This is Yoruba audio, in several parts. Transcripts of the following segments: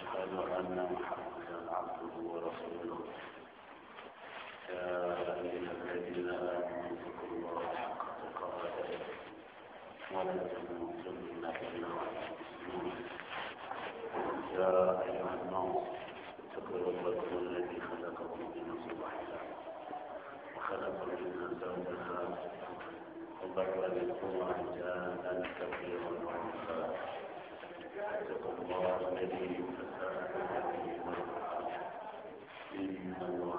أشهد أن محمدا عبده ورسوله يا أيها الذين آمنوا اتقوا الله حق تقاته ولا تموتن إلا وأنتم مسلمون يا أيها الناس اتقوا ربكم الذي خلقكم من نفس واحدة وخلق منها زوجها وبر منهما رجالا كثيرا وعنفا اتقوا الله الذي إن الله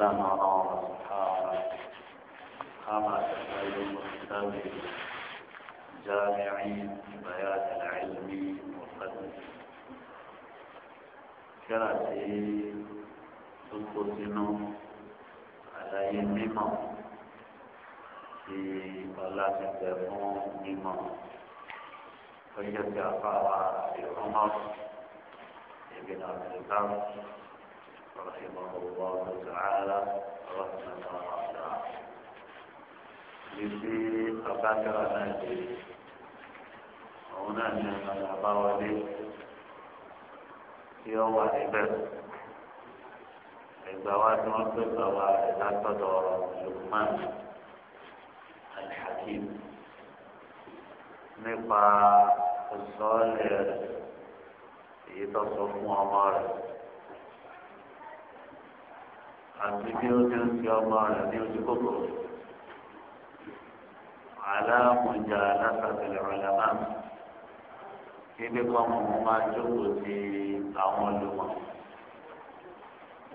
ما على أصحابه كما تسأل مستوي جامعين بيات العلم والقدر كراسي تنقصنا على يميمه في ọlá ti tẹ fún mímọ ọjọ́ tí a fà wá رحمه الله تعالى رحمة الله bíbí abákẹ́rà náà dé òun náà ní ọ̀nà àbáwọlé tí ó wà níbẹ̀ ẹgbà wa tí wọ́n pè bàbá rẹ̀ látọ̀dọ̀ Lukman Al-Hakim nípa ọ̀sọ́ọ̀lẹ̀ rẹ̀ èyí tó sọ fún ọmọ rẹ̀ àti bí ó ti ń fi ọmọ rẹ̀ ní ojú kòkò. Àlàmùjà látàbílẹ̀ ọ̀là náà. Ibi kan mo mo máa jókòó ti àwọn olùmọ̀.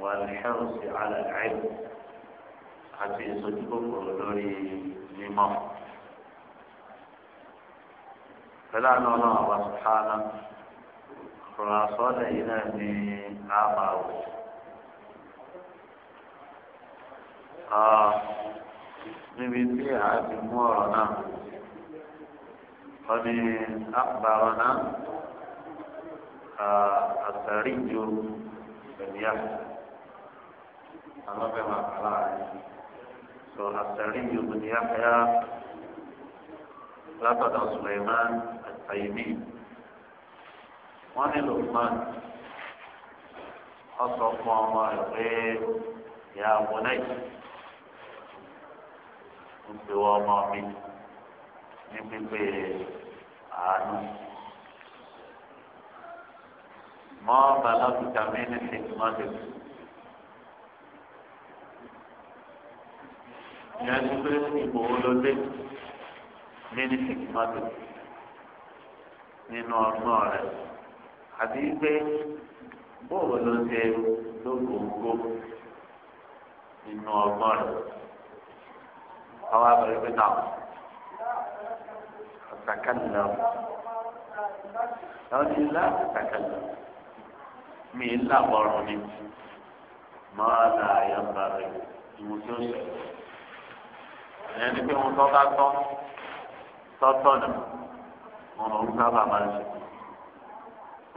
Wàlíhẹ́rùsì àlàáyé àti ìsojú kòkò lórí mímọ́. Pẹ̀lú àná ọlọ́run àwọn sùhánà, rọ̀ àsọ́lẹ̀ yìí náà ní àbàwò. níbi tí a ti mú ọ̀rọ̀ náà wọ́n ní àbàrọ̀ náà àtàrí ju ìyá àwọn fẹ́ máa kàlá rẹ̀ sọ àtàrí ju ìyá kẹ́yà látọ̀dọ̀ Suleiman àtàyèmí wọ́n ní Lukman ọ̀sọ̀ fún ọmọ rẹ̀ pé ìyá àwọn ìṣòwò ọmọ mi ní pípé àánú. mọ́ bàlọ́kìtà mi ní ṣèkìmọ́tò. ìyẹn ti pé ìbò olóde mi ní ṣèkìmọ́tò nínú ọgbọ́n rẹ̀ àti pé bóòlù ló ṣe lóògùn kó nínú ọgbọ́n rẹ̀ àwọn abẹ́rẹ́ pé náà àtàkànnà àwọn ti lá àtàkànnà mi ń là bọ́rùn mi máa là yà ń bàrẹ̀ ìwò tí ó ṣẹlẹ̀ ẹ̀yẹ́ ni pé wọn tọ́ bá tọ́ tọ́tọ̀ nà wọn ò ń sábà máa ń ṣe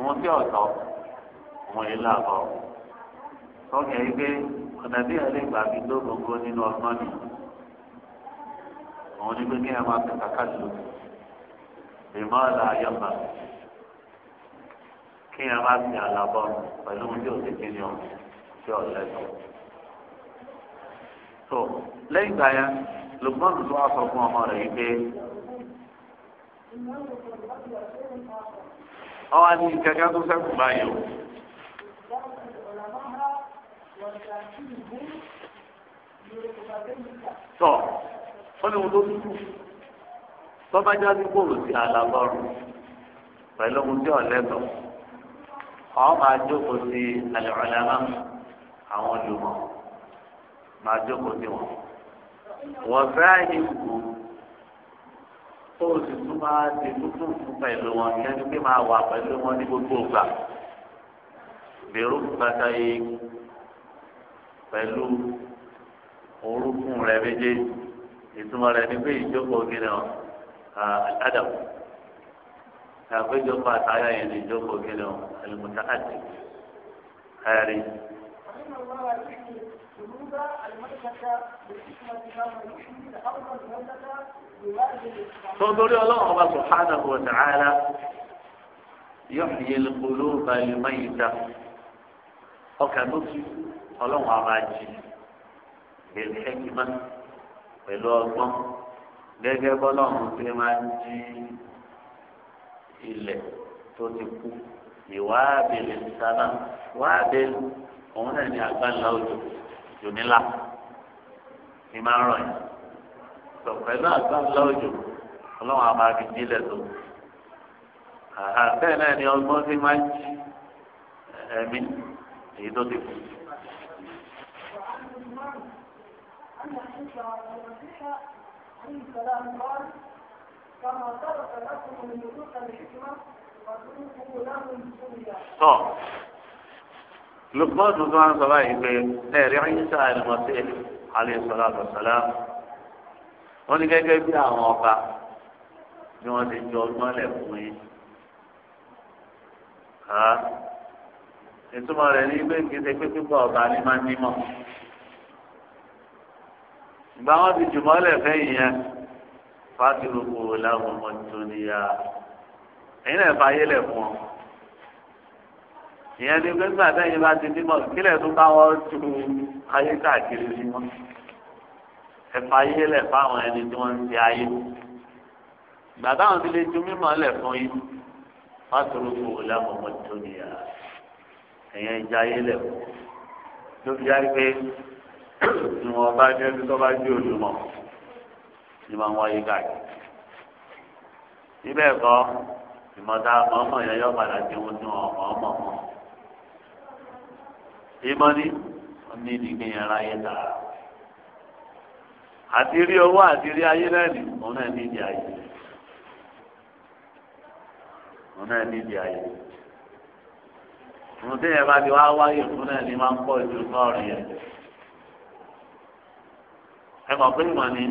wọn tí ọ̀tọ̀ wọn yìí là bọ́rùn tọ́kẹ́ yìí pé ọ̀nà bí ẹ̀ lè gbà mí lógógó nínú ọgbọ́n nìyí òun ni pé kí ẹ máa fi kàkà lò ìmọ̀ ọ̀la ayọ̀mà kí ẹ máa fi àlàbọ̀ pẹ̀lú ohun tí ò ti kíni ọ̀ tí ọ̀ lẹ́tọ̀. tó lẹ́yìn ìgbà yẹn lùgbọ́n tó wá sọ fún ọmọ rẹ̀ yìí pé ọwọ́ ní kẹ̀kẹ́ tó sẹ́kù báyìí o. tọ́ wọ́n ní wọn ló dúdú bọ́bá jáde kóòrò sí alábọ́rù pẹ̀lú ohun tí ọ̀lẹ́tọ̀ àwọn máa jókòó sí àlẹ́ọ̀lẹ́mà àwọn olùmọ̀ máa jókòó sí wọn. wọ́n fẹ́ ìgbò tó o sì tún máa ti tútù fún pẹ̀lú wọn kẹ́ni pé máa wà pẹ̀lú wọn ní gbogbo ìgbà. bẹ̀rù bàtà yìí pẹ̀lú orúkún rẹ̀ méjèèjì. ìtumọ̀ rẹ̀ ni pé ìjókòó gíní ọ àdàm àpéjọpọ̀ àtàyà yẹn ni ìjókòó gíní ọ ẹlòmùtà àti ẹ̀rí. tó ọlọ́run ọba subhanahu wa ta'ala yuhyi al-quluba al-mayta ọkàn tó ti ọlọ́run àbájì bil hikmah. pẹ̀lú ọgbọ́n gẹ́gẹ́ bọ́lá ọ̀hún tí máa ń jí ilẹ̀ tó ti kú ìwádìí sábà wádìí òun náà ní agbára òjò jòníla ní máa ń rọ̀ yìí tó pẹ̀lú agbára òjò ọlọ́run a máa ilẹ̀ tó bẹ́ẹ̀ náà ni ọgbọ́n tí máa ń jí ẹ̀mí èyí tó ti kú. أن عيسى المسيح عليه السلام قال كما ترك لكم من نطق الحكمة وتركوا لهم سوريا lukman tuntun an sọ̀rọ̀ yìí pé ẹ̀rí ayíṣà àlùmọ́sí àlẹ́sọ̀rọ̀ àbọ̀sọ̀lá wọ́n ní gẹ́gẹ́ bí àwọn ọba ni wọ́n ti jọ ọgbọ́n lẹ̀ fún yín. ìtumọ̀ rẹ̀ ní pé kì í ṣe pé pípọ̀ ọba ni máa ń nímọ̀ ìgbà wọn ti jùmọ̀ lẹ́fẹ́ yẹn fásilu kúrò láwọn ọmọ tó níyà ẹ̀yin náà fààyè lẹ̀ fún ọ. ìyẹn ni pẹ́ńtà sẹ́yìn bá ti bímọ kílẹ̀ tó bá wọn tu ayé káàkiri sí wọn. ẹ fààyè lẹ̀ fáwọn ẹni tí wọ́n ń ti ayé. ìgbà táwọn ti lè ju mímọ̀ lẹ̀ yìí fásilu kúrò láwọn ọmọ tó níyà ẹ̀yin ẹja ayé lẹ̀ fún. fi yá pé ìmọ̀ ọba jẹ́ ẹni tó bá jẹ́ olùmọ̀ ìmọ̀ wáyé káàkiri. níbẹ̀ kọ́ ìmọ̀ta ọmọ yẹn yọ padà di ohun tí wọn ọmọ ọmọ mọ. ìmọ̀ ni wọ́n ní ìdígbìyàn ráyé tààrà. àti rí owó àti rí ayé náà nì òun náà ní ìdí ayé. òun náà ní ìdí ayé. òun tí yẹn bá ti wá wáyé fún náà ni máa ń pọ̀ ju náà rí yẹn ẹ mọ̀ pé ìmọ̀ ni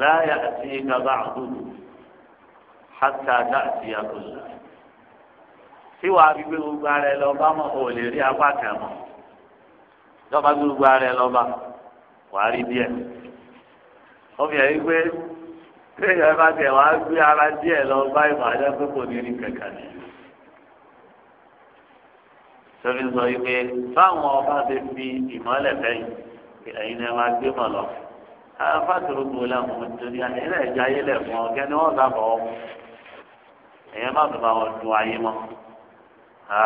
láyà àti ìgbàgbà àdúgbò hàtà dá àti àkóso tíwà gbígbé gbogbo ara ẹ lọ́ba mọ̀ ò lè rí apá kan mọ̀ lọ́ba gbogbo ara ẹ lọ́ba wàá rí díẹ̀ ọmọ yẹn gbé téèyàn bá tẹ̀ wàá gbé ara díẹ̀ lọ bá ìmọ̀ àjọ pé kò ní rí kankan ní sọ́bí sọ wípé báwọn ọba ti fi ìmọ̀lẹ̀ fẹ́yìn ẹ̀yin ni ẹ máa gbé mọ̀ lọ fásitì kò láwọn nítorí àyẹ̀lẹ̀ ẹ̀jẹ̀ ayẹlẹ̀ fún ọ kẹ́ni wọ́n sábà ọ èèyàn má bàbá wọn dùn ayé mọ́ ha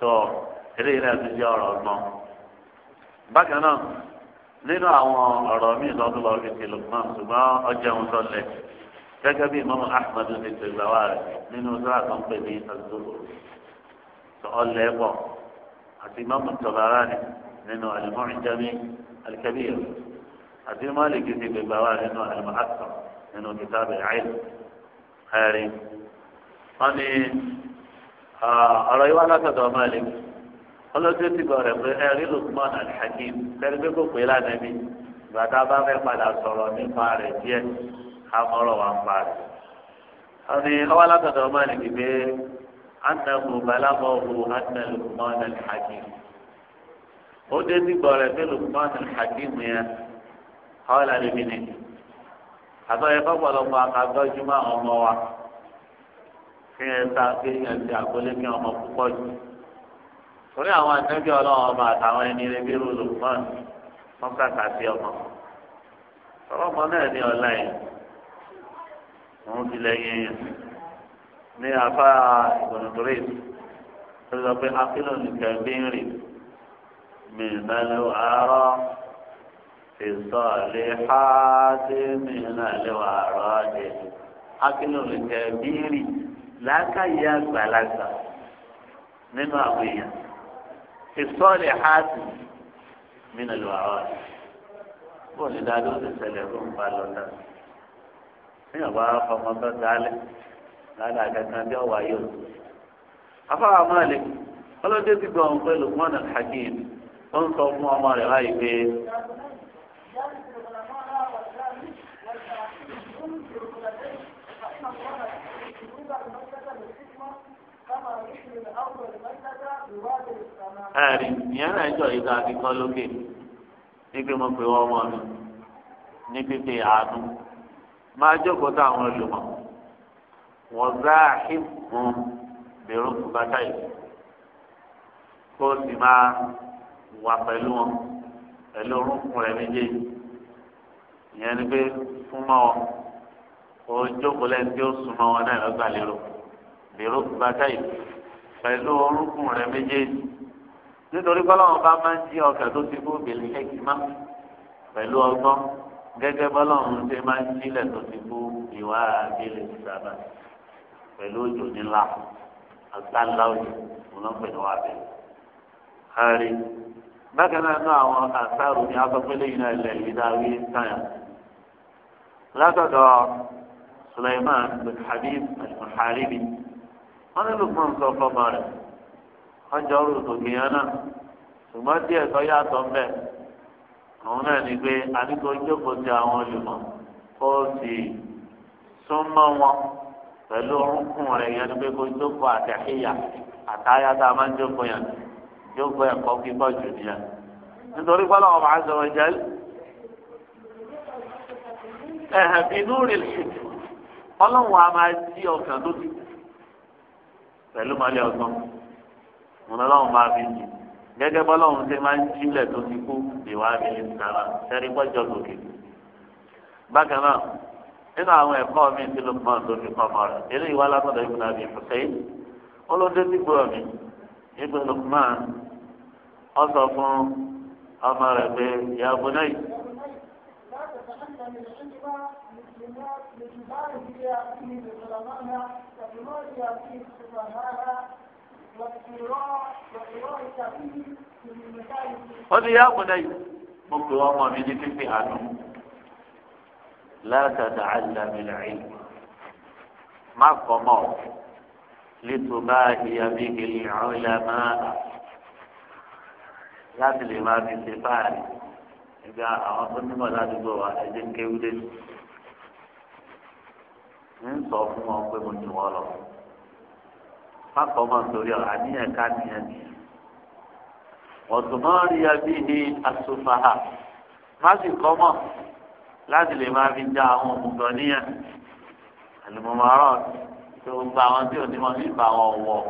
tó eléyìí náà ti jẹ́ ọ̀rọ̀ ọgbọ́n. bákan náà nínú àwọn ọ̀rọ̀ míì lọ́dún lọ́ọ́ fi ti lùkùn ṣùgbọ́n ọjà ń sọlẹ̀ gẹ́gẹ́ bí mọ́mọ́ ahmed ti ti gbà wá rẹ̀ nínú sọ́ra tó ń pè ní azúgbò tó ọlẹ́ bọ̀ àti mọ́lìkì ti gbégbá wa nínú àlùmọ́àtọ̀ nínú kìtàbù ìhàyè ẹ̀rí. wọ́n ní ọ̀rọ̀ yìí wá látọ̀dọ̀ mọ́lìkì ọlọ́dún ti gbọ́ rẹ̀ pé ẹ̀rí Luqman al-Hakim tẹ́lẹ̀ pé kò pé lánàá mi ìgbà tá a bá fẹ́ padà sọ̀rọ̀ nípa rẹ̀ díẹ̀ ká mọ́rọ̀ wá ń pa rẹ̀. wọ́n ní ọwọ́ látọ̀dọ̀ mọ́lìkì pé anahu balamahu kọ́ọ̀lá níbi ni àtọ́yẹ fọ́pọ̀lọpọ̀ àkàgbọ́júmọ́ ọmọ wa kí ẹ ta kí ẹ ti àgbólé kí ọmọ púpọ̀ jù torí àwọn àtẹ́bí ọlọ́run ọba àtàwọn ẹni rẹ bí rúlùmọ́ọ̀n wọn kàkà sí ọmọ ọlọ́mọ náà ní ọ̀la yìí òun ti lẹ́yìn yẹn ní afá ìgbọ̀nùdúrè ó lọ pé akílò nìkan bí ń rìn mí ìbálò àárọ̀. في الصالحات من الوراد أكل الكبير لك يا بلغ nínú àwọn èèyàn ìsọ́ọ̀lì hàtì nínú ìlú àwọn àti bó ní dáadọ́ ti ṣẹlẹ̀ ló ń ba lọ náà níyàn bá fọmọ tó dálẹ̀ ládàá kankan bí جالس العلماء والجالس والتعليم في الكلتين فإن الله يحب المسكة بالحكمة كما يحمي الأرض المسكة بوادي السماء. أعرف يا رجل إذا قالوا كيف nígbè mo pè wọ́n mọ́ mi ní pípé àánú máa jókòó táwọn olùmọ̀ wọ́n gbá ìfún bèrò kúbátà yìí kó o sì máa wà pẹ̀lú wọn pẹ̀lú orúnkún rẹ̀ méjèèjì ìyẹn ni pé fún mọ́ ọ ojókòó lẹ́ni tí ó sùn mọ́ wọn náà lọ́gbà lérò lérò bàtà yìí pẹ̀lú orúnkún rẹ̀ méjèèjì nítorí bọ́lọ́wọ́n bá máa ń jí ọkà tó ti kú bèlè ẹ̀kí má pẹ̀lú ọgbọ́n gẹ́gẹ́ bọ́lọ́wọ́n ṣe máa ń jílẹ̀ tó ti kú ìwà bèlè sábà pẹ̀lú òjò nílá àgbàlá òjò òun náà pẹ̀lú wà bákan náà náà àwọn àṣàrò ní asọ́pẹ́lẹ́ yìí náà lẹ̀ ìdáwí táyà látọ̀dọ̀ Sulaiman bin Habib al-Muharibi wọn ní lukman sọ fọmọ rẹ wọn jọ ọrùn tó gbìyàn náà ṣùgbọ́n díẹ̀ tó yàtọ̀ ń bẹ̀ àwọn náà ní pé àdìgbò jókòó ti àwọn olùmọ̀ kó o sì súnmọ́ wọn pẹ̀lú orúnkún rẹ̀ yẹn ní pé kó o jókòó àtẹ̀híyà àtàyà tá a máa ń jókòó yẹn yóò gbọ́ ẹ̀kọ́ kíkọ́ jù nìyẹn nítorí pé ọlọ́wọ́ máa sọ̀rọ̀ jẹ́ ẹ̀hẹ̀ bí núrì ọlọ́wọ́ a máa di ọ̀sán lókè pẹ̀lú mọ́lẹ́ ọgbọ́n mo ní ọlọ́wọ́ máa fi jì gẹ́gẹ́ bọ́lọ́wọ́ ṣe máa ń jílẹ̀ tó ti kú ìwà mi ní sàrà sẹ́rí pọ́jọ́ lókè bákan náà nínú àwọn ẹ̀kọ́ mi ti ló tó fi kọ́ ọmọ rẹ̀ eléyìí wá látọ̀dọ̀ ìgbìmọ̀ ibn Luqman ó sọ fún ọmọ rẹ̀ pé ya bunayya. ó ní ya bunayya mo pè ọmọ mi ní fífi àánú la tata'allam al má kọ́ mọ́ ọ. لتباهي به العلماء láti lè máa fi ṣe fáàrí ẹgbẹ́ àwọn tó nímọ̀ ládùúgbò wa ẹ̀jẹ̀ ń kéwúdé ń sọ fún wọn pé mo jù wọn lọ fákọ̀ọ́mọ̀ torí àníyàn ká nìyẹn nìyẹn ọ̀tùmọ́rí abí ní asòfàhà má sì kọ́mọ̀ láti lè máa fi dá àwọn òmùgọ̀ níyẹn àlùmọ̀mọ́ ọ̀rọ̀ ọ̀tún tó gbogbo àwọn tí onímọ̀ ní ìbá wọn wọ̀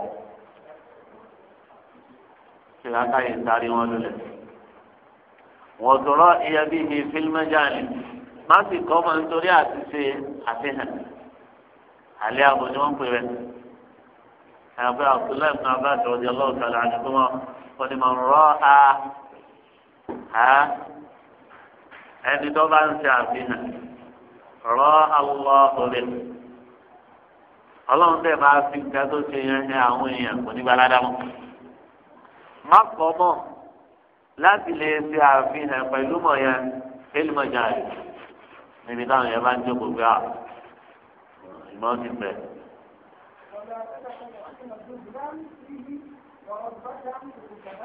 ṣe lákàyè sáré wọn lulẹ̀. wọ́n tọrọ ìyẹn bíi ní fílmẹ́jáàlì má sì kọ́ máa ń torí àti ṣe àfihàn àlẹ́ àbò ni wọ́n pè rẹ̀. àbẹ abdullahi bin abbas rọ̀jẹ̀ lọ́wọ́ sàlẹ̀ àdìgbò wọn ni màá rọ́ a ẹni tó bá ń ṣe àfihàn rọ́ àwọn obìnrin ọlọ́run tẹ̀ máa fi nǹkan tó ṣe yẹn ní àwọn èèyàn kò ní balada mọ́. má kọ́ mọ̀ láti lè ṣe àfihàn pẹ̀lú mọ̀ yẹn elimọ̀jà rẹ̀ níbi táwọn yẹn bá ń jókòó gbé à ah, ìmọ̀ ti bẹ̀.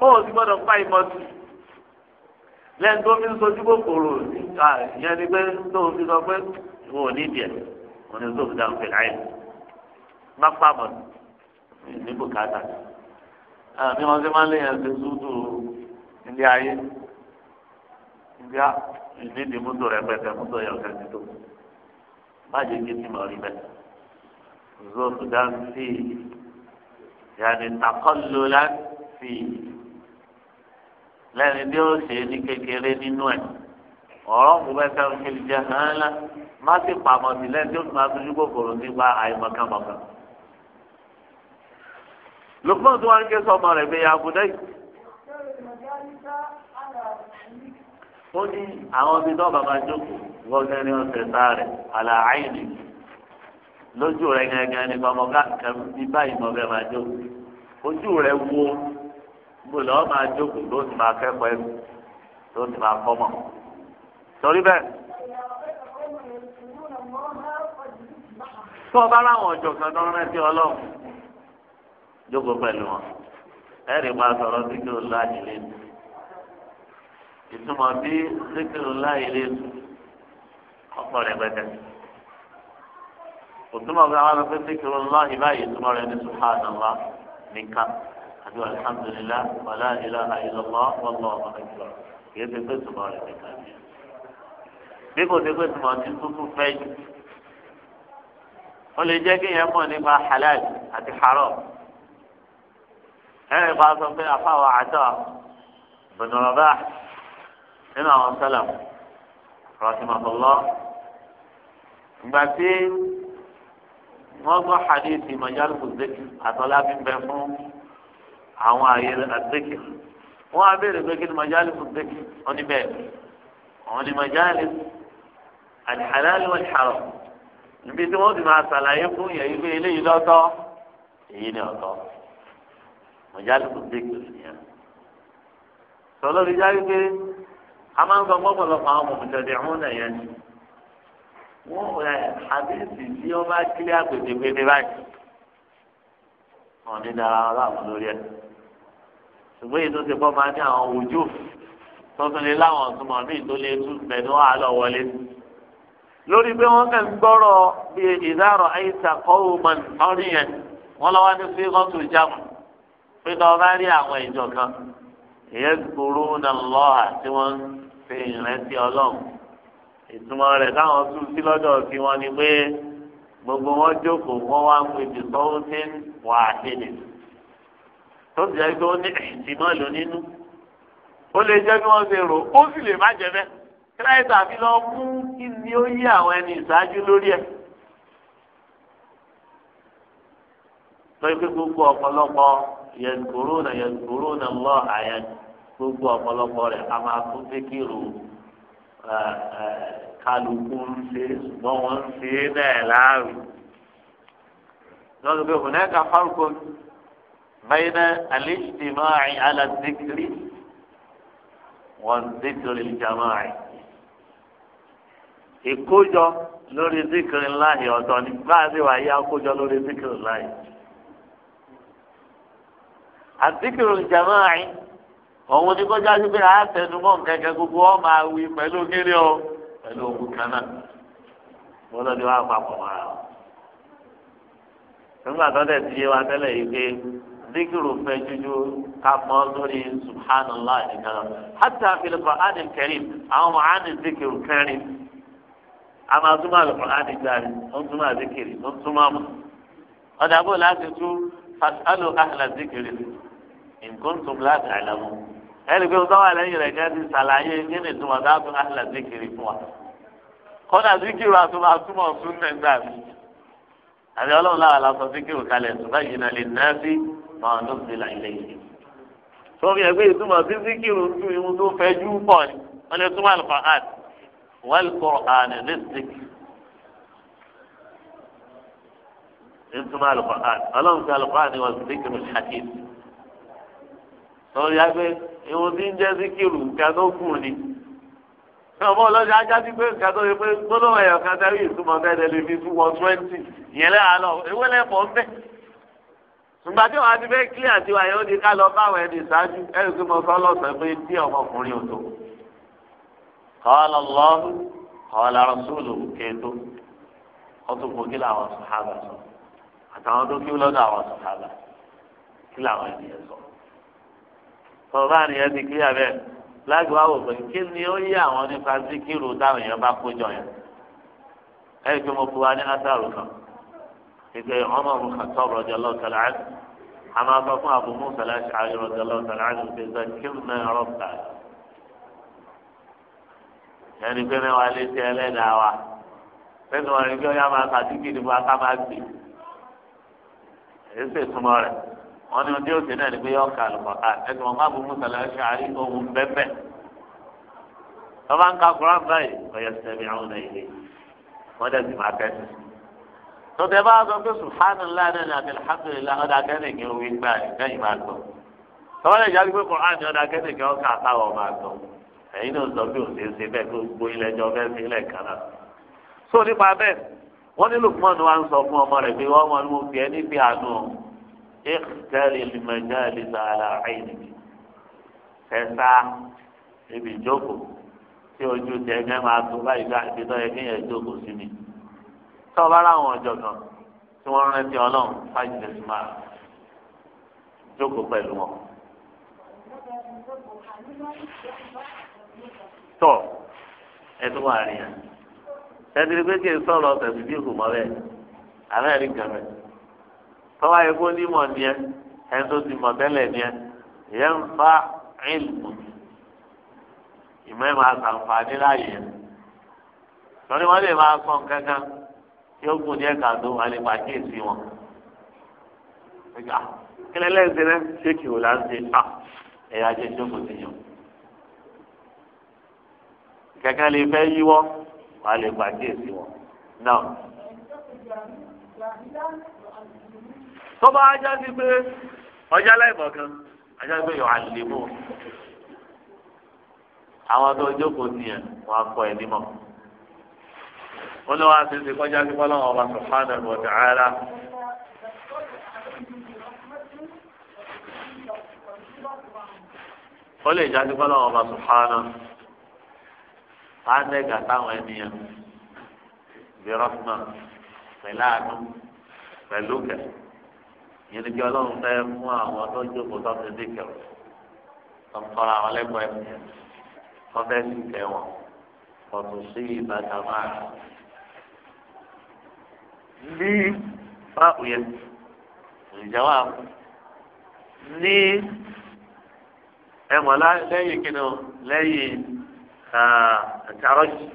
ó ti gbọ́dọ̀ pa ìmọ̀ sí lẹ́yìn tó fi ń sojú kòkòrò ìyẹn ni pé tó fi sọ pé wọn ò ní ìdíyẹ wọn ni tó fi dáhùn pẹ̀lú àìsàn má pàmò ní bùkátà bí wọn ṣe máa ń léyìn ẹsẹ sùúrù ilé ayé ìdí ìdí mọ́tò rẹpẹtẹ mọ́tò yọ ọkẹ títò má jẹ kí tí mo rí bẹ zootu dáńtì yàrá takọlù láti lẹ́yìn bí ó ṣe ní kékeré nínú ẹ̀ ọ̀rọ̀ mú bẹ́ẹ̀ sẹ́wọ́n kiri jẹ́ hàn án lá má sì pàmò sí lẹ́yìn tí ó tún máa tójú kòkòrò nípa àìmọ̀kànmọ̀kàn. Lukman tó wá ń ké sọmọ rẹ̀ pé yàgùdẹ yìí. ó ní àwọn ibi tó bàbá jókòó gbọ́dọ̀ ní ọ̀sẹ̀ sáré àlà lójú rẹ̀ gẹ́gẹ́ ní bàbá kankan bí báyìí mọ bẹ́ẹ̀ máa jókòó ojú rẹ̀ wo mo lọ máa jókòó ló máa kẹ́kọ̀ọ́ ẹ̀kọ́ ló máa kọ́ mọ̀ torí bẹ́ẹ̀. tó bá láwọn ọjọ́ kan tó rántí ọlọ́run jókòó pẹ̀lú wọn ẹ̀rì máa sọ̀rọ̀ síkìrì láàyè lẹ́nu ìtumọ̀ bí síkìrì láàyè lẹ́nu ọkọ̀ rẹ̀ gbẹ̀dẹ̀ òtúmọ̀ bí àwọn ọlọ́pẹ́ síkìrì láàyè báyìí ìtumọ̀ rẹ̀ ní subhanallah nìkan àti alhamdulillah wàlá ilaha illallah wallahu akbar kì í ṣe pé ìtumọ̀ rẹ̀ nìkan ni bí kò ṣe pé ìtumọ̀ ti túkú fẹ́ jù ó lè jẹ́ kéèyàn mọ̀ nípa halal àti haram ẹ̀rìn pa sọ pé àfàwọ̀ àtọ̀ bùnúrọ̀bá nínú àwọn sẹ́lẹ̀ rọ̀tìmọ̀tòlọ́ ìgbà tí wọ́n gbọ́ hadithi majaluku zeki àtọ́lábí ń bẹ fún àwọn àyè àzeki wọ́n á béèrè pé kí ni majaluku zeki oníbẹ̀ àwọn ni majalis alhalal wal haram níbi tí wọ́n ti máa ṣàlàyé fún yẹ̀yí pé eléyìí lọ́tọ̀ èyí ni ọ̀tọ̀ mọ̀jálùkù dékè nìyẹn. sọlọ́ fi já wípé a máa ń sọ pọ́pọ̀lọpọ̀ àwọn mọ̀mọ́tẹ́dẹ̀ ọ̀hún náà yẹn ni. wọ́n rẹ̀ àbíyèsí tí wọ́n bá kílé àgbègbè pété báyìí. wọ́n ní dára aláàbò lórí ẹ̀. ṣùgbọ́n èyí tó ti bọ́ máa ní àwọn ojú tuntun lé láwọn ọ̀túnmọ̀ míì tó lé tú mẹ́nu wà lọ wọlé. lórí pé wọ́n kàn gbọ́rọ̀ bíi ìdárò àyíṣà kọ́ pé tó o bá rí àwọn ìjọ kan èyẹ gbòòrò náà lọ àti wọn ṣe ìrántí Ọlọ́run ìtumọ̀ rẹ̀ táwọn tún sí lọ́dọ̀ sí wọn ni pé gbogbo wọn jókòó wọn wá ń pè bí sọ́wọ́n ti ń wà tó ti jẹ́ pé ó ní ìtìmọ̀ lò nínú ó lè jẹ́ bí wọ́n ṣe rò ó sì lè má jẹ bẹ́ẹ̀ kíláyìí tàbí lọ mú kí ni ó yí àwọn ẹni ìṣáájú lórí ẹ̀. lọ́yìn pé gbogbo ọ̀pọ̀lọpọ̀ yẹnkuruna yẹnkuruna Allah àyàn gbogbo ọ̀pọ̀lọpọ̀ rẹ̀ a máa tún fẹ́kìrù kálukú ń ṣe ṣùgbọ́n wọ́n ń ṣe é náà láàrú. lọ́dún pé hunaka farqun bayna al-ijtima'i ala dhikri wa ìkójọ lórí dhikri ńlá yìí ọ̀tọ̀ ni báyìí wà yá kójọ lórí dhikri ńlá yìí àdìkìrò ìjàmọ́ àyìn òun ni kọjá sí pé àtẹnumọ́ kẹ̀kẹ́ gbogbo ọ máa wí pẹ̀lú kíni o pẹ̀lú ogun kan náà wọ́n lọ́ọ́ ni wọ́n á papọ̀ mọ́ra o. nígbà tó dẹ̀ ti yé wa tẹ́lẹ̀ yìí pé díkìrò fẹ́ jújú ká mọ́ lórí subhanallah nìkan hàtà fìlìpọ̀ àdì kẹrin àwọn ọmọ àdì díkìrò kẹrin a túmọ̀ àlùkò àdì gbàrin ó ń túmọ̀ àdìkìrì ó ń túmọ̀ mọ́ ọ̀dà nǹkan láti àlàmú ẹnì pé sọ́wọ́ àlẹ́yìn rẹ̀ kẹ́ẹ́ ti ṣàlàyé kí ni ìtumọ̀ dáàbò àlà zikiri fún wa kọ́dà zikiri àtúmọ̀ àtúmọ̀ sún nígbà mi àbí ọlọ́run láwa la sọ zikiri kalẹ̀ ṣùgbọ́n yìí náà lè ná sí máa ló fi là ilé yìí. sọ́wọ́n yẹn ìtumọ̀ sí zikiri tún ìhun tó fẹ́ jú pọ̀ ni wọ́n lè túmọ̀ àlùfáàd wọ́lùkọ́ àná lè zikiri. ìtumọ̀ àlùfáàd ọlọ́run ti àlùfáàd ni wọ́n lọ́wọ́ ya pé ìwọ̀n tí ń jẹ́ síkìrù nǹkan tó kù ni. ọmọ ọlọ́jà ajá sí pé nǹkan tó yẹ pé gbọ́dọ̀ ẹ̀yọ̀ kan tẹ́lẹ̀ ìtumọ̀ tẹ́lẹ̀ lè fi two one twenty ìyẹn lẹ́yà lọ ewé lẹ́pọ̀ ń bẹ̀. ìgbà tí wọn ti fẹ́ kílíà tí wàá yóò di ká lọ báwọn ẹni ṣáájú ẹni tí mo sọ lọ́sẹ̀ pé bí ọmọkùnrin ò tó. kọ́ọ̀lọ́ lọ́ọ̀rù kọ́ọ̀lọ́ rọ́ṣúlù kéètò ọtún kò kí làwọn sọ̀hábà sọ àtàwọn tó sọ̀rọ̀ àníyàn ti kílíà bẹ́ẹ̀ lágbàá wò pé kí ni ó yé àwọn nípa síkírù táwọn èèyàn bá kójọ yẹn ẹ̀yìn pé mo fi wa ní ásàrò kan ìgbẹ́ ọmọ mi kà tọ́ ọ̀rọ̀ jọlọ́ tẹ̀lé afọ fún Abu Musa al-Ash'ari jọlọ́ tẹ̀lé àdì pé zakiru náà rọ̀ bá ẹni pé mẹ́wàá lé sí ẹlẹ́dàá wa pẹ́ẹ́nù ọ̀rẹ́ bí ọ̀yá máa kà síkírù wa ká máa gbé èsè túmọ̀ rẹ̀ wọn ní ọdún òsè náà ni pé yọọ ka àlùkọ́tà ẹsẹ̀ wọn máa bu mùsàlẹ̀ ẹ̀ṣẹ̀ àrí ohun bẹ́ẹ̀ wọ́n máa ń ka kuran báyìí ọ̀yẹ́ sẹ́mi àwọn ọ̀nà ilé wọ́n dẹ̀ sì máa tẹ́sí. tòtẹ́ bá sọ pé subhanallah náà ni àti alhamdulilah ọ̀dà akẹ́sẹ̀ kí wọ́n wí gbà ẹ̀ lẹ́yìn máa gbọ́. tọ́wọ́n lè jáde pé kuran ni ọ̀dà kí wọ́n kà táwọn máa gbọ́. ẹ̀yin náà sọ bí òṣèlú ṣe bẹ́ẹ̀ kó gbó ilẹ̀ jọ bẹ́ẹ̀ sí ilẹ̀ kan so nípa bẹ́ẹ̀ wọ́n ní Lukman wa ń sọ fún ọmọ rẹ̀ pé wọ́n mọ ìkìtẹ́rì lìmẹ̀jáde tààlà àìní ẹ̀sà ibi ìjókòó tí ojú ti ẹgbẹ́ máa tó báyìí gbá ibi tó yẹ kéèyàn jókòó sí ni. tó o bá ráwọn ọ̀jọ̀gbọ́n tí wọ́n rántí ọlọ́run fájìlẹ̀ sí máa jókòó pẹ̀lú wọn. tọ́ ẹ tó wà rí yẹn. ṣẹ́ni pé kí n sọ̀rọ̀ tẹ̀síbí kù mọ́ bẹ́ẹ̀ àbẹ́rẹ́ rí tọ́wá yẹ kó nímọ̀ nìyẹn ẹni tó ti mọ̀ tẹ́lẹ̀ nìyẹn ìyẹn ń fa ìlú ìmọ̀ ẹ̀ máa sàǹfààní láàyè yẹn lórí wọn lè máa sọ nǹkan kan yóò gùn ní ẹ̀ka tó wọn lè máa ah, kíyèsí wọn. kílẹ̀ lẹ́sìn rẹ ṣé kì í láti à ah, ẹ̀yà jẹ́ jókòó ti yàn. kẹ̀kẹ́ lè fẹ́ yíwọ́ wọn lè máa kíyèsí wọn tọ́ba ajá sí pé ọjà láìpọ̀ kan ajá sí pé yọ̀ àlèmọ́ àwọn tó jókòó nìyẹn wọn akọ ẹ̀ nímọ̀ wọn lọ́wọ́ àti ṣe kọjá sí fọlọ́wọ́n ọba subhanahu wa ta'ala. ó lè jáde fọlọ́wọ́n ọba subhanahu ánẹ́gà táwọn ènìyàn bí rọ́fúnà pẹ̀lú àánú pẹ̀lú kẹ̀kẹ́ yẹnìkí ọlọ́run fẹ́ fún àwọn tó jókòó tó ti dìkẹ̀ tó ń tọ́ra àwọn lẹ́kọ̀ọ́ ẹ̀ tó fẹ́ sì kẹ́ wọn kò tún sí ìbátan máa ní báwo yẹn ìjà wà ní ẹ̀mọ́ lẹ́yìn kinu lẹ́yìn àtàrọ́jì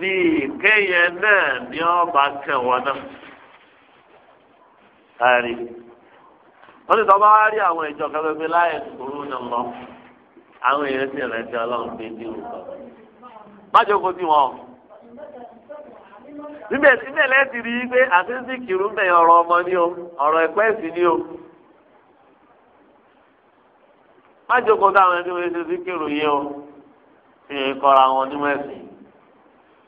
ní ìkéyẹ náà ní ọba kẹwọ́ náà. kárí wọ́n ti tọ́ba rí àwọn ìjọ kẹfẹ́fẹ́ láyé kúrú ní lọ àwọn èèyàn sì rẹ̀ ti ọlọ́run pé bí má jókòó sí wọn. síbẹ̀ lẹ́sìn rí i pé kìrú bẹ̀ ọ̀rọ̀ ọmọ ni o ọ̀rọ̀ ẹ̀pẹ́ o. má jókòó sáwọn ẹni wọ́n ṣe sí kìrú yìí o fi kọ́ra wọn ní mẹ́sìn.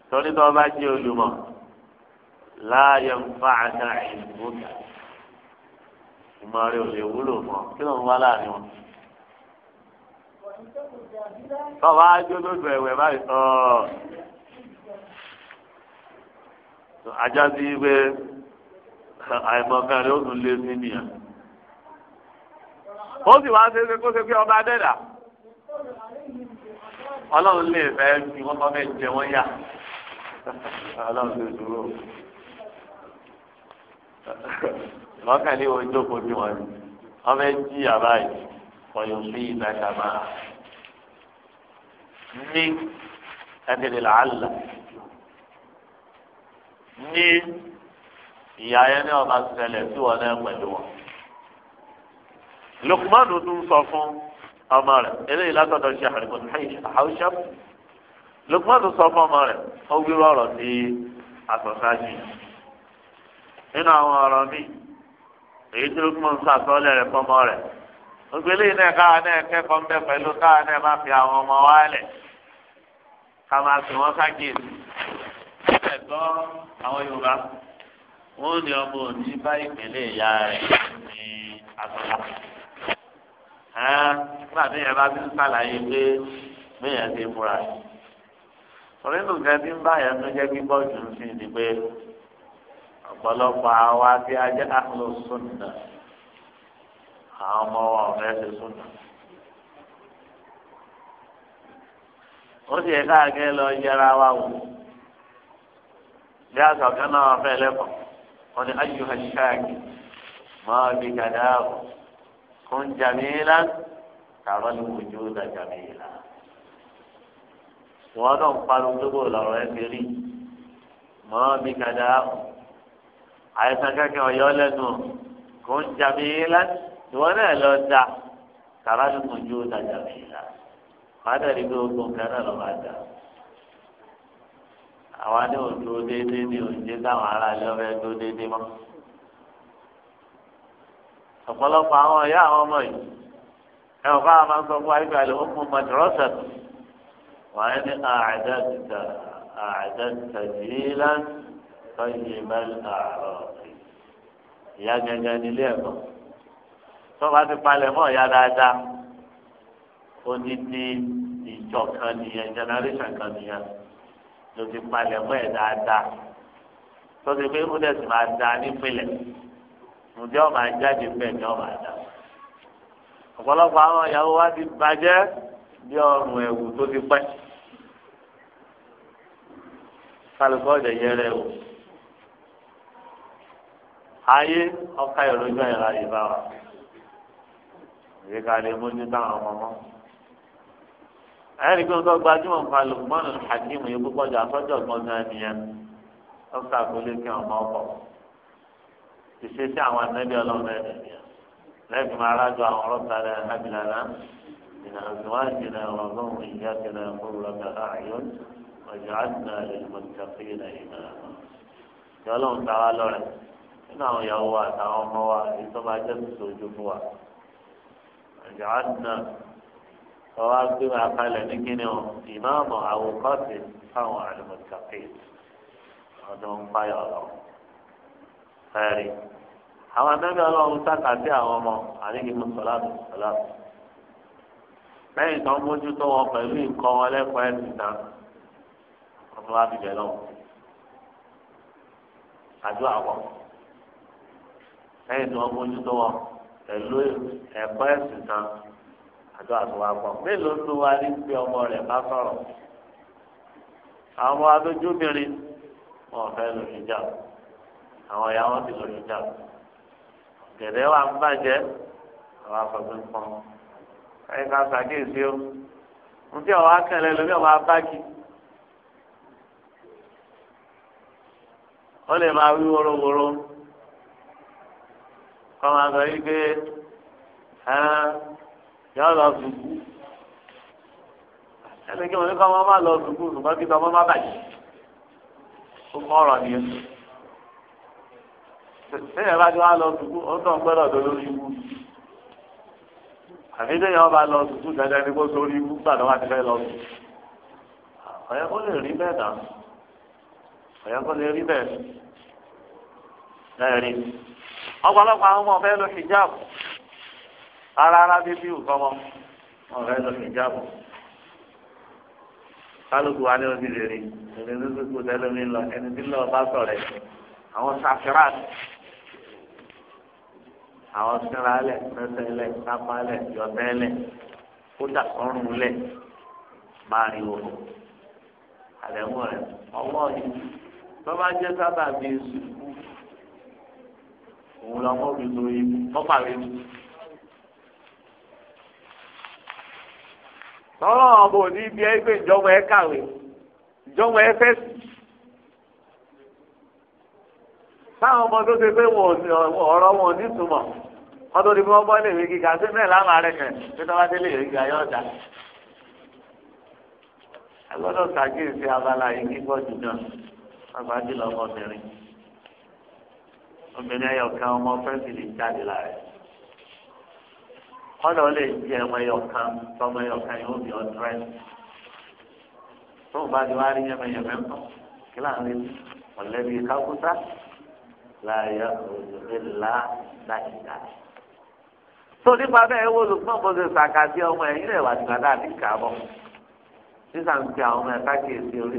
jẹ́ olùmọ̀ láàyè ń fa àṣà ìlú ìmọ̀ rẹ̀ ò lè wúlò fún ọ kí ló ń wá láàrin wọn. tọ́ba ajó lójú ẹ̀wẹ̀ báyìí ọ̀ ajá sí pé àìmọ̀kan rẹ̀ ó tún lé sí nìyẹn. ó sì wá ṣe é ṣe kó ṣe pé ọba dẹ́dà ọlọ́run lè fẹ́ fi wọ́n kọ́ fẹ́ jẹ wọ́n yá ọlọ́run lè dúró wọ́n kàn lé wọn jókòó tí wọ́n wọ́n fẹ́ jí àbá yìí ọ̀yọ̀ sí ìdájà máa ní ẹ̀dẹ̀dẹ̀ làálà ní ìyá yẹn ní ọba ṣẹlẹ̀ tí wọ́n náà pẹ̀lú wọn. Luqman tún sọ fún ọmọ rẹ̀ eléyìí látọ̀dọ̀ ṣe àrùkọ àwùjọ Luqman tún sọ fún ọmọ rẹ̀ ó gbé ọ̀rọ̀ sí àtọ̀sájì nínú àwọn ọ̀rọ̀ míì èyí tí lókùnmọ̀ ń sàtọ́lẹ̀ rẹ̀ fọmọ rẹ̀ ògbélé náà káwa náà kẹ́kọ̀ọ́ ń bẹ pẹ̀lú káwa náà má fi àwọn ọmọ wa lẹ̀ ká máa fi wọ́n ságìrì ẹ̀gbọ́ àwọn Yorùbá wọn ò ní ọmọ òní bá ìpínlẹ̀ ìyá rẹ̀ ní àtọ́lá nígbà tí yẹn bá ti ń sàlàyé pé bẹ́ẹ̀ ti múra sọ̀rọ̀ nínú ń bá yẹn tó jẹ́ gbígbọ́ jù ú sí ni pé ọ̀pọ̀lọpọ̀ àwa tí a jẹ́ àlọ́ súnà àwọn ọmọ wa ò mẹ́sẹ̀ súnà. ó sì yẹ káàkiri lọ yẹra wa wò bí àṣà kan náà fẹ́ lẹ́kọ̀ọ́ wọn ni ayé aṣáájú máa bí kàdáàbò kún jàmílá tàbá ní ojú ọ̀dà jàmílá. ìwọ́n náà ń pariwo gbogbo lọ́rọ̀ ẹ̀ fi rí máa bí kàdáàbò àìsàn kẹkẹ ọyọ lẹnu kò ń jàmí ilá ìwọ náà lọ da kàrá ni kò ju da jàmí ilá fàdà ni kò gbọ nǹkan náà lọ bá da àwa ní òdu déédéé ní òjé táwọn ará ilé ọbẹ tó déédéé mọ ọ̀pọ̀lọpọ̀ àwọn ọ̀yá àwọn ọmọ yìí ẹ ò bá máa ń sọ fún wa nípa ìlú fún mọ̀tìrọ́sẹ̀ wàá ní àdá àdá tàbí lánàá tọ́jú mẹ́ta ọ̀rọ̀ ìyá gẹ́gẹ́ nílé ẹ̀kọ́ tó bá ti palẹ̀ mọ́ ìyá dáadáa ó ní ní ìjọ kan nìyẹn generation kan nìyẹn ló ti palẹ̀ mọ́ ẹ̀ dáadáa tó ti pé ó dẹ̀sí máa da nípìnlẹ̀ ǹjẹ́ ọ̀ máa jáde bẹ́ẹ̀ ni ọ̀ máa da ọ̀pọ̀lọpọ̀ àwọn ìyàwó wa ti bàjẹ́ bí ọrùn ẹ̀wù tó ti pẹ́ kálukọ́ ọ̀dẹ̀ yẹrẹ o ayé ọ̀ka ìròjọ́ ìlà ìbá wa ìrèké alẹ́ mójú táwọn ọmọ mọ́. ayélujára tó gbajúmọ̀ nípa lùkùmọ́nù hakim yìí púpọ̀ jù àtọ́jọ́ gbọ́ngàn nìyẹn ọ̀ka àgbélé kí ọmọ ọkọ̀ ìṣesí àwọn anábì ọlọ́run ẹ̀ nìyẹn lẹ́yìn máa rájọ àwọn ọlọ́ta rẹ̀ hábìlànà ìnà àzùwájìnà ọ̀gbọ́n ìyájìnà ọ̀gbọ́n àyọ̀ ọ̀jọ̀ àdìnà ìmọ̀tàkì ìlà ìmọ̀ ọlọ́run ta wá lọ́rẹ̀ nínú àwọn ìyàwó wa àtàwọn ọmọ wa èyí tó máa jẹ́ sòjú fún wa àjọ àdínà ọwọ́ gbé wa kalẹ̀ ní kíni o ìmáàmù àwòkọ́sì fáwọn àlùmọ̀tàkì ọdún fáyọ̀ lọ. ẹ̀rí àwọn anábì ọlọ́run sáka sí àwọn ọmọ àríkìmú sọláàtù sọláàtù lẹ́yìn tó ń mójútó wọn pẹ̀lú nǹkan wọn lẹ́kọ̀ọ́ ẹ̀sìn tán wọ́n tún bìbẹ̀ lọ́wọ́ àdúrà wọn. lẹ́yìn tí wọ́n mójú tó wọn pẹ̀lú ẹ̀kọ́ ẹ̀sìn tán àjọ àtúwà pọ̀ mélòó tó wá ní pé ọmọ rẹ̀ bá sọ̀rọ̀ àwọn adójúbìnrin wọn jà àwọn ìyá wọn ti jà wà ń àwọn o tí kọ́má sọ yìí pé yọ lọ sùkú ẹni kí wọn ní kọ́má má lọ sùkú ṣùgbọ́n kí tọ́mọ́ má bàjẹ́ ó kọ́ ọ̀rọ̀ nìyẹn sẹ́yìn bá ti wá lọ sùkú ó tàn gbọ́dọ̀ tó lórí ibú àfi sẹ́yìn ọba lọ sùkú dandan ni kó sórí ibú gbàdọ̀ wá ti fẹ́ lọ sùkú ọ̀yẹ́ kó lè rí bẹ́ẹ̀ dà ọ̀yẹ́ kó lè rí bẹ́ẹ̀ lẹ́ẹ̀rin ọ̀pọ̀lọpọ̀ àwọn ọmọ ọ̀fẹ́ lo hijab ara ara bíbí ò kọ́mọ ọ̀fẹ́ lo hijab kálukú wa ni ó ti lè rí ẹni tó tó kó tẹ́lẹ̀mí lọ ẹni tí lọ́ọ́ bá sọ̀rọ̀ ẹ̀ àwọn safirat àwọn síralẹ̀ mẹsẹ̀lẹ̀ sápálẹ̀ yọ̀tẹ́lẹ̀ kódà ọrùnlẹ̀ máa rí wò àlẹ́ mọ́ rẹ̀ ọwọ́ yìí tó jẹ́ sábà bíi sùn òun lọ mọ́ òbí lórí mọ́pàá rẹ̀ tù. tọ́lọ́ ọmọ òní ibi ẹ gbé ìjọba ẹ kàwé ìjọba ẹ fẹ́ sí. táwọn ọmọ tó ṣe pé ọ̀rọ̀ wọn ò ní túmọ̀ wọ́n tó di bí wọ́n bọ́ lè wí kíkà sí mẹ́rin láwọn arẹ kẹ̀ pé tọ́ba délé ìwé kíkà yóò dá. a gbọ́dọ̀ ṣàkíyèsí abala yìí kíkọ́ jù náà wọ́n gbájú lọ́mọbìnrin obìnrin ẹyọ kan ọmọ fẹ́ǹsì lè jáde lára ẹ̀ ọ̀dọ̀ lè jẹ ọmọ ẹyọ kan tọmọ ẹyọ kan yóò bí ọdún rẹ̀ tóun bá ti wá rí yẹmẹyẹmẹ ńkọ́ kí láàrin mọ̀lẹ́bí kákúta láàyè òjòlélá dákìdá. tó nípa bẹ́ẹ̀ wo olùgbọ́n bó ṣe ṣàkàtì ọmọ ẹ̀yìn rẹ̀ wà nígbà tá a ti kà á bọ̀ sísà ń pe àwọn ọmọ ẹ̀ka kìí sí orí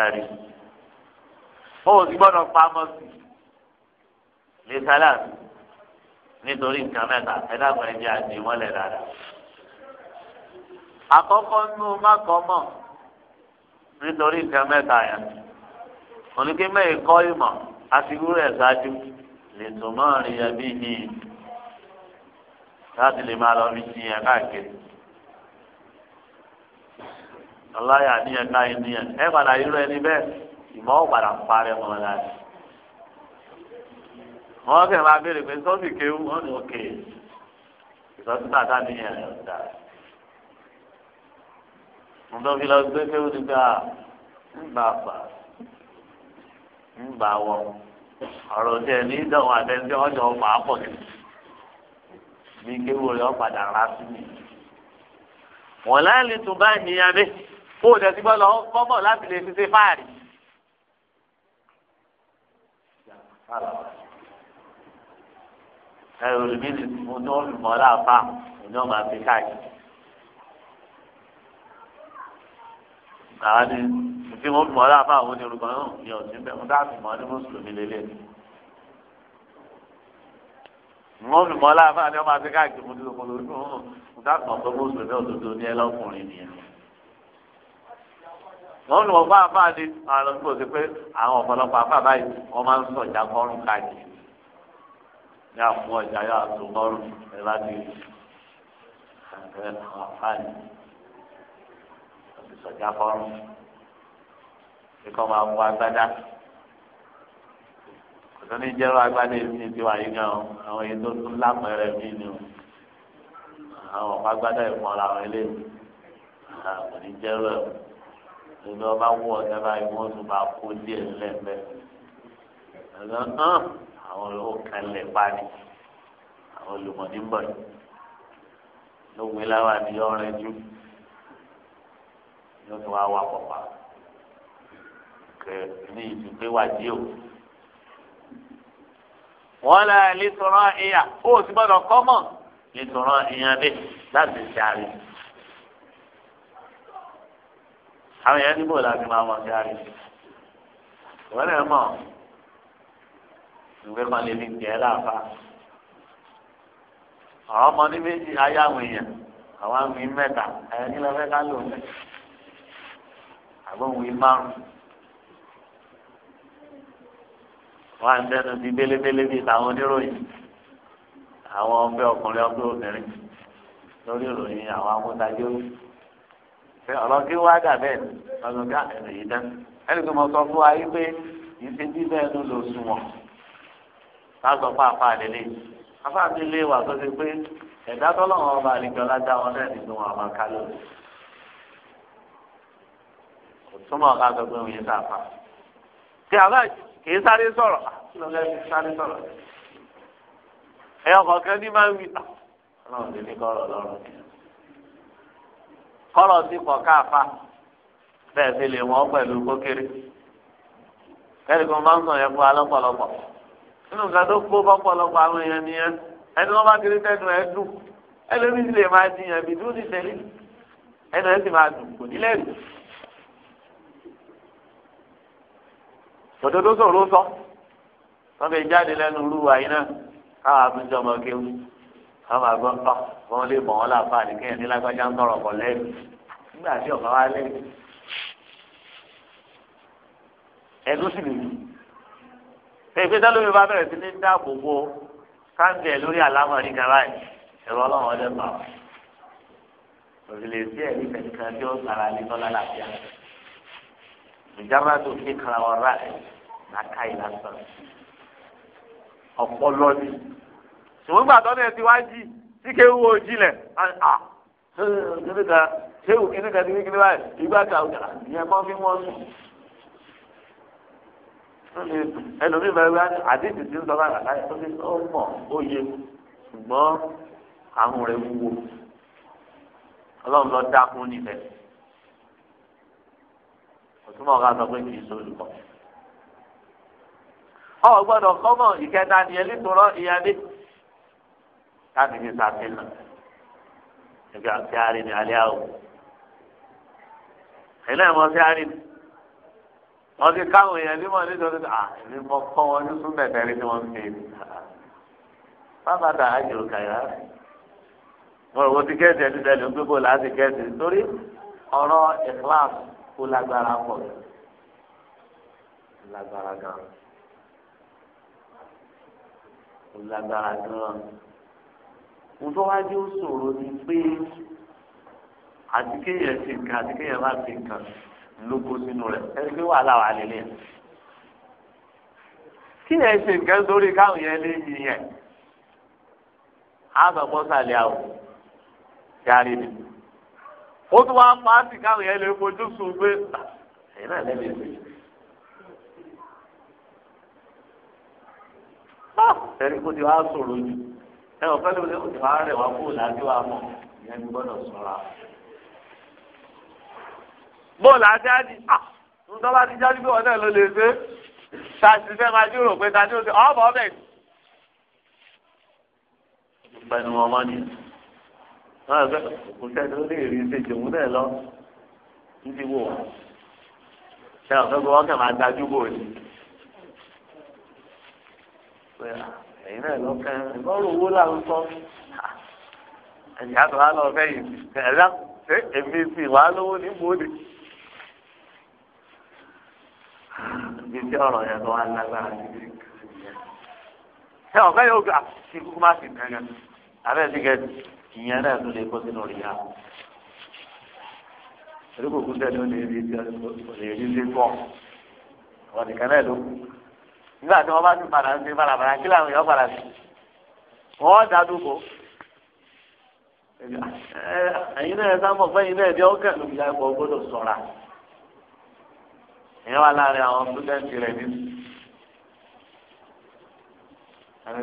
ẹ̀rí ó sì gbọ́dọ̀ pamọ́ sí lè sálà nítorí nǹkan mẹ́ta ẹ̀dá pẹ̀lú àti ìmọ̀lẹ̀ dáadáa. àkọ́kọ́ nú mákọ́mọ̀ nítorí nǹkan mẹ́ta yẹn oníkí mẹ́rin kọ́ ìmọ̀ asigú rẹ̀ ṣáájú lè tó mọ́ rìn ẹbí yìí láti lè máa lọ bí jiyàn káàkiri ọláyà níyẹn káyé níyẹn ẹ padà irú ẹni bẹ́ẹ̀ ìmọ̀ ọ̀ padà parẹ́ mọ́ ọ̀la rẹ̀. wọ́n kẹ́ máa béèrè pé sọ́ọ̀sì kéwú wọ́n ní òkè ìsọ́sí tàtà níyẹn rẹ̀ ọ̀dà. mo tó fi lọ gbé kéwú nígbà ńgbà fà ńgbà wọ ọ̀rọ̀ tẹ̀ ní ìdánwò àtẹ̀ńtẹ̀ ọjọ́ ọ̀pá pọ̀ sí bí kéwú rẹ̀ ọ̀ rà sí mi. wọ́n láì lè tún bá ìníyàn bẹ́ẹ̀ ó ò tẹ̀sí gbọ́ lọ bọ́bọ̀ láti lè fi ṣe fáàrí. ẹ ò rí mi ní mo ní olùmọ̀ láàfà òní ọmọ àti káàkiri. àwọn ni tí wọ́n mọ̀ láàfà àwọn ní olùkọ́ náà ní ọ̀sìn bẹ́ẹ̀ mo dáàbò mọ́ ní mùsùlùmí lélẹ̀ ni wọ́n fi mọ́ láàfà ní ọmọ àti káàkiri mo ti lọ́kọ́ lórí mo dáàbò mọ́ pé mùsùlùmí òdodo ní ẹ nìyẹn wọn lọ bá àbá ni àwọn tó ti pé àwọn ọ̀pọ̀lọpọ̀ àbá báyìí wọ́n máa ń sọ ọjà kọ́rùn káàkiri ní àpò ọjà yóò àtò kọ́rùn ẹ bá ti àwọn àbá ni wọ́n ti sọ ọjà kọ́rùn kíkọ́ máa wọ agbádá kòtò ní jẹ́rọ agbádá èmi ti wà gan o àwọn èyí tó tún lápẹ̀rẹ̀ mí ni o àwọn ọ̀pọ̀ agbádá ìfọ̀nra àwọn eléyìí kò ní jẹ́rọ ẹ̀ lómi ọba wú ọjà báyìí wọn tún bá kó díẹ̀ lẹgbẹ ẹgbẹ hàn àwọn olówó kalẹ̀ parí àwọn olùmọdé ń bọ yìí lóògbé láwa ni ọrẹ jù yóò tún wá wà pọpà kẹ ní ìdúpẹ́ wà dí o wọn là lè sọ̀rọ̀ ìyà ó sì gbọ́dọ̀ kọ mọ lè sọ̀rọ̀ ìyà bẹ́ẹ̀ láti ṣàlẹ. àwọn èèyàn níbò láti máa mọ gàrí ìwọ náà mọ ìwé kan lè fi jẹ láàfa àwọn ọmọ ní méjì ayé àwọn èèyàn àwọn àwìn mẹ́ta ẹyẹ nílẹ fẹ ká lò ní àbọ̀wìn márùn wọn à ń tẹnu sí bélébélé bíi tàwọn oníròyìn àwọn ọbẹ ọkùnrin ọbẹ obìnrin lórí ìròyìn àwọn amúdájọ́ ṣe ọ̀rọ̀ kí wá dà bẹ́ẹ̀ ni ọ̀rọ̀ ká ẹ̀rọ yìí dá ẹni tó mọ sọ fún wa yìí pé ìṣe tí bẹ́ẹ̀ ló lò sùn wọ̀n lásọ fún apá àdélé apá àdélé wà tó ṣe pé ẹ̀dá tọ́lọ́wọ́n ọba àlejò ládá wọn náà nínú wọn àmọ́ ká lóore kò túmọ̀ ká sọ pé òun yẹn sàfà tí a bá kì sáré sọ̀rọ̀ ah, lọ́lẹ́ fi sáré sọ̀rọ̀ ẹ̀yọ̀ kọ̀ọ̀kan ní máa ń wí ah, ọlọ́run lè ní kọ́ ọ̀rọ̀ lọ́rùn kìí kọ́rọ̀ sí kọ̀ káfa bẹ́ẹ̀ fi lè wọ́n pẹ̀lú kókéré kẹ́lí kan máa ń sàn yẹn fún alọ́pọ̀lọpọ̀ nínú nǹkan tó gbó bọ́pọ̀lọpọ̀ àwọn èèyàn nìyẹn ẹni wọ́n bá kiri tẹ́nu ẹ dùn ẹlẹ́rìí sì lè máa jiyàn bí dúró ní tẹ́lẹ̀ ẹnu ẹ sì máa dùn kò nílẹ̀ dùn. òdodo sọ̀rọ̀ sọ wọ́n fi jáde lẹ́nu olúwa yìí káwọn àfihàn ọmọ kéwù wọn máa gbọ́ ọ wọn lè mọ̀ wọn láǹfààní kéèyàn ní lágbájá ń tọrọ kàn lẹ́yìn nígbà tí ọ̀gá wa lẹ́yìn ẹ̀dùn sì nìyí pèpè sálómi bá bẹ̀rẹ̀ sí ní dáàbò bo káńtì ẹ̀ lórí àlámọ̀ ní garaì ẹ̀rọ ọlọ́run ọdẹ bá òṣèlè sí ẹ̀rí kẹ̀kẹ́ tí ó sara ní tọ́lá làbíà ìjàmbá tó fi kàrà ọ̀rá ẹ̀ nàkàyè lásán ṣùgbọ́n gbàtọ́ náà ti wá jì tí kéwù ò jinlẹ̀ à kíníkà kéwù kíníkà ní kíní báyìí ìgbà kàwé kọ́ fi wọ́n sùn. ẹlòmíì bá wá àdéhùn tí ń sọ báyìí láyé tó ní ó mọ̀ ó yẹ ṣùgbọ́n àwọn rẹ̀ wúwo ọlọ́run lọ dákun níbẹ̀ òtúmọ̀ ọ̀gá sọ pé kì í sólùkọ́ ọ gbọ́dọ̀ kọ́mọ̀ ìkẹta nìyẹn nítorọ́ ìyáde káàdì ní sàfihàn ẹgbẹ àti àárín ní alẹ́ àwọ̀ ilé ẹ̀mọ́ sí àárín wọ́n ti káwọn èèyàn nímọ̀ nítorí à èmi mọ kọ́ wọn ní sún bẹ̀rẹ̀ rí ni wọ́n fi bàbá dà ájò kàyà mo rò wọ́n ti kẹ́sì ẹni tẹ́lẹ̀ ń gbégbó láti kẹ́sì torí ọ̀rọ̀ ìkíláàsì kó lágbára pọ̀ lágbára gan lágbára gan ohun tó wájú ṣòro ni pé àti kéèyàn ti nǹkan àti kéèyàn má ti nǹkan lóko sínú rẹ̀ ẹni pé wàhálà wà lélẹ̀ kí ẹ ṣe nǹkan sórí káwọn yẹn lé yìí yẹn á sọ pọ́sàlẹ̀ àwọ̀ yàrá ni ó tún wá pàṣẹ káwọn yẹn lè fojú sùn pé ẹ̀yin náà lẹ́bi ìgbésẹ̀. Ah! ẹni kó ti wá sọ̀rọ̀ jù ẹ ò fẹ́ẹ́ lè òtún àárẹ̀ wá kó làájú wa mọ̀ ìyẹn ní gbọ́dọ̀ sọ̀ra. bóòlù ajáde ntọ́ba ti jáde pé wọn náà ló lè ṣe tá a ti fẹ́ máa jíròrò pé ta ni ó ṣe ọ̀bọ̀ ọ̀bẹ̀ ni. ìpẹnu ọmọ ni wọn àgbẹ̀ kò sẹ́ni ó lè rí ṣe jòun náà lọ níbi wò wọn. ṣé ọ̀fẹ́ gbọ́ wọn kàn máa dájú bò ni ẹ̀yin náà lọ́kàn ìbọ̀rọ̀ owó làwọn sọ ẹ̀yìn àtọ̀ á lọ fẹ́ yìí ẹ̀dá ṣé èmi sì wàá lówó ní gbòde. ibi tí ọ̀rọ̀ yẹn lọ́wọ́ alágbára níbi ẹ ọ̀gá yóò gbà kí kúkú má sì gbẹ̀ngàn abẹ́ ti gẹ̀ ìyẹn náà tó lè kó sínú rí ya erékòkú sẹ́ni ó lè rí ilé kọ́ ọ̀nìkan náà ló kù nígbà tí wọ́n bá ti padà ń ṣe balabala kí làwọn èèyàn padà sí wọ́n dá dúkọ. ẹ̀yin náà sá mọ̀ fẹ́yìn náà ẹ̀dí ọ̀kẹ́ ló ya ẹ̀kọ́ gbọ́dọ̀ sọ̀ra. èèyàn wà láàrin àwọn sítúdẹ̀ǹtì rẹ̀ ní. abẹ́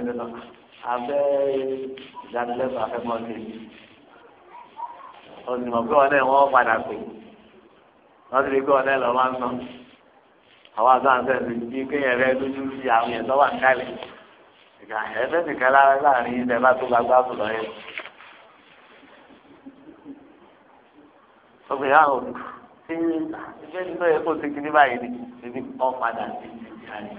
ìdánilẹ́kọ̀ọ́ afẹ́mọ́tì onímọ̀ pé wọn náà wọ́n padà pè wọ́n ti rí pé wọn náà lọ́ máa ń sọ àwọn àgbàǹfẹ ti di kéèyàn rẹ lójú sí àwọn yẹn tó wà kálẹ̀ ẹfẹ sì kẹlá láàrin ilẹ bá tó gbàgbá bù lọ yẹn. obìnrin àwọn olùkọ́ ṣé ṣé nínú ẹ kó ti kíní báyìí ni ibi kan padà sí ti di àná.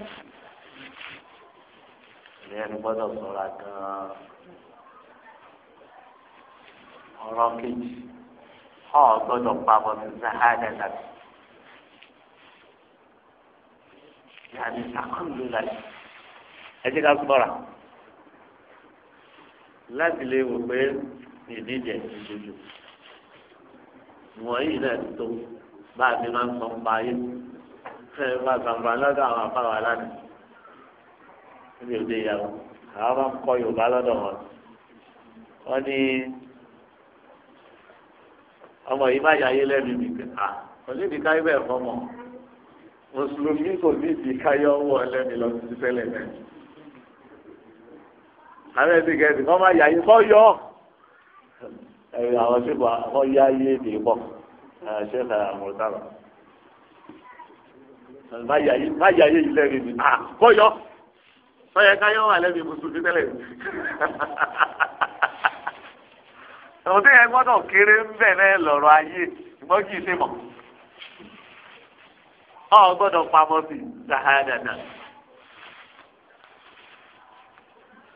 ìyẹn ni gbọ́dọ̀ ṣọ́ra gan-an. ọ̀rọ̀ kejì ọ̀ gbọ́dọ̀ pamọ́ sí sáhádà tàbí. yàrá àkànlò lálẹ́ ẹ jẹ́ ká gbọ́ra láti lè wò pé ìdíje ìdíje wọ̀nyí náà ti tó bá a ti máa ń sọ ń pa ayé fẹ́ bá a sàǹfà lọ́dọ̀ àwọn afáwà lánàá níbi òde ìyàwó àwọn máa ń kọ́ Yorùbá lọ́dọ̀ wọn wọ́n ní ọmọ yìí má yà ayé lẹ́nu nìkan à kò níbi káyọ̀ fọmọ mùsùlùmí kò ní ìdí káyọ̀ ẹlẹ́mi lọ sí tẹ́lẹ̀ náà. àwọn ẹ̀sìn kẹ̀sìn kọ́ máa yàyí kọ́ yọ. ẹ̀rọ àwọn ṣèkọ àwọn yá yé èdè bọ̀ ṣé ká mọ̀tàlá. má yàyí yìí lẹ́mi ni à kọ́ yọ. sọ́yẹ káyọ̀ wà lẹ́mi mùsùlùmí tẹ́lẹ̀. òde yẹn gbọ́dọ̀ kéré ń bẹ̀ náà lọ́rọ̀ ayé ìgbọ́n kì í ṣe mọ̀. ọ gbọ́dọ̀ pamọ́ bí sàhádà na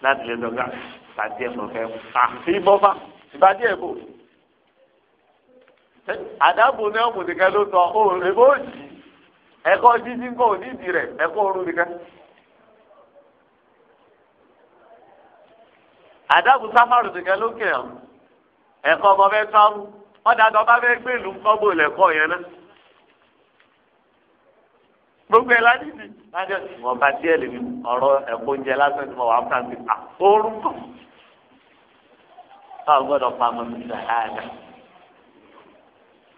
láti lè lọ́gà bàtí ẹ̀ mọ̀ fẹ́ àfi ìbàdí ẹ̀ bò àdàbò ní ọ̀mù nìkan ló tọ òun rè bó jì ẹ̀kọ́ jíjí ńkọ́ onídìí rẹ̀ ẹ̀kọ́ òru nìkan. àdàbò sáfàrù nìkan ló kẹ̀ ọ́ ẹ̀kọ́ ọmọ fẹ́ sáwù ọ̀dà tó bá yẹn náà. gbogbo ẹ̀ láti ní lájọ́ wọn bá díẹ̀ lèmi ọ̀rọ̀ ẹ̀kọ́ oúnjẹ lásán tí mo wà fún àgbẹ̀ àkóòrùn kọ̀ táwọn gbọ́dọ̀ pa àmọ́ mi nígbà yára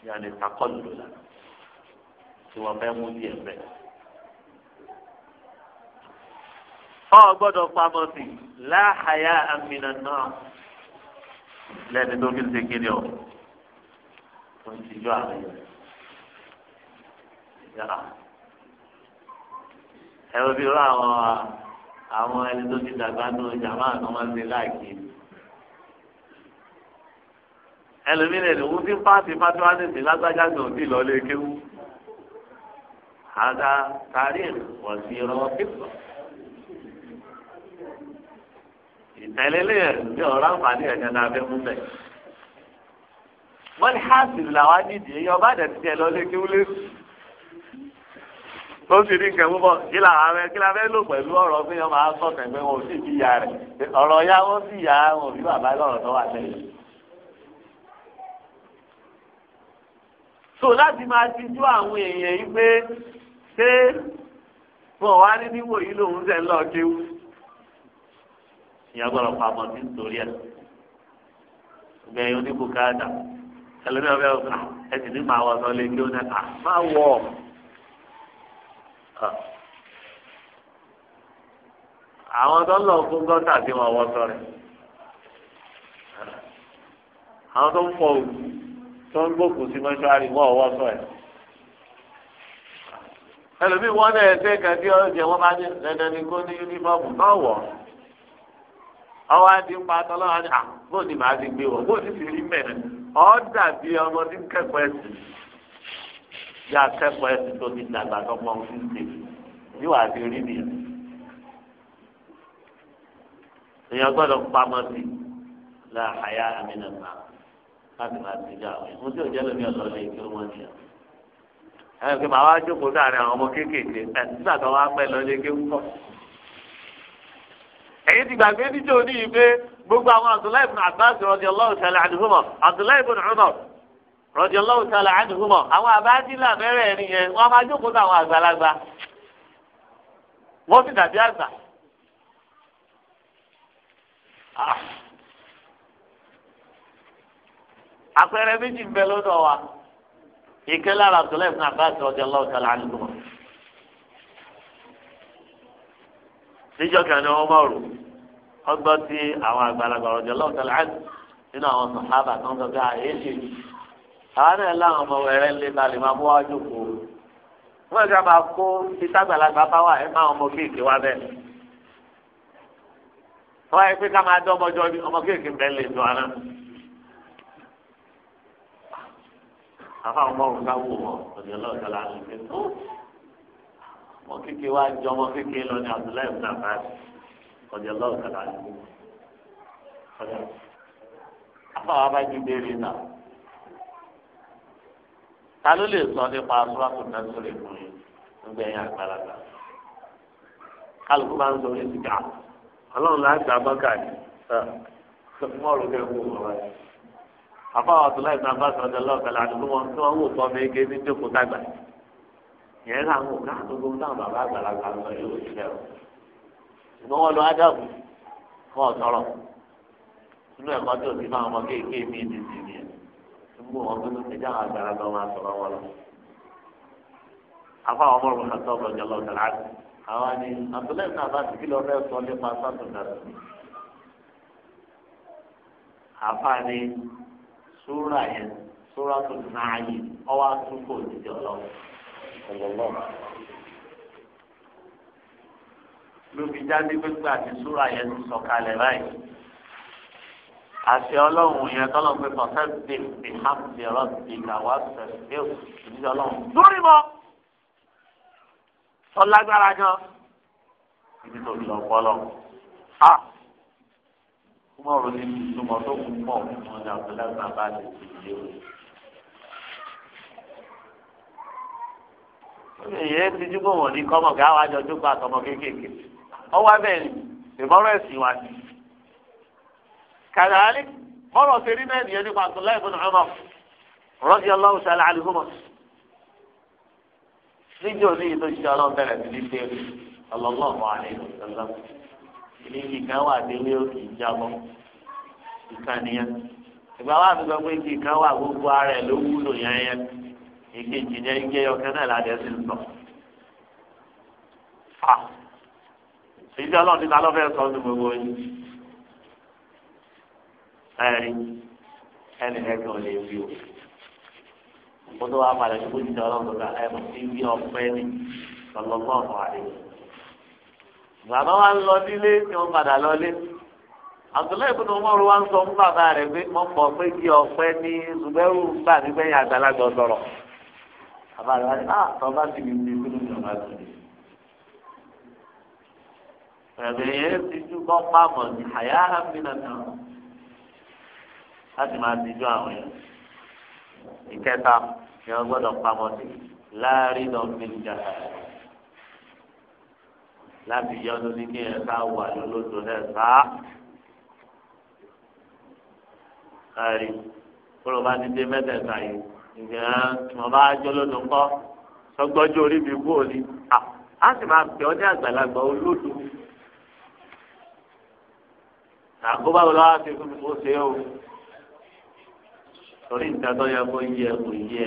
yàrá ìtakọ́lù lò lánàá tí wọ́n fẹ́ mú díẹ̀ bẹ́ẹ̀. ọ gbọ́dọ̀ pa àmọ́ sí láhàyà àmìnà náà lẹ́ni tó fi ń ṣe kéde ọ̀ tó ń tijọ́ àárẹ̀ yàrá ẹ̀rọ bí irú àwọn àwọn ẹni tó ti dàgbà nù jàmá àná máa ń ṣe láàkì. ẹlòmíràn ẹ̀dùn wú sí fáàtì fáàtì wá nìsín lágbájá ní òbí lọ́lé kéwú. àga tàríìn wọ̀ sí irọ́ pípọ̀. ìtẹ̀lélẹ̀ ẹ̀ ní ọ̀rọ̀ àǹfààní ẹ̀jẹ̀ náà fẹ́ mú bẹ̀. wọ́n ní háàsì làwọn á dìde ẹ̀yọ́ lọ́lé kéwú lẹ́sùn tó sì rí nǹkan púpọ̀ kí la ààrẹ kí la fẹ́ lò pẹ̀lú ọ̀rọ̀ pé wọ́n máa sọ tẹ̀gbẹ́ wọn ò sì fi ya rẹ̀ ọ̀rọ̀ ya wọ́n sì ya wọn ò fi bàbá lọ́rọ̀ tó wà lẹ́yìn. so láti máa tijú àwọn èèyàn yìí pé ṣé wọn wá ní níwò yìí lòun ṣe ń lọ kéwú ìyá gbọ́dọ̀ pamọ́ sí nítorí ẹ̀ ọgbẹ́ yìí oníbùkátà ẹlẹ́mìíràn fẹ́ ah, ẹ sì ní màá wọ àwọn tó ń lọ fún gọ́tà tí wọ́n wọ́ sọ́rẹ́ àwọn tó ń fọ òwú tó ń gbókùn sí mọ́ṣúárì wọ́n wọ́ sọ́rẹ́ ẹlòmíì wọ́n náà ẹsẹ̀ kan tí wọ́n bá ní kó ní yunifọ́ọ̀mù náà wọ̀ ọwọ́ adi ń pa tọ́lọ́wọ́ ah, ni à màá ti gbé wọ̀ bóun ti rí mẹ́rin ọ́ dàbí ọmọ kẹ́kọ̀ọ́ ẹ̀sìn yá akẹ́kọ̀ọ́ ẹ̀sìn tó ti dàgbà tọmọ ọdún ṣe yóò wá sí rí nìyẹn. èèyàn gbọ́dọ̀ pamọ́ sí la àyà àmìnà náà láti máa ti dá àwọn ìmú tí ò jẹ́ lómi ọ̀dọ́ lè kí ó wọ́n nìyẹn. ẹ pé màá wá jókòó láàrin àwọn ọmọ kéékèèké ẹ nígbà tó wá pẹ́ lọ lé kéwú kọ́. èyí ti gbàgbé níjó ní gbogbo àwọn Abdullahi ibn Abbas radiyallahu ta'ala anhuma àwọn àbájílà mẹ́rẹ̀ ẹ̀rin yẹn wọ́n máa jókòó sí àwọn àgbàlagbà wọ́n sì dàbí àgbà. Ah. àpẹẹrẹ méjì ń bẹ lọ́dọ̀ wa ìkẹ́ lára Abdullahi ibn Abbas radiyallahu ta'ala anhuma. níjọ́ kan ni wọ́n mọ̀ rò ọgbọ́n tí àwọn àgbàlagbà radiyallahu ta'ala anhuma nínú àwọn sàhábà tó ń sọ ah, àwọn náà láwọn ọmọ wẹrẹ lé balẹ̀ máa bọ́ wá jókòó wọ́n ti máa kó títàgbàlagbà bá wà ẹ̀ máa ọmọ kéèké wá bẹ́ẹ̀. wọ́n á yẹ pé ká máa dán ọmọ jọ ní ọmọ kéèké bẹ́ẹ̀ lè dùn ara. àwọn ọmọ òun ká wò wọ́n òní ọlọ́ọ̀dọ́ la lè fi kú. ọmọ kéèké wá jọ ọmọ kéèké lọ ní Abdullahi ibn Abbas òní ọlọ́ọ̀dọ́ la lè fi kú. àwọn abájú bèrè náà ta ló lè sọ nípa aṣọ́àkù náà sórí fún yín nígbà yẹn àgbàlagbà kálukú bá ń sọrí síta ọlọ́run láti gba bọ́kà ní mọ́ọ̀lù kẹ́kọ̀ọ́ ọ̀rọ̀ yẹn àbáwọ̀ àtúnlá ìgbà bá sọ̀rọ̀ lọ́ọ̀kẹ́lá àdúgbò wọn tí wọ́n wò sọ méje ní jókòó dàgbà yẹn làwọn ò náà gbogbo náà bàbá àgbàlagbà sọ yóò ṣẹlẹ̀ o ṣùgbọ́n wọn lọ ádámù fún ọ̀sọ́rọ̀ nínú ẹ̀kọ́ tó ti fáwọn ọmọ kéékèé mi ti nìyẹn gbogbo wọn tó ti jáwọ́ agbára lọ máa sọ̀rọ̀ wọn lọ. afọ àwọn ọmọ rẹ sọ ọmọ ìjọba ọ̀tàlá àwọn ni àtúlẹ̀ náà bá ti kí lọ fẹ́ sọ nípa sátúndà àfààní súrà yẹn súrà tó náà yìí ọwọ́ àtúkò òjijì ọlọ́wọ́ ọlọ́wọ́ lóbi jáde pé gbà tí yẹn ti báyìí àṣẹ ọlọ́run yẹn tọ́lọ̀ pé pọ̀sẹ́ǹtì ti há ti ọ̀rọ̀ ti kà wá sẹ̀sẹ̀ ìdílé ọlọ́run lórí mọ́ ọlágbára gan ibi tó lọ pọ́lọ́ ha kúmọ̀ ọ̀rọ̀ ní ìtumọ̀ tó kún pọ̀ wọn ni àbúlẹ̀ bàbá ti ti di o. èyí ti dúpọ̀ wọ̀ ní kọ́mọ̀ kí àwọn àjọ dúpọ̀ àtọmọ kéékèèké ọwọ́ abẹ́rẹ́ ìbọ̀rọ̀ ẹ̀sìn wa ni. kàdáálí bọ́rọ̀ ṣe rí náà nìyẹn nípa Abdullahi ibn Umar radiyallahu ta'ala anhuma níjọ́ ní ìlú ìṣẹ́ ọlọ́run bẹ̀rẹ̀ sí ní tẹ́lẹ̀ sallallahu alaihi wasallam wà délé òkè ìkànnìyàn ìgbà wà pé kí wà gbogbo ara ló wúlò ní ọkàn gbogbo yìí. ẹ̀rí ẹnì ẹ̀gbọ́n ò lè fi o kótó wa padà tó kójú ọlọ́run tó ká ẹ̀ mọ̀ sí bí ọ̀pẹ ni lọ́lọ́gbọ́n ọ̀pọ̀ àdéhùn. bàbá wa ń lọ nílé tí wọ́n padà lọlé àtúnlẹ̀ ìbùdó mọ́rù wa ń sọ fún bàbá rẹ̀ pé mo mọ̀ pé bí ọ̀pẹ ni zùbẹ́rù ń gbà nígbẹ̀yìn àgbàlagbà ọ̀dọ̀rọ̀ bàbá rẹ̀ wá ní à ah, tọ́ bá ti gbìyànjú ìbùdó mi ọ̀gá tó lè. yẹn ti dúkọ́ pàmò ní àyà láti máa dijú àwọn yẹn ìkẹta ni wọn gbọ́dọ̀ pamọ́ sí láàrin náà fi ń jà láti yọ ọdún ní kí ẹ sá wà lólódò náà sá ẹrí kúrò bá ti dé mẹ́tẹ̀ẹ̀ta yìí ǹjẹ́ wọn bá jọ lódò kọ sọgbọjú orí mi kú òní a sì máa pè ọ ní àgbàlagbà olódò àgbo báwo lọ́wọ́ á fi fún mi kó ṣe é o torí nǹkan tó yẹ kó yẹ kó yẹ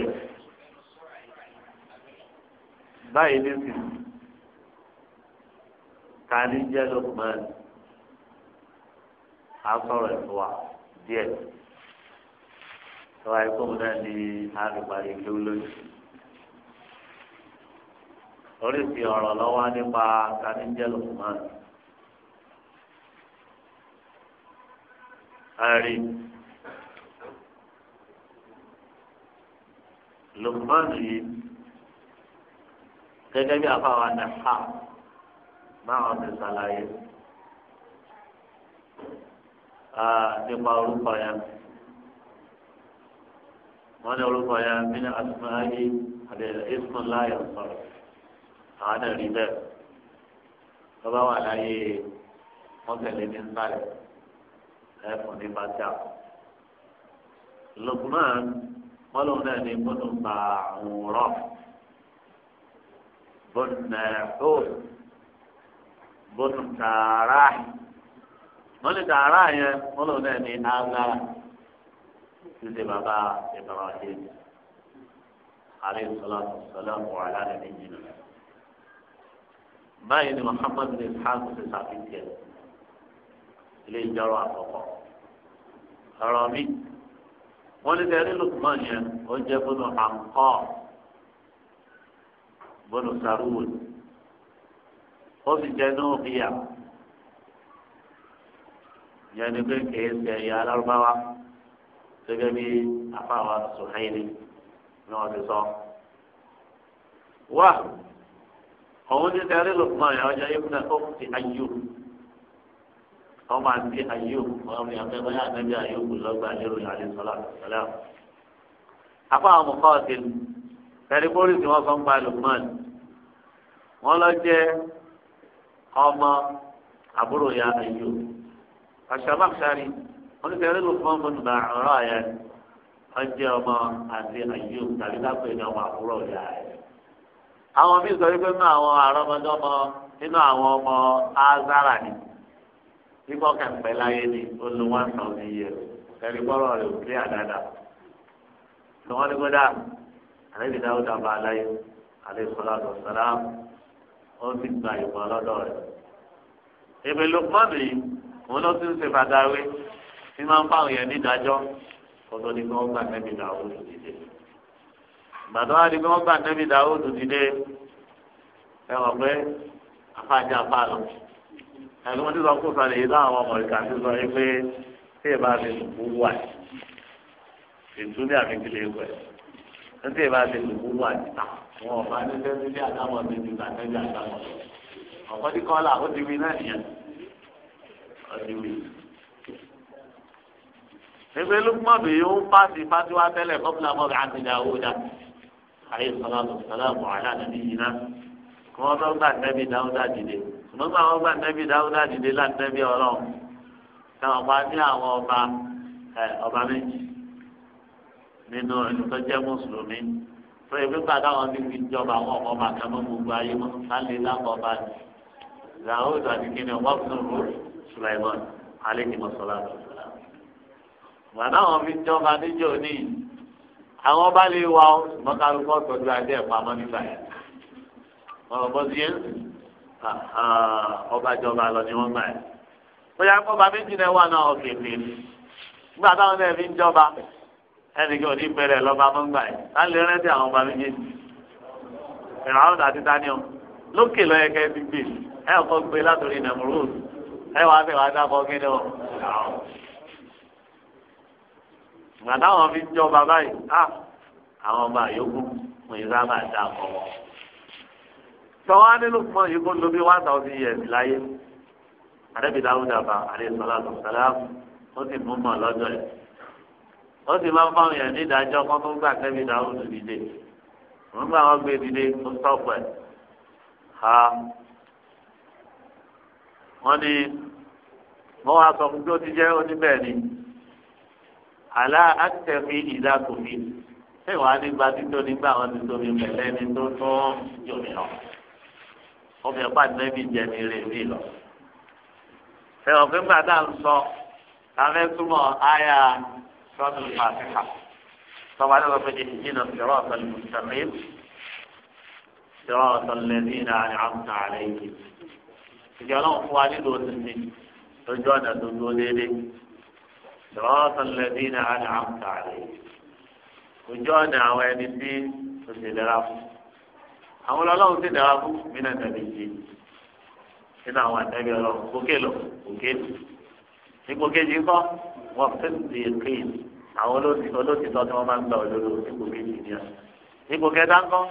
báyìí nísìn ta ni jẹ́ Lukman á sọ̀rọ̀ ẹ̀fọ́ wa díẹ̀ tọ́wá ikú mi náà ni alùpàdé kí ó lóyún oríṣi ọ̀rọ̀ lọ́wọ́ nípa ta ni jẹ́ Lukman. Ari. lukman yìí gẹ́gẹ́ bí afáwa nàfà báwọn ti ṣàlàyé nípa orúkọ yẹn wọ́n ní orúkọ yẹn mí ní asùnmáyé àti ìsùn láyé sọ̀rọ̀ àwọn náà rí bẹ́ẹ̀ lọ́ba wà láyé wọ́n tẹ̀lé ní nsàlẹ̀ ẹ̀fọn ní bàtà lukman. قالوا ذلك بن معورة بن ناحور بن كاراح من كاراح قالوا ذلك نالا سيد بابا إبراهيم عليه الصلاة والسلام وعلى نبينا ما إن محمد بن إسحاق في ساكن كده ليه جرى أبوه رامي wọ́n ní sẹ́yìn lùkùmọ́ yẹn ó jẹ́ bọ́nù àǹkọ́ bọ́nù sàrúwò ó sì jẹ́ ní òbíyà yẹn ni pé kìí ṣe ẹ̀yà alárúbáwá gẹ́gẹ́ bí afáwa sùnhẹ́ẹ̀lì ni wọ́n ti sọ. wá òun ní sẹ́yìn lùkùmọ́ yẹn ó jẹ́ ibùdó ó ọmọ àti ayéhùn ọmọ ìyàgbẹ́ báyà nẹ́bí ayéhùn lọ́gbà lérò ìyàlẹ́ sọ́lá sọ́lá. apá àwọn ọmọkọ́ ti lu tẹlifóònù tí wọ́n sọ ń pa lukman wọ́n lọ jẹ́ ọmọ àbúrò ya ayéhùn. àṣàbàṣàrí wọ́n ti tẹ̀lé lukman mọ́tò bá ọ̀rọ̀ ayé ọjọ́ ọmọ àti ayéhùn tàbí lápẹ̀ ní ọmọ àbúrò ya ayé. àwọn míì sọ wípé nínú àwọn àrọ́mọdọ́mọ nínú àwọn ọmọ azara ni kíkọ́ kẹ̀kẹ́ láyé ni ó lo one thousand years ẹ̀rí bọ́rọ̀ rẹ̀ ò kí àdáda tí wọ́n ní kó dáa àlébi dáwọ́ dábàá láyé àlè sọlá tó sọlá ó ti gba ìmọ̀ lọ́dọ̀ rẹ̀. èmi ló pọ́n mi òun ló ti ń ṣe fàdáwé tí máa ń bá òun yẹn nídàájọ́ kótó ni kí wọ́n gbà nẹ́bí dáwọ́ tó dìde. ìgbàdàn wa ni wọ́n gbà nẹ́bí dáwọ́ tó dìde ẹ wọ̀ pé afáàjì afáàlọ́ àti wọn ti sọ fún sọlẹ yìí láwọn ọmọ ìka ti sọ pé tí ì bá ti lùkú wà ètò ní àfikílẹ̀ ìwẹ̀ tí ì bá ti lùkú wà tà wọn ò bá ní sẹ́sí ní àtàwọn mi ju àtẹ́jú àtàwọn ọ̀pọ̀ tí kọ́lá ó ti wí náà nìyẹn ó ti wí. ẹgbẹ́ lukuma bè yóò ń pàṣẹ fatiwa tẹ́lẹ̀ kọ́pìlà mọ́bì àtẹ̀jà owó dá ayé sọlá lọ sọlá gbogbo àwọn ọgbà nẹ́bí dáúdà dìde láti nẹ́bí ọlọ́run táwọn bá ní àwọn ọba ọba méjì nínú ẹni tó jẹ́ mùsùlùmí fún ebi padà wọn ní ìjọba àwọn ọmọ ọba kan mọ́ gbogbo ayé mọ́ sálẹ̀ lápọ̀ ọba ni zahood àti kíni ọba fún un rúd Sulaiman aleyhi mọ̀sálà lọ́sọ̀lá. gbàdá wọn fi jọba níjọ ní àwọn ọba lè wá ọ Ah, ọba jọba lọ ni wọn gbà yìí bóyá kọba méjì náà wà náà ọkè mi nígbà táwọn náà fi ń jọba ẹnìkan ò ní pẹrẹ lọba mọ gbà yìí á lè rántí àwọn ọba méjì ìràwọ̀ àti daniel lókè lọ yẹ kẹ ti gbè ẹ ọkọ gbé látòrí nàmúrò ẹ wàá bẹ wàá dábọ kí ni ọ. ìgbà táwọn fi ń jọba báyìí ah, àwọn ọba yòókù fún ìsábà dá ọkọ sọwọ́n nínú fún yìí kó ló bí one thousand years láyé àdébí dáhùn dàbà àdéhùsọ̀lá àtọ̀sọ̀lá ó sì mú mọ̀ lọ́jọ́ yẹn ó sì máa ń fáwọn yẹn ní ìdájọ́ kan tó ń gbà kẹ́bí dáhùn dìde wọ́n gbà wọ́n gbé dìde tó sọ̀pọ̀ ẹ̀ ha wọ́n ní wọ́n wá sọ fún tó ti jẹ́ oníbẹ̀ ni àlá àtẹ̀mí ìdá tòmí ṣé wàá nígbà títọ́ nígbà wọn ti tóbi pẹ̀lẹ́ tó tún yòmíràn ọbẹ̀ pa nẹ́bí jẹni rẹ̀ mí lọ. Fẹ̀rọ̀ pé gbàdá ń sọ káfẹ́ túmọ̀ àyà sọ́dún pàṣípà. Sọ́ba ní wọ́n fi di ìjìnà sọ̀rọ̀ ọ̀tọ̀lẹ̀ mùsùlùmí. Sọ̀rọ̀ ọ̀tọ̀lẹ̀ ní ìlà àmúta àlẹ́ yìí. Ìjọ náà fún wa nílò òsìsì lójú ọ̀nà tó dúró déédé. Sọ̀rọ̀ ọ̀tọ̀lẹ̀ ní ìlà àmúta àlẹ́ yìí. Ojú ọ̀nà àwọn ẹni tí òṣèlérà fún àwọn ọlọ́run ti dára fún mínà tàbí ṣe nínú àwọn àtẹ́bí ọlọ́run gòkè lọ gòkè ní gòkè jí kọ́ wọ́n fẹ́ ti kéè àwọn olóòtítọ́ tí wọ́n máa ń gbà olóró ní gòkè jí ni ní gòkè dáńkọ́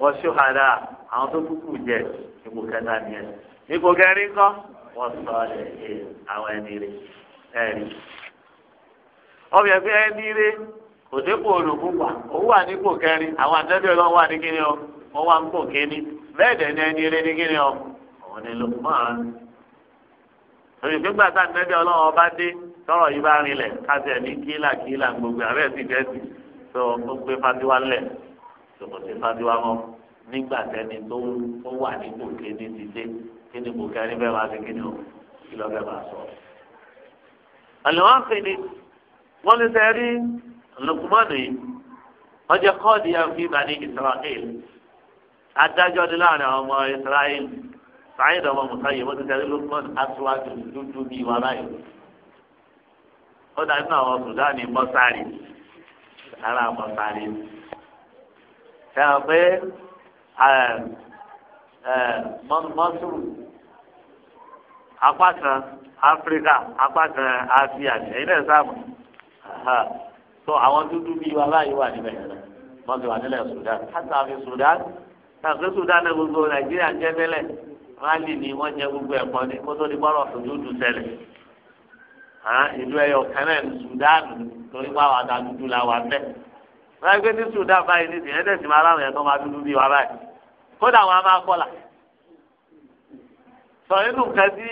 wọ́n ṣùhàdà àwọn tó kúkú jẹ ní gòkè dání ẹ̀ ní gòkè rí kọ́ wọ́n sọ àwọn ẹni rẹ̀ ẹ̀rí. ọbẹ̀ fẹ́ ẹni rẹ̀ kò olùkúpa òun wà ní gòkè rí àwọn àtẹ́bí ọlọ́run wà ní kíni o wọ́n wá ń gbò kéènì bẹ́ẹ̀ dẹ̀ ní ẹni eré ní kíni ọ òun ni Lukman torí ìgbégbà tá nẹ́bí ọlọ́run ọba dé tọrọ yìí bá rinlẹ̀ káṣí ẹ̀ ní kílà kílà gbogbo àbẹ́ sì gẹ̀ẹ́sì tó ó gbé fatiwa lẹ̀ tó kò sí fatiwa mọ́ nígbà tẹni tó tó wà nípò kéènì ti dé kíni kò kẹ́rin bẹ́ẹ̀ wá sí kíni ọ kí lọ́ bẹ́ẹ̀ bá sọ. àlọ́ fi ni wọ́n ní sẹ́rí adájọ́ ni láàrin àwọn ọmọ israẹli ọmọ musayi wọn ti tẹ̀lé lukman aṣáájú dúdú bíi ìwà báyìí ó dàbí náà àwọn sudani mọ́sáàrì ara mọ́sáàrì ṣe hàn pé eh, eh, mọ́sùrù apá kan áfíríkà apá kan ẹ̀yin náà sáàmù tó àwọn dúdú wà níbẹ̀ wà nílẹ̀ àgbẹ̀ sudan gbogbo nàìjíríà jẹ tẹ́lẹ̀ mali ni wọ́n jẹ gbogbo ẹ̀kọ́ ni kótó ni bọ́lọ̀ sojúdu ṣẹlẹ̀ ìlú ẹ̀yọ kẹlẹ̀ sudan torí pé àwọn àdá dúdú la wà bẹ́ẹ̀ wọ́n gbé ní sudan báyìí ní ìdíyẹn tẹ̀sí máa láwọn yẹn tó máa dúdú bí wa báyìí kódà wọn a máa kọ́là sọ inú kan tí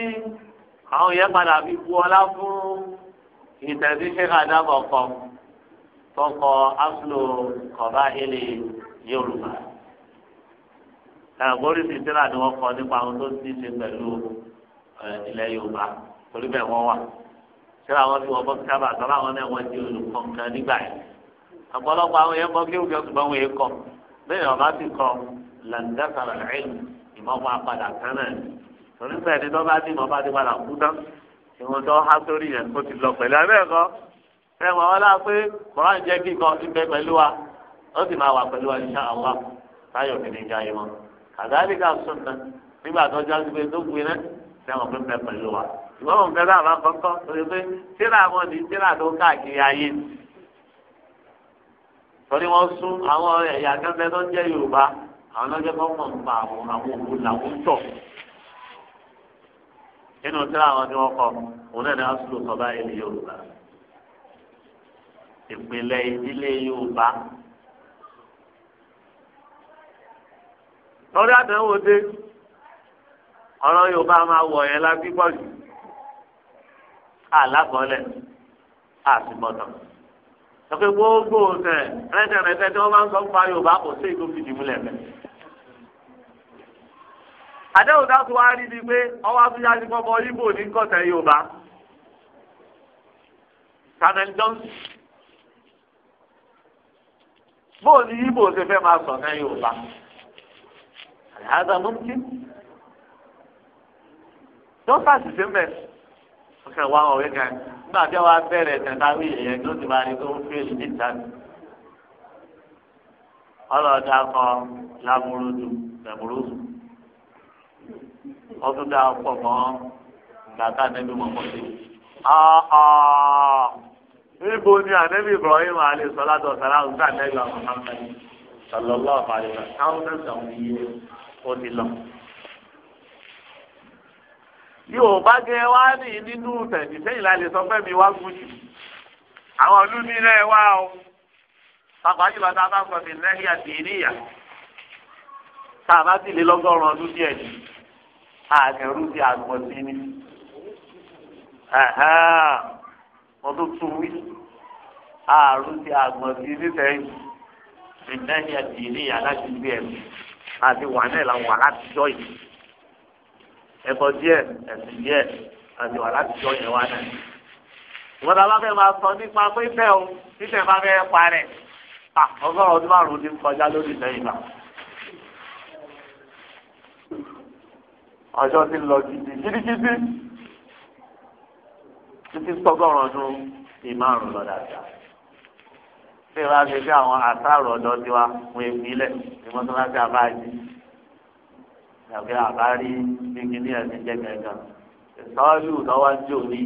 àwọn yẹn padà fi bu ọlá fún ìtẹ̀sí ṣẹ́ka dábọ̀ kan tọkọ afúlò kọ̀ọ̀bá ilé yorùbá ẹ̀gbọ́n sì tíra ni wọ́n kọ nípa àwọn tó ti ṣe pẹ̀lú ilẹ̀ yorùbá torí bẹ́ẹ̀ wọ́n wà tíra wọn ti wọ́n bọ́ sábà tọ́lá wọn náà wọ́n di olùkọ́ nǹkan nígbà yẹn ọ̀pọ̀lọpọ̀ àwọn yẹn kọ́ kí òkè ọ̀sùn bá kọ́ bẹ́ẹ̀ ọ̀bá ti kọ́ làǹdàkàrà rẹ̀ ìmọ̀ máa padà náà torí bẹ́ẹ̀ ni tó ti mọ̀ ti padà kú tán ìwọ̀n tó há sórí yẹn kó ti lọ pẹ̀lú abẹ́ẹ̀kọ́ ẹ̀ mọ̀ wọn láà pé kọ́ra ń jẹ́ kíkọ́ ti bẹ pẹ̀lú wa ó sì máa wà pẹ̀lú wa ní sáà wa táyọ̀ kìíní jáde mọ́ kàdáàbí ká sunna nígbà tó já sí pé tó gbin náà sẹ́wọ̀n pé bẹ́ẹ̀ pẹ̀lú wa ìwọ́n mọ̀ nǹkan náà bá kọ́kọ́ torí pé tíra wọn ni tíra tó káàkiri ayé torí wọ́n sún àwọn ẹ̀yà kẹfẹ́ tó ń jẹ́ Yorùbá àwọn lọ́jọ́ kan mọ̀ nípa àwọn àwọn òkú làwọn tọ̀ nínú tíra àwọn tí wọ́n kọ òun náà ni wọ́n sún lọ sọ báyìí Yorùbá ìpínlẹ̀ ìdílé Yorùbá lórí àdánwò dé ọ̀rọ̀ yorùbá máa wọ̀ yẹn la gbígbọ́ jù àlákọ̀ọ́lẹ̀ àtìmọ̀tàn lọ́kẹ́ gbogbo ọ̀sẹ̀ rẹ́tẹ̀rẹ́tẹ́ tí wọ́n máa ń sọ fún yorùbá kò sí ìlú fìdí múlẹ̀ mẹ́. àdéhùn dáàtú wa rí ni pé ọwọ́ abúlé ti fọmọ ibo ní kọ̀tẹ̀ yorùbá samuel johnson bóòlù ibo ṣe fẹ́ máa sọ̀ fẹ́ yorùbá. هذا ممكن tó sàṣìṣe mẹ ọkẹ wa ọwẹ kan nígbà tí wàá bẹ̀rẹ̀ tẹtàwí yẹn tó ti máa ní tó ń fèlè لا ọlọ́dà kan lámúrúdù lẹ́múrúdù ọdún dá pọ̀ mọ́ gbàtà nẹ́bí mọ́mọ́dé. níbo ni ànẹ́bí Ibrahim alẹ́ sọ́lá dọ̀sára ọ̀gá nẹ́bí ọ̀gá mọ́mọ́dé sọlọ́lá ọ̀fà àlẹ́ sọ́lá ọ̀gá nẹ́bí ọ̀gá mọ́mọ́dé ó ti lọ. yóò bá gẹ wá ní nínú tẹ̀sí sẹ́yìn la lè sọ pé mi wá gùn jù àwọn ọdún mi náà wá o pàpà jùlọ tá a bá sọ sí lẹ́yìn àti ìníyà tá a bá sì lé lọ́gọ́rùn-ún ọdún díẹ̀ jù àgẹ̀rú ti àgbọ̀ sí ni wọ́n tó tún wí àrùn ti àgbọ̀ sí ní sẹ́yìn ìlẹ́yìn àti ìníyà láti gbé ẹ̀mí àti wà náà là ń wà láti jọ yìí ẹbọ díẹ̀ ẹsìn díẹ̀ àti wà láti jọ yẹn wá náà ìwọ́n tá a bá fẹ́ máa sọ nípa pé bẹ́ẹ̀ o títẹ̀ bá fẹ́ parẹ́ ọgọ́rùn ọdún márùn-ún ti ń kọjá lórí lẹ́yìn náà. ọjọ́ ti lọ gidi gidigidi títí sọ́gọ́rùn ọdún ìmárùn-ún lọ́dà ṣé wàá ṣe bí àwọn àtàrò ọ̀dọ́ ti wá fún ìpínlẹ̀ ní mọ́tòláṣí àbáyé tàbí àbárí gbígbí ní ẹ̀mí jẹ́ gẹ̀gàn ìsọ́ọ́lù lọ́wọ́jú òní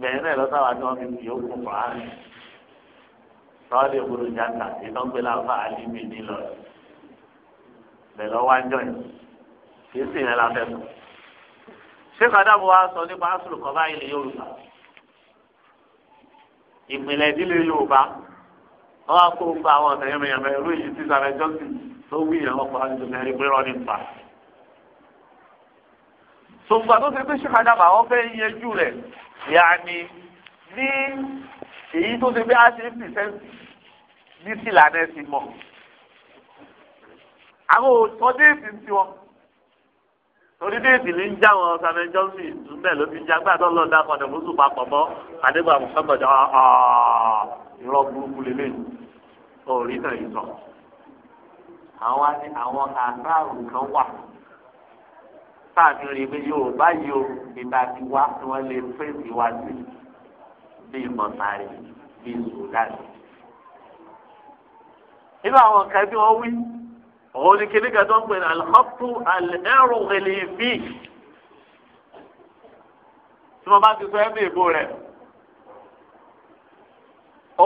bẹ̀rẹ̀ náà lọ́sàwà tí wọ́n fi fi òkú fà á rìn sọ́ọ́lù ìgboro játa ìtọ́gbé láfa àlímì nílọ bẹ̀rẹ̀ lọ́wọ́jọ́ yìí kì í sì rẹ̀ la fẹ́ mọ̀. ṣé kàdáàbò wa sọ nípa asùlù kọ́ báyìí ní Yorùbá ìpìlẹ̀ ìdílé Yorùbá wọn á kó gba àwọn ọ̀tẹ̀ yẹn mẹ́yàmẹ́ irú èyí tí sàrẹ́ jọ́sìn tó wí ìyẹn wọn kọ́ra nítorí ẹni pé rọ́ọ̀nì pa. sọ̀gbà tó ṣe pé ṣèkádà bá wọn fẹ́ yẹjú rẹ̀ yàní ní èyí tó ṣe pé a ṣe ń pìsẹ́ǹtì ní sílànà ẹ̀sìn mọ̀ àwọn òṣìṣẹ́ dé ìsìn tiwọn torí déètì ní ń já wọn samuel johnson ìtúbẹ̀ ló fi já gbàdọ́ lọ dá padà mọ́tò papọ̀ mọ́ àdégbà mohammed ah, ah, irọ́ burúkú lélẹ̀ orí náà yìí sọ. àwọn ni àwọn àtàrù kan wà káàkiri ibi yorùbá yìí o ìgbà wá ni wọ́n lè fèsì wá bíi mọ̀tàrí bíi sùdánì. nínú àwọn kan bí wọ́n wí òun ni kíní kan tó ń pè ní alhọ́pù alẹ́rù ẹlẹ́fì tí wọ́n bá ti sọ ẹ́mí ìbò rẹ̀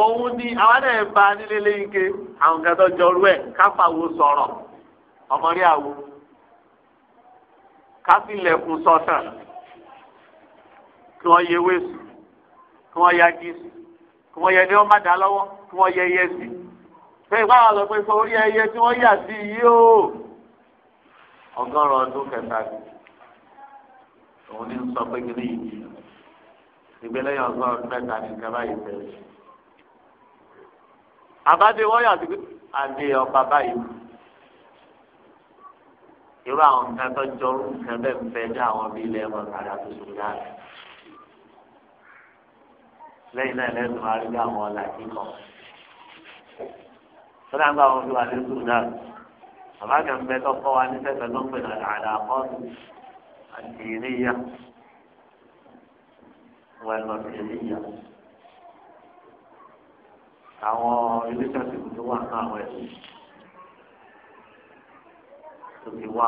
òun ni àwọn náà ń ba nílé léyìnké àwọn kan tó jọrú ẹ̀ káfàwo sọ̀rọ̀ ọmọrí àwo kásìlẹ̀kùn sọ̀tàn kí wọ́n yẹ wéṣù kí wọ́n yagi kí wọ́n yẹ ní ọmọdé alọ́wọ́ kí wọ́n yẹ yẹ bẹ́ẹ̀ bá wà orí ẹyẹ tí wọ́n yà sí yìí o ọgọ́rùn-ún ọdún kẹta òun ní sọ pé kí ni yìí ìgbélẹ́yìn ọgọ́rùn-ún mẹ́ta ní ìjọba yìí bẹ̀rẹ̀ àbádé wọ́n yà sí adé ọba báyìí irú àwọn nǹkan tó jọrú nǹkan bẹ́ẹ̀ ń fẹ́ dá àwọn bíi ilé ẹ̀mọ́ kàdá tó sùn dáa lẹ́yìn náà lẹ́nu àríwá àwọn ọ̀làjì kan sọ́dọ̀ àgbà wọn fi wà ní sùn náà bàbá kan bẹ tó kọ́ wa ní sẹ́sẹ̀ ló ń pè ní àdàkọ́ àti ìníyà wọ́n ẹ̀ lọ sí ìníyà àwọn iléeṣẹ́ ti tó wà ní àwọn ẹ̀sìn tó ti wá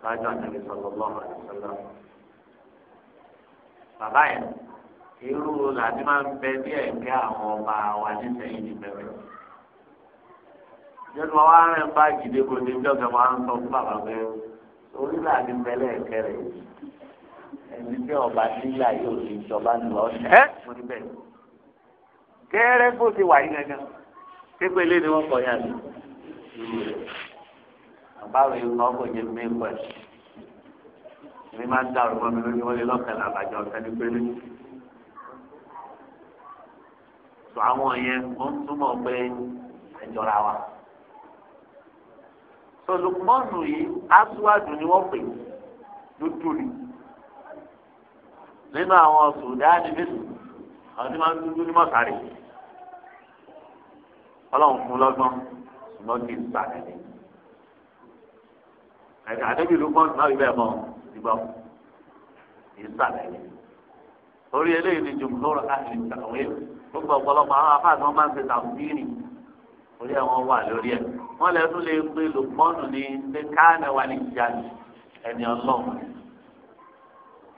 ṣáájú àtẹ̀lé sọ̀rọ̀ lọ́wọ́ àtẹ̀sọ́lá. bàbá yẹn irú làdí máa ń bẹ bí ẹ̀gbẹ́ àwọn ọba wa nísẹ̀yìn níbẹ̀rẹ̀ jẹ́nu wa rẹ̀ ń bá gidi kò ní jọ́gẹ̀ máa ń sọ fún bàbá pé orílẹ̀ àti mẹ́lẹ̀ kẹrẹ̀ ẹni tí ọba nílà yóò ti jọba lọ ẹ́ mo ní bẹ́ẹ̀. kẹ́rẹ́ bó ti wà yí gangan pépé lé ni wọ́n kọ yá mi. bàbá mi ń kọ́ kò jẹ́ mi pẹ̀. èmi máa ń dá ọ̀rọ̀ mọ́ mi lórí wọlé lọ́kàn làbàjọ ọ̀sẹ̀ ní pẹ́lú. sọ àwọn yẹn wọ́n túmọ̀ pé ẹjọ́ra wa olùkọ́nù yìí aṣíwájú ni wọ́n pè dúdú ni nínú àwọn sùdáàdì mẹ́sùn àwọn tí wọ́n ń dúdú ní mọ́sárì ọlọ́run fún lọ́gbọ́n ṣùgbọ́n kì í sàkẹ́lẹ́ ẹ̀ka àdébí lùkọ́nù náà ibẹ̀ mọ́ ìgbọ́ kì í sàkẹ́lẹ́ orí eléyìí ni jùmùlọ́rọ̀ àti ìtàwé gbogbo ọ̀pọ̀lọpọ̀ àwọn afáàtì wọn máa ń ṣe tàwọn bíi nìyí orí àwọn wà lórí ẹ̀ wọ́n lè tún lè pe lùpọ́nù ní ní káàdà wà ní ìjáde ẹni ọlọ́run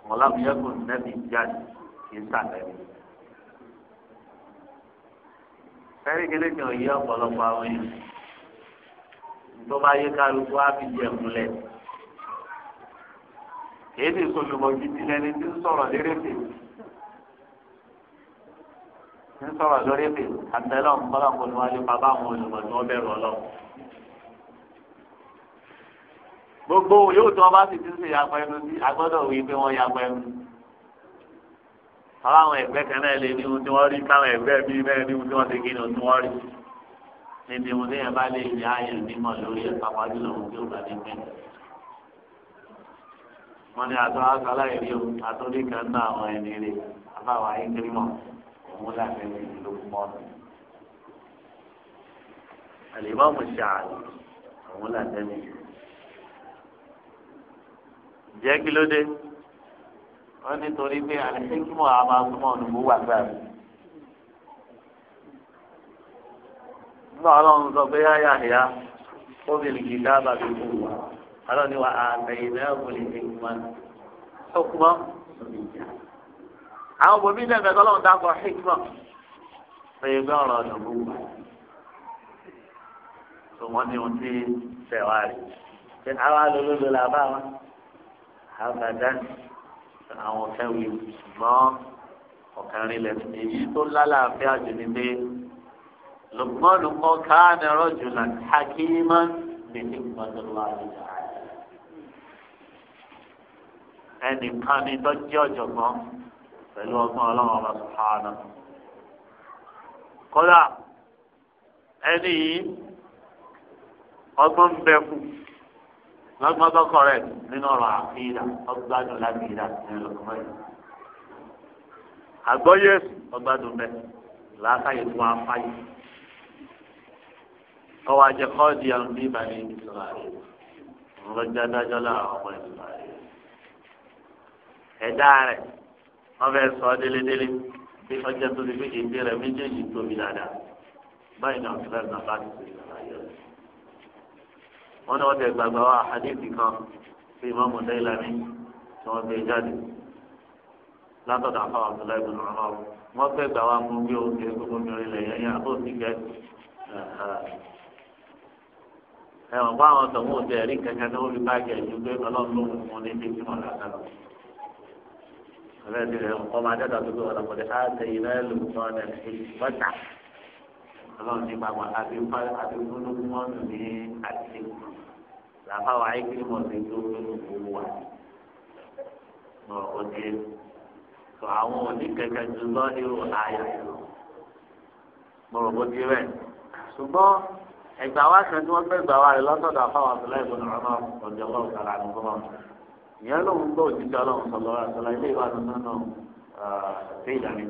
wọn lábìyẹ́kùn nẹ́bí ìjáde kì í sàlẹ̀ sẹ́rí kékeré òye ọ̀pọ̀lọpọ̀ àwọn èèyàn tó bá yé kálukú á fi jẹ múlẹ̀ èyí ti sọ̀tùmọ̀ gidi lẹni tí ń sọ̀rọ̀ lérè tèmi ń sọ̀rọ̀ lórí pé àtẹlọ́ ńkọ́lọ́ kò ní wájú bàbá àwọn olùmọ̀ tí wọ́n bẹ̀rù ọlọ́run. gbogbo yóò tó ọba sì ti ṣe yàgbọ́ ẹnu sí agbọ́dọ̀ wí pé wọ́n yàgbọ́ ẹnu. àwọn àwọn ẹgbẹ́ kan náà lè ní ohun tí wọ́n rí káwọn ẹgbẹ́ mi náà ní ohun tí wọ́n ti kí ni ohun tí wọ́n rí. níbi ohun tí yẹn bá lè yá ayé mímọ̀ lórí ẹ̀ pápá jùlọ tí ò bá ní pẹ́. wọ́n ní àtọ́ òun làbẹ́ ti ló mọ́ ni. àlèmọ́ọ̀mù ṣàlù òun làbẹ́ mi. jẹ́ kí ló dé wọ́n nítorí pé àlẹ́sìnkìmọ̀ a máa súnmọ́ ọ̀nùmọ́ wà gbà mí. nígbà ọlọ́run sọ pé yáyà yá ó fi lè kìí dábàá bí kú wa alọ́ ni wà á tẹ̀yìn náà kò lè tẹ̀yìn wọn. ọkùnrin àwọn bòmí lẹ́fẹ̀ẹ́ tọ́lọ́run dákọ̀ hikma ẹ̀yẹ gbé ọ̀rọ̀ ọ̀dọ̀ gbogbo tó wọ́n ní ohun tí tẹ̀wá rẹ̀ ṣe àwa lolódo là bá wa àbàdàn àwọn kẹwì ṣùgbọ́n ọ̀kẹrin lẹ̀ èyí tó lálàáfíà jù ní pé lùgbọ́n lùkọ́ káàní rọ́jò là hakíman bìtì gbọ́dọ̀lá ẹnìkan ni tó ọ̀jọ̀gbọ́n. pẹ̀lú ọgbọ́n ọlọ́run ọba sùpàánà. kódà ẹni yìí ọgbọ́n bẹ fún lọ́gbọ́n tó kọ̀ nínú ọ̀rọ̀ àfihàn ọgbádùn yìí. àgbọ́yé ọgbádùn làákàyè fún afáyé ọwọ́ ajẹ́ àwọn bí àrẹ ńlọjọ́ adájọ́ ọmọ àrẹ ẹ̀dá rẹ̀. wọn fẹẹ sọ délédélé bí ọjọ́ tó fi fi èdè rẹ méjèèjì tóbi dáadáa báyìí náà fúlẹ náà bá ti sèé àlàyé rẹ wọn ni wọn tẹ gbàgbà wa àdébì kan fi ìmọ̀mù dẹ́yìnlá ní tí wọn gbé jáde látọ̀dọ̀ àfọwọ́ àbúlá ìbùnú ọmọ wọn fẹ́ gbà wá mú bí oúnjẹ gbogbo mi rí lẹ̀ yẹn àbó ti gẹ ẹ̀wọ̀n fún àwọn tọ̀hún òtẹ̀ ẹ̀rí kankan tó wọ́n fi bá jẹ̀ ju pé ọlọ́run ló mú un ní bí tí wọ́n lọ́ta ọmọ adẹ́ta tó gbé ọ̀nà kọ̀dé áàtẹ ilẹ̀ lùmọ́ ọ̀nà ìgbọ́ta ọlọ́run ní gbàgbọ́ àbíkúlùmọ́nù ní àti làbáwá ìgbìmọ̀ sí tó gbólógbòó wà ní ọ̀dẹ́ tó àwọn oníkẹ̀kẹ́ ju lọ́ọ̀dẹ́rù ààyè mọ̀rọ̀ bó ti rẹ̀ ṣùgbọ́n ẹgbàá wa kan tí wọ́n fẹ́ gbà wá rẹ̀ lọ́sọ̀dọ̀ àfáwọn àbúlá ìbọn ọ̀rọ̀ náà ọ̀dẹ́ ọlọ́run ìyẹn lòun gbọ́ òjijì ọlọ́run sọ̀rọ̀ àtọ̀là ilé ìwà tuntun náà ṣe ìdàní.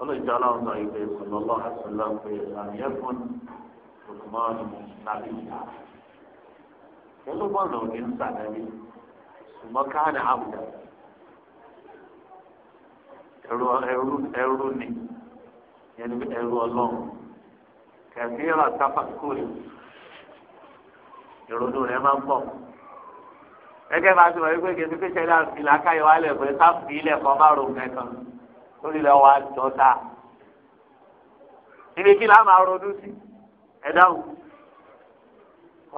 olójijì ọlọ́run sọ ìpè sọ̀rọ̀ lọ́wọ́ àtọ̀là pé àníyàn fún òkùnmọ́ nàbí ìyá. pẹ̀lú bọ́ọ̀nù òní ń sàdáni ṣùgbọ́n káàdà àbùdá. ẹrú ẹrú ẹrú ni yẹn ẹrú ọlọ́run kẹ̀síyàn àtàfàkùrì ìrònú rẹ̀ máa ń pọ̀ gẹ́gẹ́ bá a ti wọ ẹgbẹ́ gẹ́gẹ́ pé ṣẹlẹ̀ àfìlà káyọ wálẹ pé káfí ilẹ̀ kan bá ro nǹkan lórí ilẹ̀ wa jọ ta ibi kí láà máa ronú sí ẹ dáhùn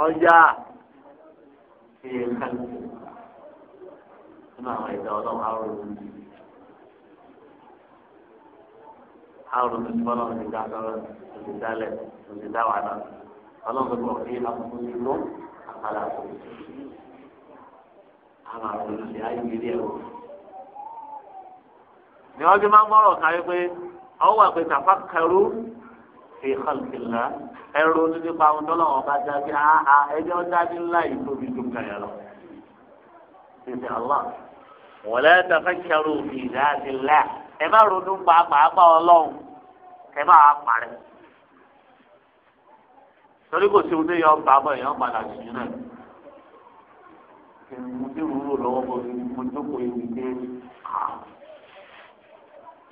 ọjà iye kan nínú àwọn ẹ̀dá ọlọ́run àròrò àròrò tí ọlọ́run ti dá lọ́rọ̀ ti dálẹ̀ ti dá wà náà ọlọ́run tó kọ̀ ní àkókò ìlú àkàlà àkókò àwọn àtòlùsí ni wọ́n fi máa ń mọ́rọ̀ kárí pé àwọn wà pé tàfà kẹrù fi hàlùkìlá ẹ̀rọ nípa ohun tọ́lọ̀ wọn bá dá sí àhà ẹjọ́ dání ńlá yìí tóbi tó kàyà lọ. ṣèṣe àlọ́ wọlé tàfà kẹrù fi dáàbì lá ẹ má ronú pàápàá ọlọ́run ẹ má wàá parẹ́. torí kò sí ohun tó yọ ọba bọ̀ èèyàn padà sí náà mo ti wúlò lọ́wọ́ bó ti mo jókòó ibi dé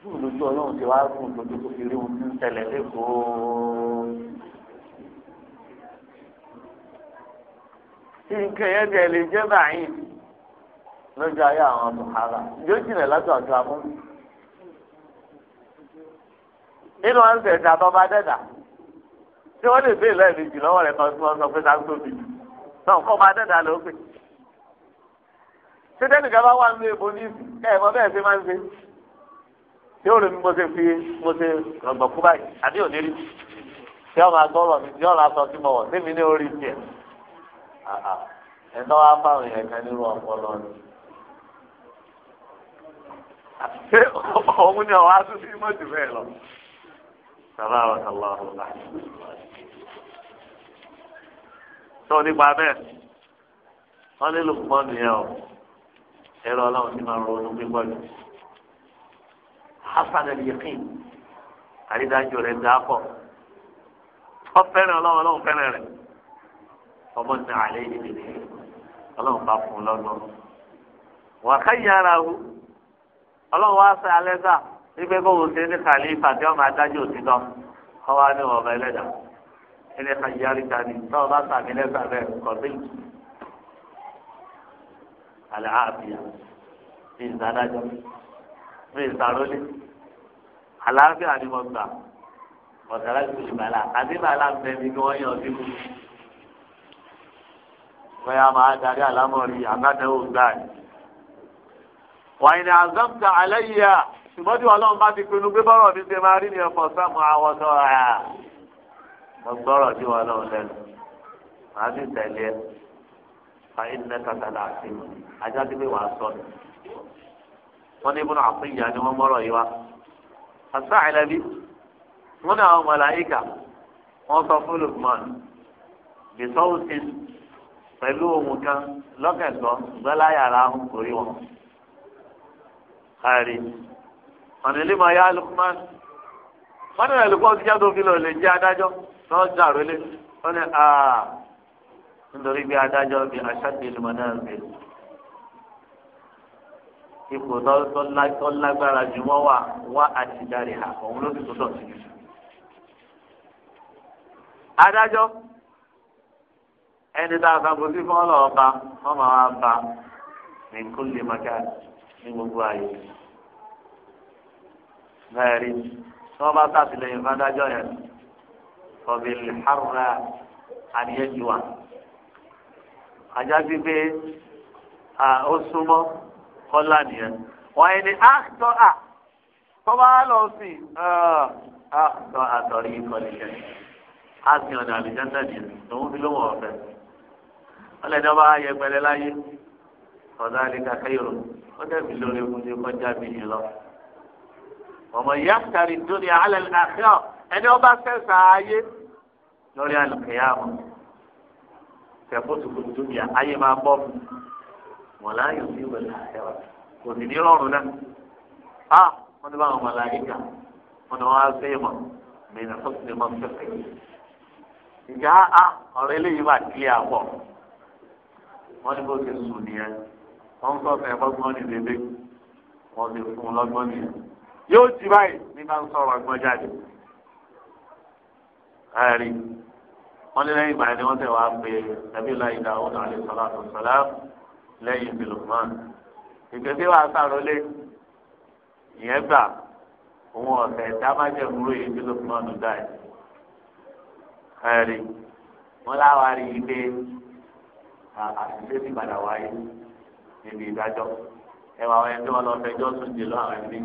fún lójú ọlọ́run ti wá fún lójú tó fi rí ohun tí ń ṣẹlẹ̀ lẹ́kọ̀ọ́. tí nǹkan yẹn tẹ̀ lè jẹ́ báyìí lọ́jọ́ ayé àwọn ọ̀tọ̀hárà yóò jìnà látọ̀ àjọ amú. nínú wọn tẹ̀ dà bọ́ba dẹ́dà tí wọ́n lè béèrè lẹ́ẹ̀mejì lọ́wọ́ rẹ̀ kan tí wọ́n sọ pé ta náà kọ́ bá dẹ́dà ló títẹ́ nìkan bá wà ní èbó ní ẹ̀mọ́ bẹ́ẹ̀ ṣe máa ń ṣe tí ó lè mú mo ṣe fi mo ṣe rọ̀gbọ̀n kú báyìí àbí òní rí tí ọmọ agbọ́rọ̀ mi tí ọ̀rọ̀ aṣọ tí mo wọ̀ níbi ní orí tiẹ̀ ẹ̀tọ́ wa fáwọn èèyàn kan nírú ọpọlọ ni. ṣé òun ni ọ̀wá tún sí mọ́tì bẹ́ẹ̀ lọ? sọlá ọ̀sọ̀lá ọ̀sọ̀lá. tó nípa bẹ́ẹ̀ wọ́n nílò pọ́n nìyẹn o ẹ̀rọ ọlọ́run ti máa ń ronú pípọ̀ jù. hasan al-yaqin àrídájú rẹ̀ dáa pọ̀ ọ fẹ́ràn ọlọ́run ọlọ́run fẹ́ràn rẹ̀ ọmọ ní alẹ́ yìí nìyí ọlọ́run bá fún un lọ́nà. wà á káyìn ara hu ọlọ́run wá sẹ́ alẹ́ sà wípé kó o ṣe ní kàlífà tí wọ́n máa dájú òtítọ́ ọwọ́ á ní ọ̀bẹ ẹlẹ́dàá ilé kan yára ni tọ́wọ́ bá sàmì lẹ́sà bẹ́ẹ̀ kọ́ àlàáfíà ní ìsàdájọ́ ní ìsàrólé àlàáfíà ni mo gbà ọ̀sẹ̀ láti fi bàlá àti bàlá mẹ́mi kí wọ́n yàn síbú. bóyá máa darí àlámọ̀rí àbádẹ́wò gbà ní. wàá ní àzọ́mta àlẹ́yìíyà ṣùgbọ́n tí ọlọ́run bá ti pinnu pé bọ́rọ̀ mi ṣe máa rí ni ẹ̀fọ́ sáàmù àwọn sọ̀rọ̀ mo gbọ́rọ̀ tí wọn lọ́wọ́ lẹ́nu màá sì tẹ̀lé ẹ fa iná kàtàlà àti ajá tí pé wàá sọ ni wọn ní ibùdó àpéyà ni wọn mọrọ yìí wá àṣà àìlẹbí wọn ní àwọn màláíkà wọn sọ fún Lukman bisawusi pẹ̀lú ohun kan lọkẹtọ gbẹláyàrá orí wọn kárí ọ̀nà máa yá Lukman wọn ní ìlú kan ti jáde òfin lọ adájọ́ lọ́ọ́ dàrú lé wọn ní àà nítorí bí adájọ́ bí aṣáájú ìlú mọ̀nà rẹ̀ ipò tó lágbára jù wọ́n wà wá àtìdárí ha òun ló sì tó tọ̀ sí jù. adájọ́ ẹni tá a kan kò sí fún ọlọ́ọ̀ba wọ́n máa wá ba ní kúlè mọ́kà ní gbogbo ààyè. bẹ́ẹ̀ rí tí wọ́n bá sàtìlẹ́yìn fún adájọ́ yẹn kọ̀bìlì hàrúra àdìyẹ́jú wa ajá gbígbé ó súnmọ́ kọ́lá nìyẹn wọ́n yẹn ni àtọ́ ah, à tọ́ba lọ sí àtọ́ àtọ́rí ìkọlì yẹn á sì ọ̀nà àlùjáde nìyẹn lòun fi lóun ọ̀fẹ́ ọlẹ́ni ọba ayẹgbẹ̀rẹ̀ láyé ọ̀dọ́ àlíkà kẹyọ̀rọ̀ ó dẹ̀bi lórí ogunjẹ kọjá mi yìí lọ. ọmọ ìyá kàrí dúnìá alẹ́ àkẹ́ọ̀ ẹni ọba sẹ́sà ayé lórí àlùkẹ́yà mọ́ tẹ̀kótù kùtù bíà ayé máa bọ́ wọn láàyò sí ìwé làárẹ̀ kò sì ní rọrùn náà a wọn ti bá àwọn màláíkà wọn ni wọn á sé mọ mìíràn tó ti mọ pẹpẹ ìjà a ọ̀rọ̀ eléyìí wà kílẹ̀ àpọ̀ wọn ni bó ti sùn nìyẹn wọn sọ fẹ́ fọ́gbọ́n ní bébé wọn ti fún un lọ́gbọ́n nìyẹn yóò ti báyìí ní bá ń sọ̀rọ̀ ọgbọ́n jáde wọ́n ní lẹ́yìn ìgbàlódé wọ́n tẹ̀ wá pé nàbí láyé dáwọ́dà àlẹ́sọ̀láàtò sọ̀láàm lẹ́yìn bìlùmán. ìgbésí wa sàrólé ìyẹn gbà òun ọ̀sẹ̀ dámájẹ̀ múrò yìí bìlùmán dá ẹ̀. ẹ̀rí wọn láwa rí i pé àṣìṣe ti padà wáyé níbi ìdájọ́ ẹ wà ẹni tí wọ́n lọ fẹjọ́ sùn jùlọ àwọn ẹni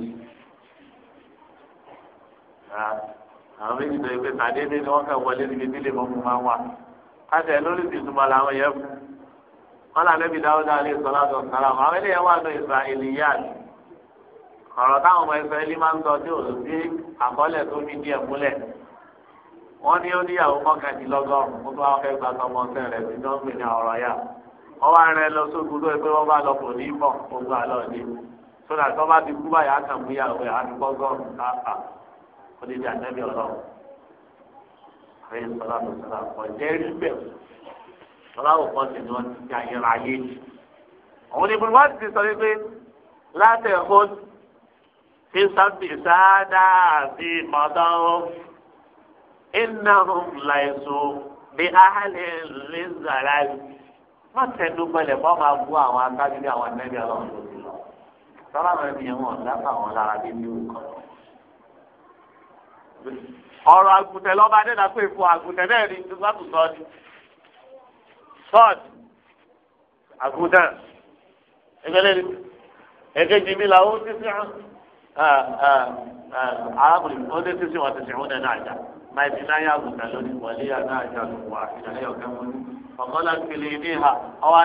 àwọn méjì tó yẹ pé sàdédé ni wọ́n fẹ́ wọlé níbi tí lè mọ́ fún máa wà káṣẹ lórí ti túmọ̀ làwọn yẹn fún wọn là nẹ́bí dáwọ́dá alẹ́ sọlá tó sara wọn àwọn eléyàwó àná ìsirahìlì yá ni ọ̀rọ̀ táwọn ọmọ ẹsẹ̀ ẹlí máa ń sọ tí ò sí àkọọ́lẹ̀ tó fi díẹ̀ múlẹ̀ wọ́n ní ó níyàwó mọ́kàndínlọ́gọ́rùn-ún kó àwọn fẹ́ gba tọmọ ọ̀sẹ̀ rẹ̀ sí tó ní ọ̀rọ̀ yá wọ́n wá rẹ lọ sógun lóye pé wọ́n bá lọ kò ní bọ̀ gbogbo àlọ́ ni sódà tó bá ti kú báyà á kàn mú yàwó á ti kọ́ gọ́ọ̀rùn onídìí àtẹ́bí ọlọ́run àyè sọlá tó sọlá kọ jẹ́rìí bẹ́ẹ̀ sọlá ò kọ́ sí ni wọ́n ti jà yẹra ayé jù. òun ni bùrù wọ́n ti sọ wípé láti ẹ̀kọ́ fi sábì sáádà àti mọ́tọ́ ìnáhùn láìsùn bí áhàlẹ̀ lè zàrà yìí má tẹnu gbẹlẹ fọ máa bú àwọn akájúlé àwọn ẹnẹbí ọlọ́run lòdì lọ sọlá àwọn ẹbí yẹn wọn lápá àwọn lára bí ní òkọ pé ọ̀rọ̀ àgùntẹ̀ lọ́ba dẹ́ta pé fún àgùntẹ̀ náà ní tùbátù sọ́ọ̀dì sọ́ọ̀dì àgùntẹ̀ ẹgbẹ́lẹ́ ni èkejì mi làwọn ti fi hàn arábìnrin ó dé títí wọn ti fi hàn náà àjà máa ti náà yá àgùntẹ̀ lónìí wọlé yá náà àjà lọ́wọ́ àti ìdálẹ́yọ̀ kẹ́kọ̀ọ́ ọ̀kọ́lá kìlì ní ìhà ọwọ́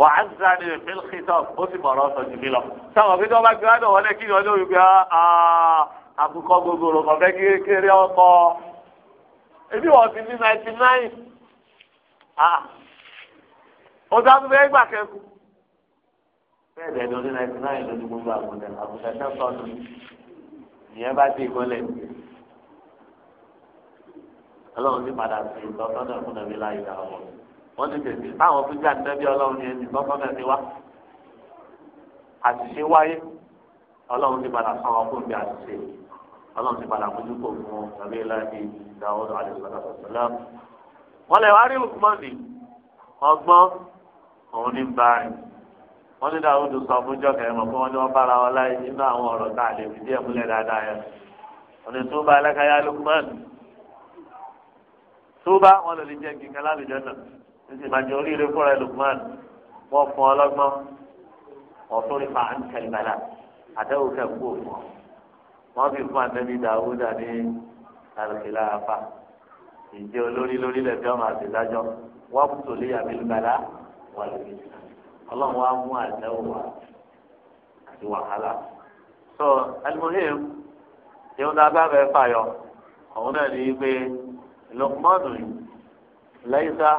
wà á ti sáré rẹ̀ fílì kìtọ́ ó sì bọ̀rọ̀ sọ jù mí lọ. sábà pé tí wọ́n bá gbé wádùn wọlé kí ni wọ́n lórí pé àbùkọ gbogbo rògbò fẹ́ kékeré ọkọ ebi wọ́n ti ní ninety nine ó dábò bẹ́ẹ̀ gbà kẹ́kù. bẹ́ẹ̀ bẹ́ẹ̀ lórí ninety nine lórí gbogbo àbùdá àbùdá tẹ́ sọ́nù ìyẹn bá dé ìkọlẹ̀ ọlọ́run ní padà sí ìtọ́sọ́nà fún ẹ̀mí láyé àwọn ọ̀rọ̀ wọ́n ti tètè táwọn tó jáde lẹ́bí ọlọ́run ní ẹni tó sọ́nà ti wá. àṣìṣe wáyé ọlọ́run ti padà sọ wọn fún mi àṣìṣe ọlọ́run ti padà fojú kò fún wọn tàbí láti ìdáwọ́ àdìsọ́lá wọ́n lè wá rí òkúmọ́ọ̀dì ọgbọ́n òun ní báyìí wọ́n ní dàrúdù sọ fún jọ́kẹ́ mọ̀ fún wọn ní wọ́n bára wọn láyé nínú àwọn ọ̀rọ̀ tá a lè fi díẹ̀ múlẹ̀ dáadáa yẹn wọ́n ní túbà alákàyà lukman túbà wọn lè jẹ́ kíkan lálùjọ náà títí ìbàjẹ́ oríire fúnra Lukman wọ́n fún ọ lọ́gbọ́n ọ̀tún rí fa àǹkẹ́lìmẹ́lá àdáwò kẹ́kọ̀ọ́ òfò wọ́n fi fún àtẹ́bí Dàwúdà ní àlùkìlá afa ìjẹ́ olórí lórí lẹ́fẹ́ ọmọ àtẹ̀dájọ́ wọ́n kù tó lé àbílùmẹ́lá wà lórí ọlọ́run wa mú àdáwò wa àti wàhálà. sọ alimuhim ìhun náà bá bẹ́ẹ̀ fàyọ òun náà ní í pé Lukman lẹ́yìn sáà.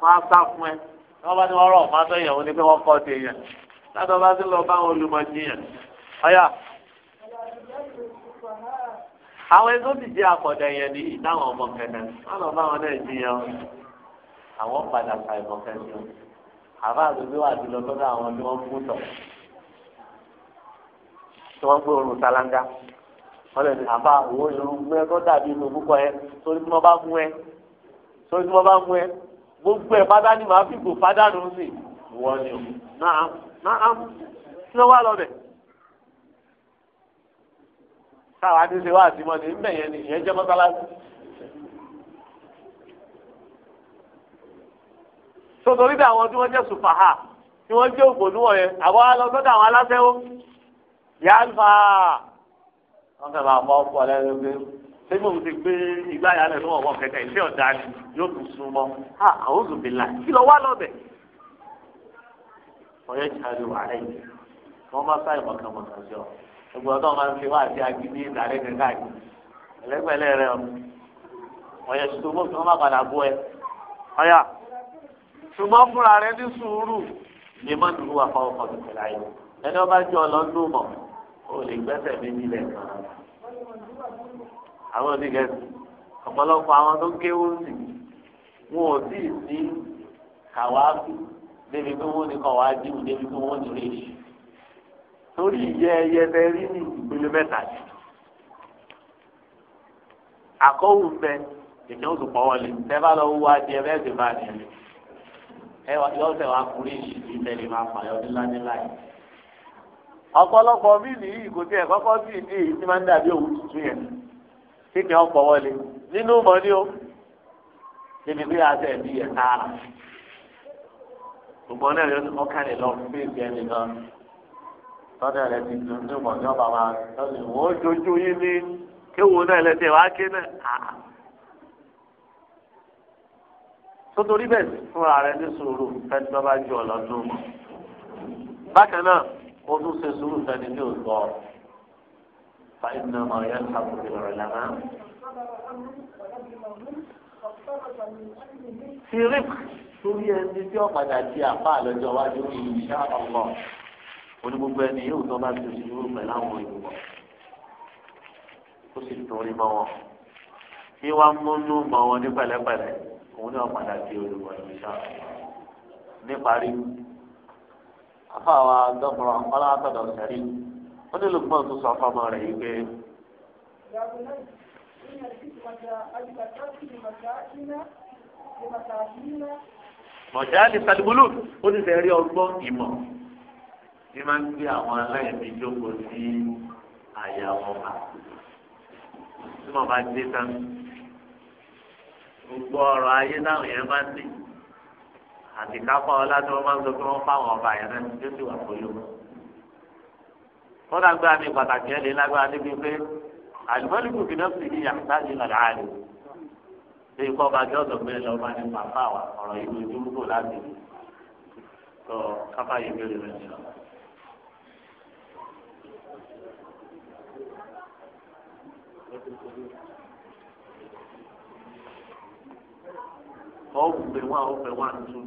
wọn á sá fún ẹ wọn bá ní wọn rọ ọmọ àtọ ìyàwó ni pé wọn kọ ti èèyàn láti ọba sí lọ bá àwọn olùmọjìyàn ọyà. àwọn ẹni tó ti jẹ àkọdà yẹn ni ìdáhùn ọmọ kẹtẹ wọn lọ bá wọn náà jiyàn àwọn padà ka ìmọ̀ kẹtẹ àbá àdúgbò wà jùlọ lọ́dọ̀ àwọn tí wọ́n kú tọ̀ tí wọ́n gbé orun sálángá wọ́n lè ní àbá òun ìrùn gbé tó dàbí inú púpọ̀ ẹ torí tí wọ́n bá mú ẹ torí tí wọ́n bá mú ẹ gbogbo ẹ̀ pátá ni màá fi kò fádànù sí wọ́n ni o náà náà tí wọ́n wá lọ bẹ̀. káwa ní ṣe wá àtìmọ́ ni ń bẹ̀ yẹn ni ìyẹn jẹ́ mọ́sálásí. sotori bí àwọn tí wọ́n jẹ́ sùfàhà tí wọ́n jẹ́ òpònú wọ̀nyẹn àwọn alọ́sọ́dọ̀ àwọn aláṣẹ́wó yàrá fà á. wọ́n kẹ́ máa fọ́ ọkọ̀ lẹ́nu pé ṣé mo ti gbé igbá yà lẹ̀ lọ́wọ́ kẹ̀kẹ́ ilé ọ̀dà ni yóò tún sun mọ́ ha àwọn òzùnbìlà kí lọ wá lọ́bẹ̀. ọ̀yẹ́ ìṣàlù àárẹ̀ yìí wọ́n bá sáyẹ̀ mọ̀kànmọ̀kàn jọ ẹgbẹ́ ọ̀dọ́ máa ń fi wá àti agídí ìdàrẹ́ kẹ̀kẹ́ àgbẹ̀ ẹlẹ́gbẹ̀lẹ́ rẹ ọ̀yẹ́ ṣùgbọ́n kí wọ́n má padà bọ́ ẹ. ọ̀yà ṣùgbọ́n fúnra rẹ ní sùúrù ni má dùn wà fáwọn kọ̀ọ̀kẹ̀lá yìí ẹni wọ́n bá jọ ọ lọ́dún àwọn oníkẹ́ ọ̀pọ̀lọpọ̀ àwọn tó kéwó sí wọn ò sì sí kàwáàbù débi pé wọ́n ní kọ̀wá jíwù débi pé wọ́n ní rèé torí ìyẹ́ ẹyẹ fẹ́ rí ní ìpele mẹ́ta ni àkọ́wù fẹ́ ìjọ oṣù pọ̀ wọlé bá lọ wá díẹ̀ bẹ́ẹ̀ sì bá díẹ̀ ẹ yọ ọsẹ wa kúrẹ́ ìṣèlú tẹ́lẹ̀ máa fà yọ nílá nílá yìí ọ̀pọ̀lọpọ̀ mí nìyí kò tiẹ̀ kọ́kọ́ sí ìdí èyí tí máa ń dàbí òwú tuntun yẹn kíkì ọ̀pọ̀ wọlé nínú mọ̀ o níbi tí a tẹ̀ bí ẹ̀ka ara ṣùgbọ́n náà yóò tún kọ́kàlè lọ fún ìgbẹ́ ẹni kan tọ́jà rẹ̀ ti dùn ní mọ̀ ní ọba máa tọ́jà wọ́n jojú yín ní kéwo náà lẹ́sẹ̀ wá ké náà. sótórí bẹ́ẹ̀ fúnra rẹ̀ ní sùúrù fẹ́ni tó bá jù ọ bákan náà ó tún ṣe sùúrù fẹ́ni ní òótọ́ ọ̀rọ̀. فإن ما يلحق بالعلماء في رفق torí ẹni tí ó padà di àpá àlọ́jọ́ wájú ní ìṣá ọ̀pọ̀ onígbogbo ẹni yóò tọ́ bá ti ṣòro pẹ̀lú àwọn ìgbìmọ̀ ó sì torí mọ́ wọn bí wàá múnú mọ́ wọn ní pẹ̀lẹ́pẹ̀lẹ́ òun náà padà di olùkọ́ ní ìṣá níparí àfáà wa ó ní lùkùmọ́ tó sọ fọmọ rẹ̀ yìí pé. mọ̀jáde sàdúgbòlù ó ní sẹ́rí ọgbọ́n ìmọ̀ ní máa ń gbé àwọn aláìní jókòó sí àyà wọn bá tí mo bá dé tán gbogbo ọ̀rọ̀ ayé táwọn yẹn bá dé àti ọlá tí wọ́n máa ń sọ pé wọ́n fáwọn ọba yẹn náà tó ti wà pẹ̀lú wọn wọn lágbára ní pàtàkì ẹ lè lágbára níbi pé àlùmọ́lùkù kì náà sì ní yàtá ní ọ̀dà àlè ṣé ikọ́ bá jẹ́ ọ̀dọ̀ pé lọ́ọ́ bá ní pàpà wa ọ̀rọ̀ ìlú ìdúró láti tó káfá yìí bẹ̀rẹ̀ rẹ̀ nílọ. ọ̀hún pè wá ọ̀hún pè wá ń tún.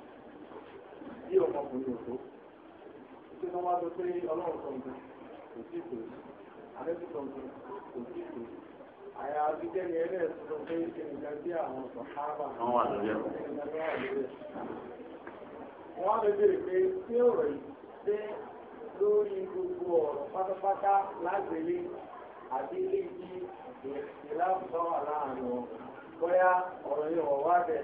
bí ọmọkùnrin òtó tí wọ́n wá lọ pé ọlọ́run kọ̀ọ̀kan kò sí kò kò sí àyà pé àwọn gbogbo ọ̀rọ̀ pátápátá lágbèlé àti ilé ìdí wọn bóyá ọ̀rọ̀ yìí wá bẹ̀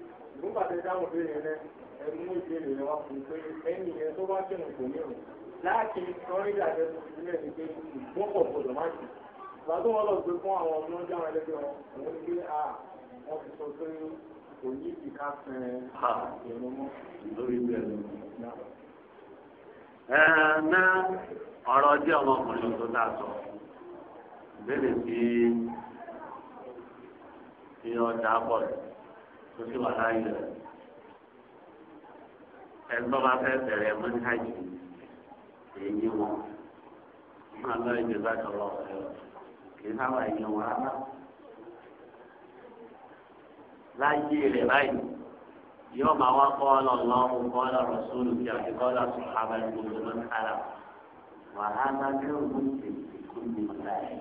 nígbà tẹ dáhùn bí rẹ rẹ ẹ mú ìbéèrè rẹ fún pé ẹni yẹn tó bá kírun kò ní òun láti sọrí ìdájọ́ ìpínlẹ̀ ní pé wọ́n pọ̀ gbọdọ̀ má jù ìgbà tó wọ́n lọ gbé fún àwọn ọmọ ọjọ́ àwọn ẹlẹ́gbẹ́ wọn òun gbé a wọ́n ti sọ pé kò ní ìdíkà fẹ́ ẹ̀rọ mọ́. lórí ìwé ẹ̀rọ ẹ̀ẹ́nà ọ̀rọ̀ ọjọ́ ọmọkùnrin tó dà sọ ìbéèrè sí ìyọ̀dà bọ̀dù kò sí wàhálà yìí rẹ̀ ẹgbẹ́ bá fẹ́ bẹ̀rẹ̀ mọ́nájì èyí wọn máa lọ ìdè bá tọrọ ọ̀rẹ́ kì í sáwà èyí wọn rárá láyé rẹ̀ báyìí yóò máa wá kọ́ lọ́lọ́run kọ́ lọ́rọ̀ sóòlù kí àti kọ́ lọ́rọ̀ sùn àbẹ̀rẹ̀ gbogbo lọ́nà kára wàhálà ní òun ti kú ní ọ̀la yìí.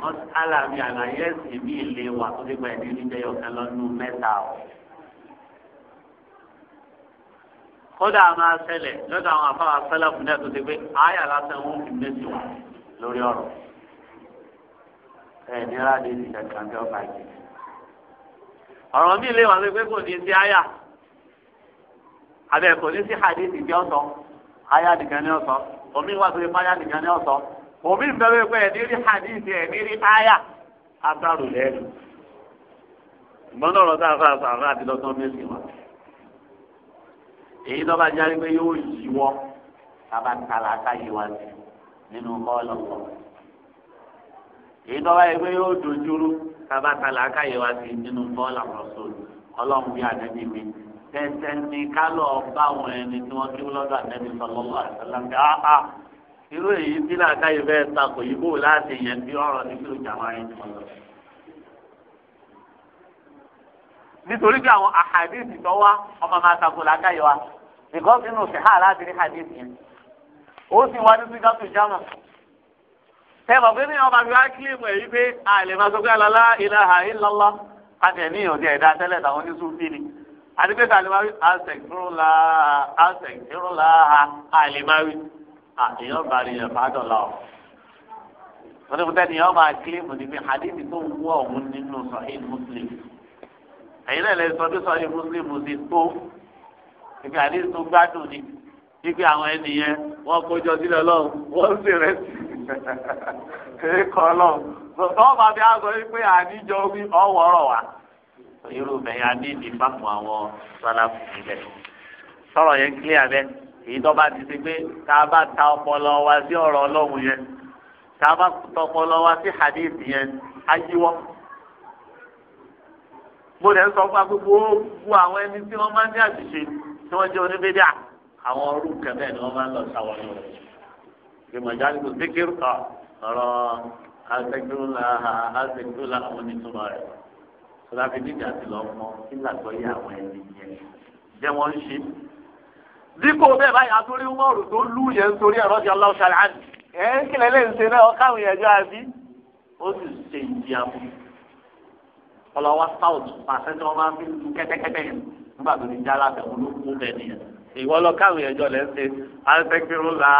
mọ́sálà mi àlàyé ẹ̀sìn mi lè wà tó dé pẹ̀lú níjẹ́ ọ̀kan lọ́dún mẹ́ta o. kódà máa ṣẹlẹ̀ lọ́dọ̀ àwọn afárá sẹ́lẹ̀ fún ẹ̀ tó ti pé àyà lásán wọn fi méjì wá lórí ọ̀rọ̀. ẹ nira de ti kẹkẹ ọjọ́ báyìí. ọ̀rọ̀ mi lè wà pé kò ní sí àyà abe kò ní sí hadith ìbí ọ̀sán àyà nìkan ní omi wà pé fáyà nìkan ní òbí ìbẹ̀rẹ̀ pé ẹ̀ nírí hadith ẹ̀ nírí aya agbárò lẹ́nu ìgbọ́n náà lọ́tà àfa àfa àfa àti lọ́tọ́ méjì wọn. èyí tó bá jáde pé yóò yí wọ́ bàbá tala ká yí wa sí nínú bọ́ọ̀lù kan. èyí tó bá yẹ pé yóò dojúrú bàbá tala ká yí wa sí nínú bọ́ọ̀lù àkọsọ ọlọ́run bí àdébí mi tẹ́tẹ́ ní kálọ̀ báwọn ẹni tí wọ́n kí wọ́n lọ́dọ̀ àdébí sọ̀rọ̀ lọ́wọ́ àti irú èyí tí làákà yìí fẹ́ takò yìí bò láti yẹn bí ọ̀rọ̀ ní kí ló jà wá yẹn ti mọ̀ lọ. nítorí pé àwọn àhàdìsì tó wá ọmọ máa takò làákà yìí wa nìkan sínú ṣèhà láti rí àdìsì yẹn ó sì wá ní sígáàtù jámà ẹ mọ̀ pé ní ọmọ mi wá kílíìmù èyí pé àlè máa sọ pé alálá ilaha illallah àti ẹ̀ níyàn ti ẹ̀dá tẹ́lẹ̀ táwọn oníṣúfì ni àdìgbẹ́ta àtẹ̀yọ́ bá rí yẹn fàdọ̀ la o. wọ́n ní kúta ni yọ́ máa kílé mu níbi hadithi tó ń wú ọ̀hún nínú sọ̀hìn muslim. ẹ̀yin náà lè sọ bí sọ̀hìn muslim ti tó ibi hadithi tó gbádùn ni ibi àwọn ènìyàn wọ́n kójọ sílẹ̀ lọ́wọ́ wọ́n sì rẹ̀ sí kéé kọ́ lọ́wọ́. tọ́ bá bí a sọ pé àníjọ wí ọ̀wọ́ ọ̀rọ̀ wa. irú bẹ̀yà ní ìdí bá fún àwọn sálàfù nílẹ̀ sọ̀rọ̀ yẹn kílé abẹ́ èyí tó bá ti ṣe pé tá a bá ta ọpọlọ wa sí ọ̀rọ̀ ọlọ́run yẹn tá a bá ta ọpọlọ wa sí hadith yẹn á yíwọ́. mo lè sọ fún agbègbè gbogbo àwọn ẹni tí wọ́n máa ń ní àṣìṣe tí wọ́n jẹ́ oníbẹ̀dẹ̀ àwọn ọrú kẹfẹ́ ni wọ́n máa ń lọ sáwọn ọ̀rọ̀ ìmọ̀já ní kò síkírù kan ọ̀rọ̀ asẹ̀gbẹ́wòlá asẹ̀gbẹ́wòlá àwọn onítùmọ̀ rẹ̀ sọlá fi dídì àti lọ́mọ kí làgbọ́ yẹ àwọn ẹni yẹn jẹ́ wọ́n ń ṣe dípò bẹ́ẹ̀ báyìí atorí mọ́ọ̀rù tó lù yẹn nítorí ẹ̀rọ ti aláwọ̀ ṣàlẹ̀ àdì ẹ̀ ń kílẹ̀ lè ń ṣe náà ọ̀káwé ẹ̀jọ́ àbí ó sì ṣe ìjìyà fún ọlọ́wọ́ south pàṣẹ tí wọ́n máa fi lu kẹ́tẹ́kẹ́tẹ́ yẹn nígbà tó ti já láti ọ̀hún ló kú bẹ́ẹ̀ nìyẹn ìwọ lọ káwé ẹ̀jọ́ lẹ́ ń ṣe àṣẹgbéròlà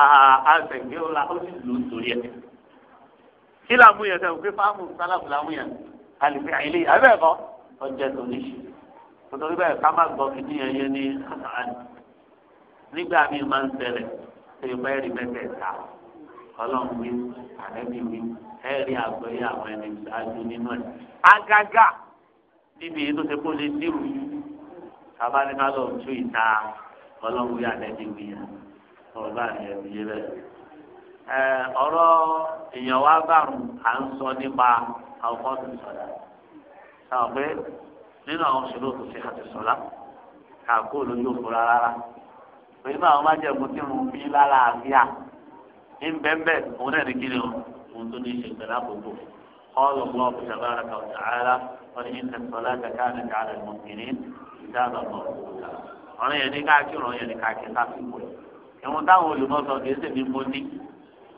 àṣẹgbéròlà ó sì lù sórí ẹ̀ kí làmú yẹn sẹ́wọ̀n pé nígbà mi máa ń ṣẹlẹ̀ ṣe ìgbà ẹ̀rí mẹ́tẹ̀ẹ̀ta ọlọ́run wí àlẹ́bí wí ẹ̀rí àgbẹ̀yẹ àwọn ẹni ṣáájú nínú ẹ̀. agágá níbi èyí tó ṣe kó lè dìrù sábàlíkà lọ tú ìta ọlọ́run wí àlẹ́bí wí ọ̀rọ̀ bá rẹ̀ ẹ̀rí yé bẹ́ẹ̀. ọ̀rọ̀ èèyàn wá bàrùn à ń sọ nípa àwọn sọ̀dà sáwọn pé nínú àwọn ṣòro kò àti sọ̀lá kà pẹ̀lú àwọn májẹ̀mú tí mo fi lára àbíà ńbẹ́ńbẹ́ òun náà ní kíni o òun tó ní í ṣe pẹ̀lú àkókò ọ̀rọ̀ lọ́wọ́ kò sábà rà kà ọ̀tà ara wọ́n ní ní sọ́lá kàkà ní kàrà mọ̀kìnrin ìdáàbà mọ̀ ọ̀rọ̀ yẹn ní káàkiri ọ̀rọ̀ yẹn ní káàkiri sásìkò ìwọ̀n táwọn olùmọ̀sọ̀ kì í sì ní mo ní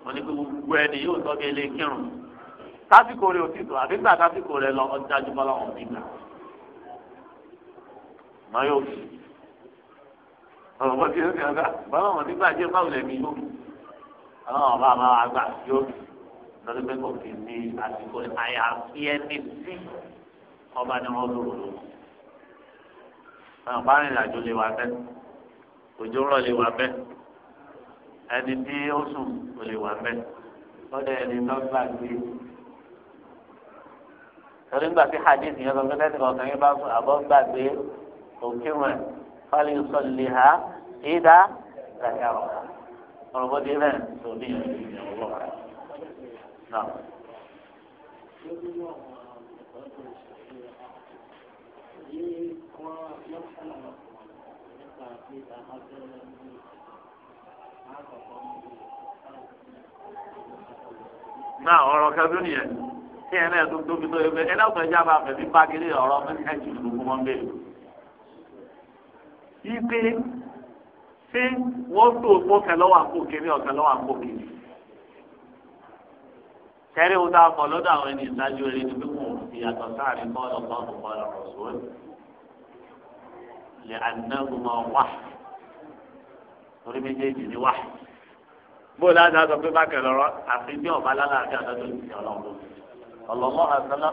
mo ní gbogbo ẹni yóò tọ́ bí ilé kírun sásìkò rẹ̀ ò àbí gbà sásìkò rẹ̀ lọ ọjà jùmọ̀ lọ́wọ́ nígbà. mọ́ yóò fi ọ̀rọ̀ bó ti ń sìn ọ̀gá báwọn ọ̀rọ̀ nígbà jẹ́ báwo lè mi yó àwọn ọ̀rọ̀ àmọ́ àgbà yó lọ́dún pé kò kì í ní àsìkò àyàfi ẹni tí ọba ni wọ́n lò lò. àwọn báyìí ìrìnàjò lè wà bẹ́ẹ̀ òjò rọ̀ lè wà bẹ́ẹ̀ ẹni tí ó sùn kò lè wà bẹ́ẹ̀ lọ́dọ̀ ẹni tó gbàgbé torí ń gbà sí hadith yẹn lọ sí lẹ́sìn ọ̀sán yẹn bá sùn àbọ̀ gbàgbé òkè wọn fálí sọ̀lì ha ìdá ìdájà ọ̀rọ̀ ọ̀rọ̀ bó di rẹ̀ tó bí ọ̀rọ̀ náà. náà ọ̀rọ̀ kẹfí nìyẹn tí ẹ náà tó tóbi tó yẹ pé ẹ náà tó jábàá fẹ́ bí pákí ọ̀rọ̀ mẹ́ta jù wọn bẹ́ẹ̀ ipe ṣé wọ́n tó òpó kẹlọ́wọ́ àpò kìíní ọ̀kẹlọ́wọ́ àpò kìíní. kẹrí wo dáa pọ̀ lọ́dọ̀ àwọn ẹni ìdájọ́ eré ni pé wọ́n fi yàtọ̀ sáàrin bọ́ọ̀lù bọ́ọ̀lù bọ́ọ̀lù rọ̀ṣọ́ọ̀lù lè ànágùnmọ̀ wá torí méjèèjì ni wá bó láti àtọ̀ pé bákẹ́ lọ́rọ́ àfi bí ọ̀bá lálàáfíà lọ́dọ̀ òjijì ọlọ́run ọlọ́lọ́ àṣálá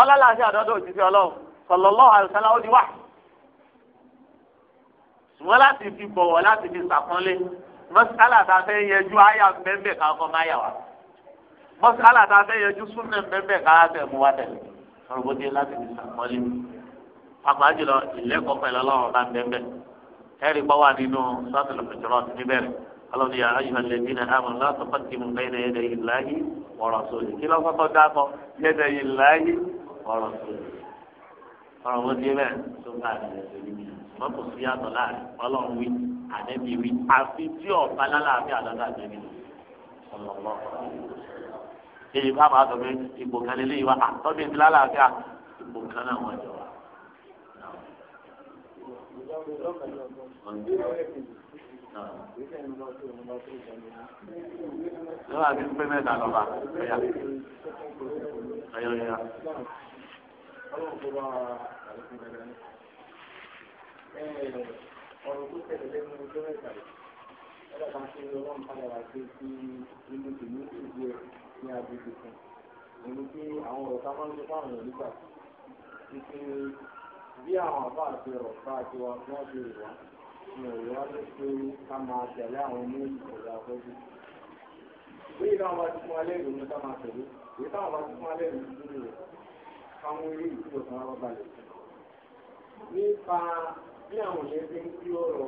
ọlọ́lá àṣálá ó di wá ṣùgbọ́n láti fi bọ̀wọ̀ láti fi sàpọ́nlé mọ́sálà tá a fẹ́ yẹjú àyà bẹ́ẹ̀ ká kọ́ má yà wá mọ́sálà tá a fẹ́ yẹjú súnmẹ̀ bẹ́ẹ̀ ká tẹ̀ mú wa tẹ̀ ọ̀rọ̀bọ̀dé láti fi sàpọ́nlé pàpà jùlọ ìlẹ́kọ̀ọ́ pẹ̀lú ọlọ́run bá bẹ́ẹ̀ ẹ̀rí bá wà nínú sọ́tìlù fìtìrọ̀ ti níbẹ̀rẹ̀ ọlọ́run yà ayé ìfẹ̀lẹ́bí náà àmọ́ láti pàtì mú bẹ́ẹ̀ yẹ́dẹ̀ yìí láyé ọ̀rọ̀ sórí kí lọ́ kọ́kọ́ dákọ̀ yẹ́dẹ̀ yìí láyé ọ̀rọ̀ sórí ọ̀rọ̀ bó dé bẹ́ẹ̀ tó bá àdìyẹ sórí mi wọn kò sí yàtọ̀ láàrin ọlọ́run wí àdẹ́bí wí àfi tí ọ̀pá lálàáfíà àdọ́dà débi ọlọ́mọ. èyí bá máa sọ pé ipò kan lélẹ́yìí wá àtọ́bí ti lálàáfíà ipò kan náà wọ́n jọ wá. Lọ́wọ́ àti pé mẹ́ta lọ́ba ẹ̀yà ẹ̀yà ẹ̀yà ọ̀rọ̀ bí àwọn àbá àti ọ̀rọ̀ àti wa wọ́n ti rè ní ọ̀rọ̀ ló pé ká máa tẹ̀lé àwọn ní ìkọ̀lẹ̀ àfọ́jú. Bí ìdáhùn bá ti fún alẹ́ ìròyìn ká máa tẹ̀lé, èyí táwọn bá ti fún alẹ́ ìròyìn ká mú ilé ìtúbọ̀ bí àwọn èèyàn ṣe ń kí ọ̀rọ̀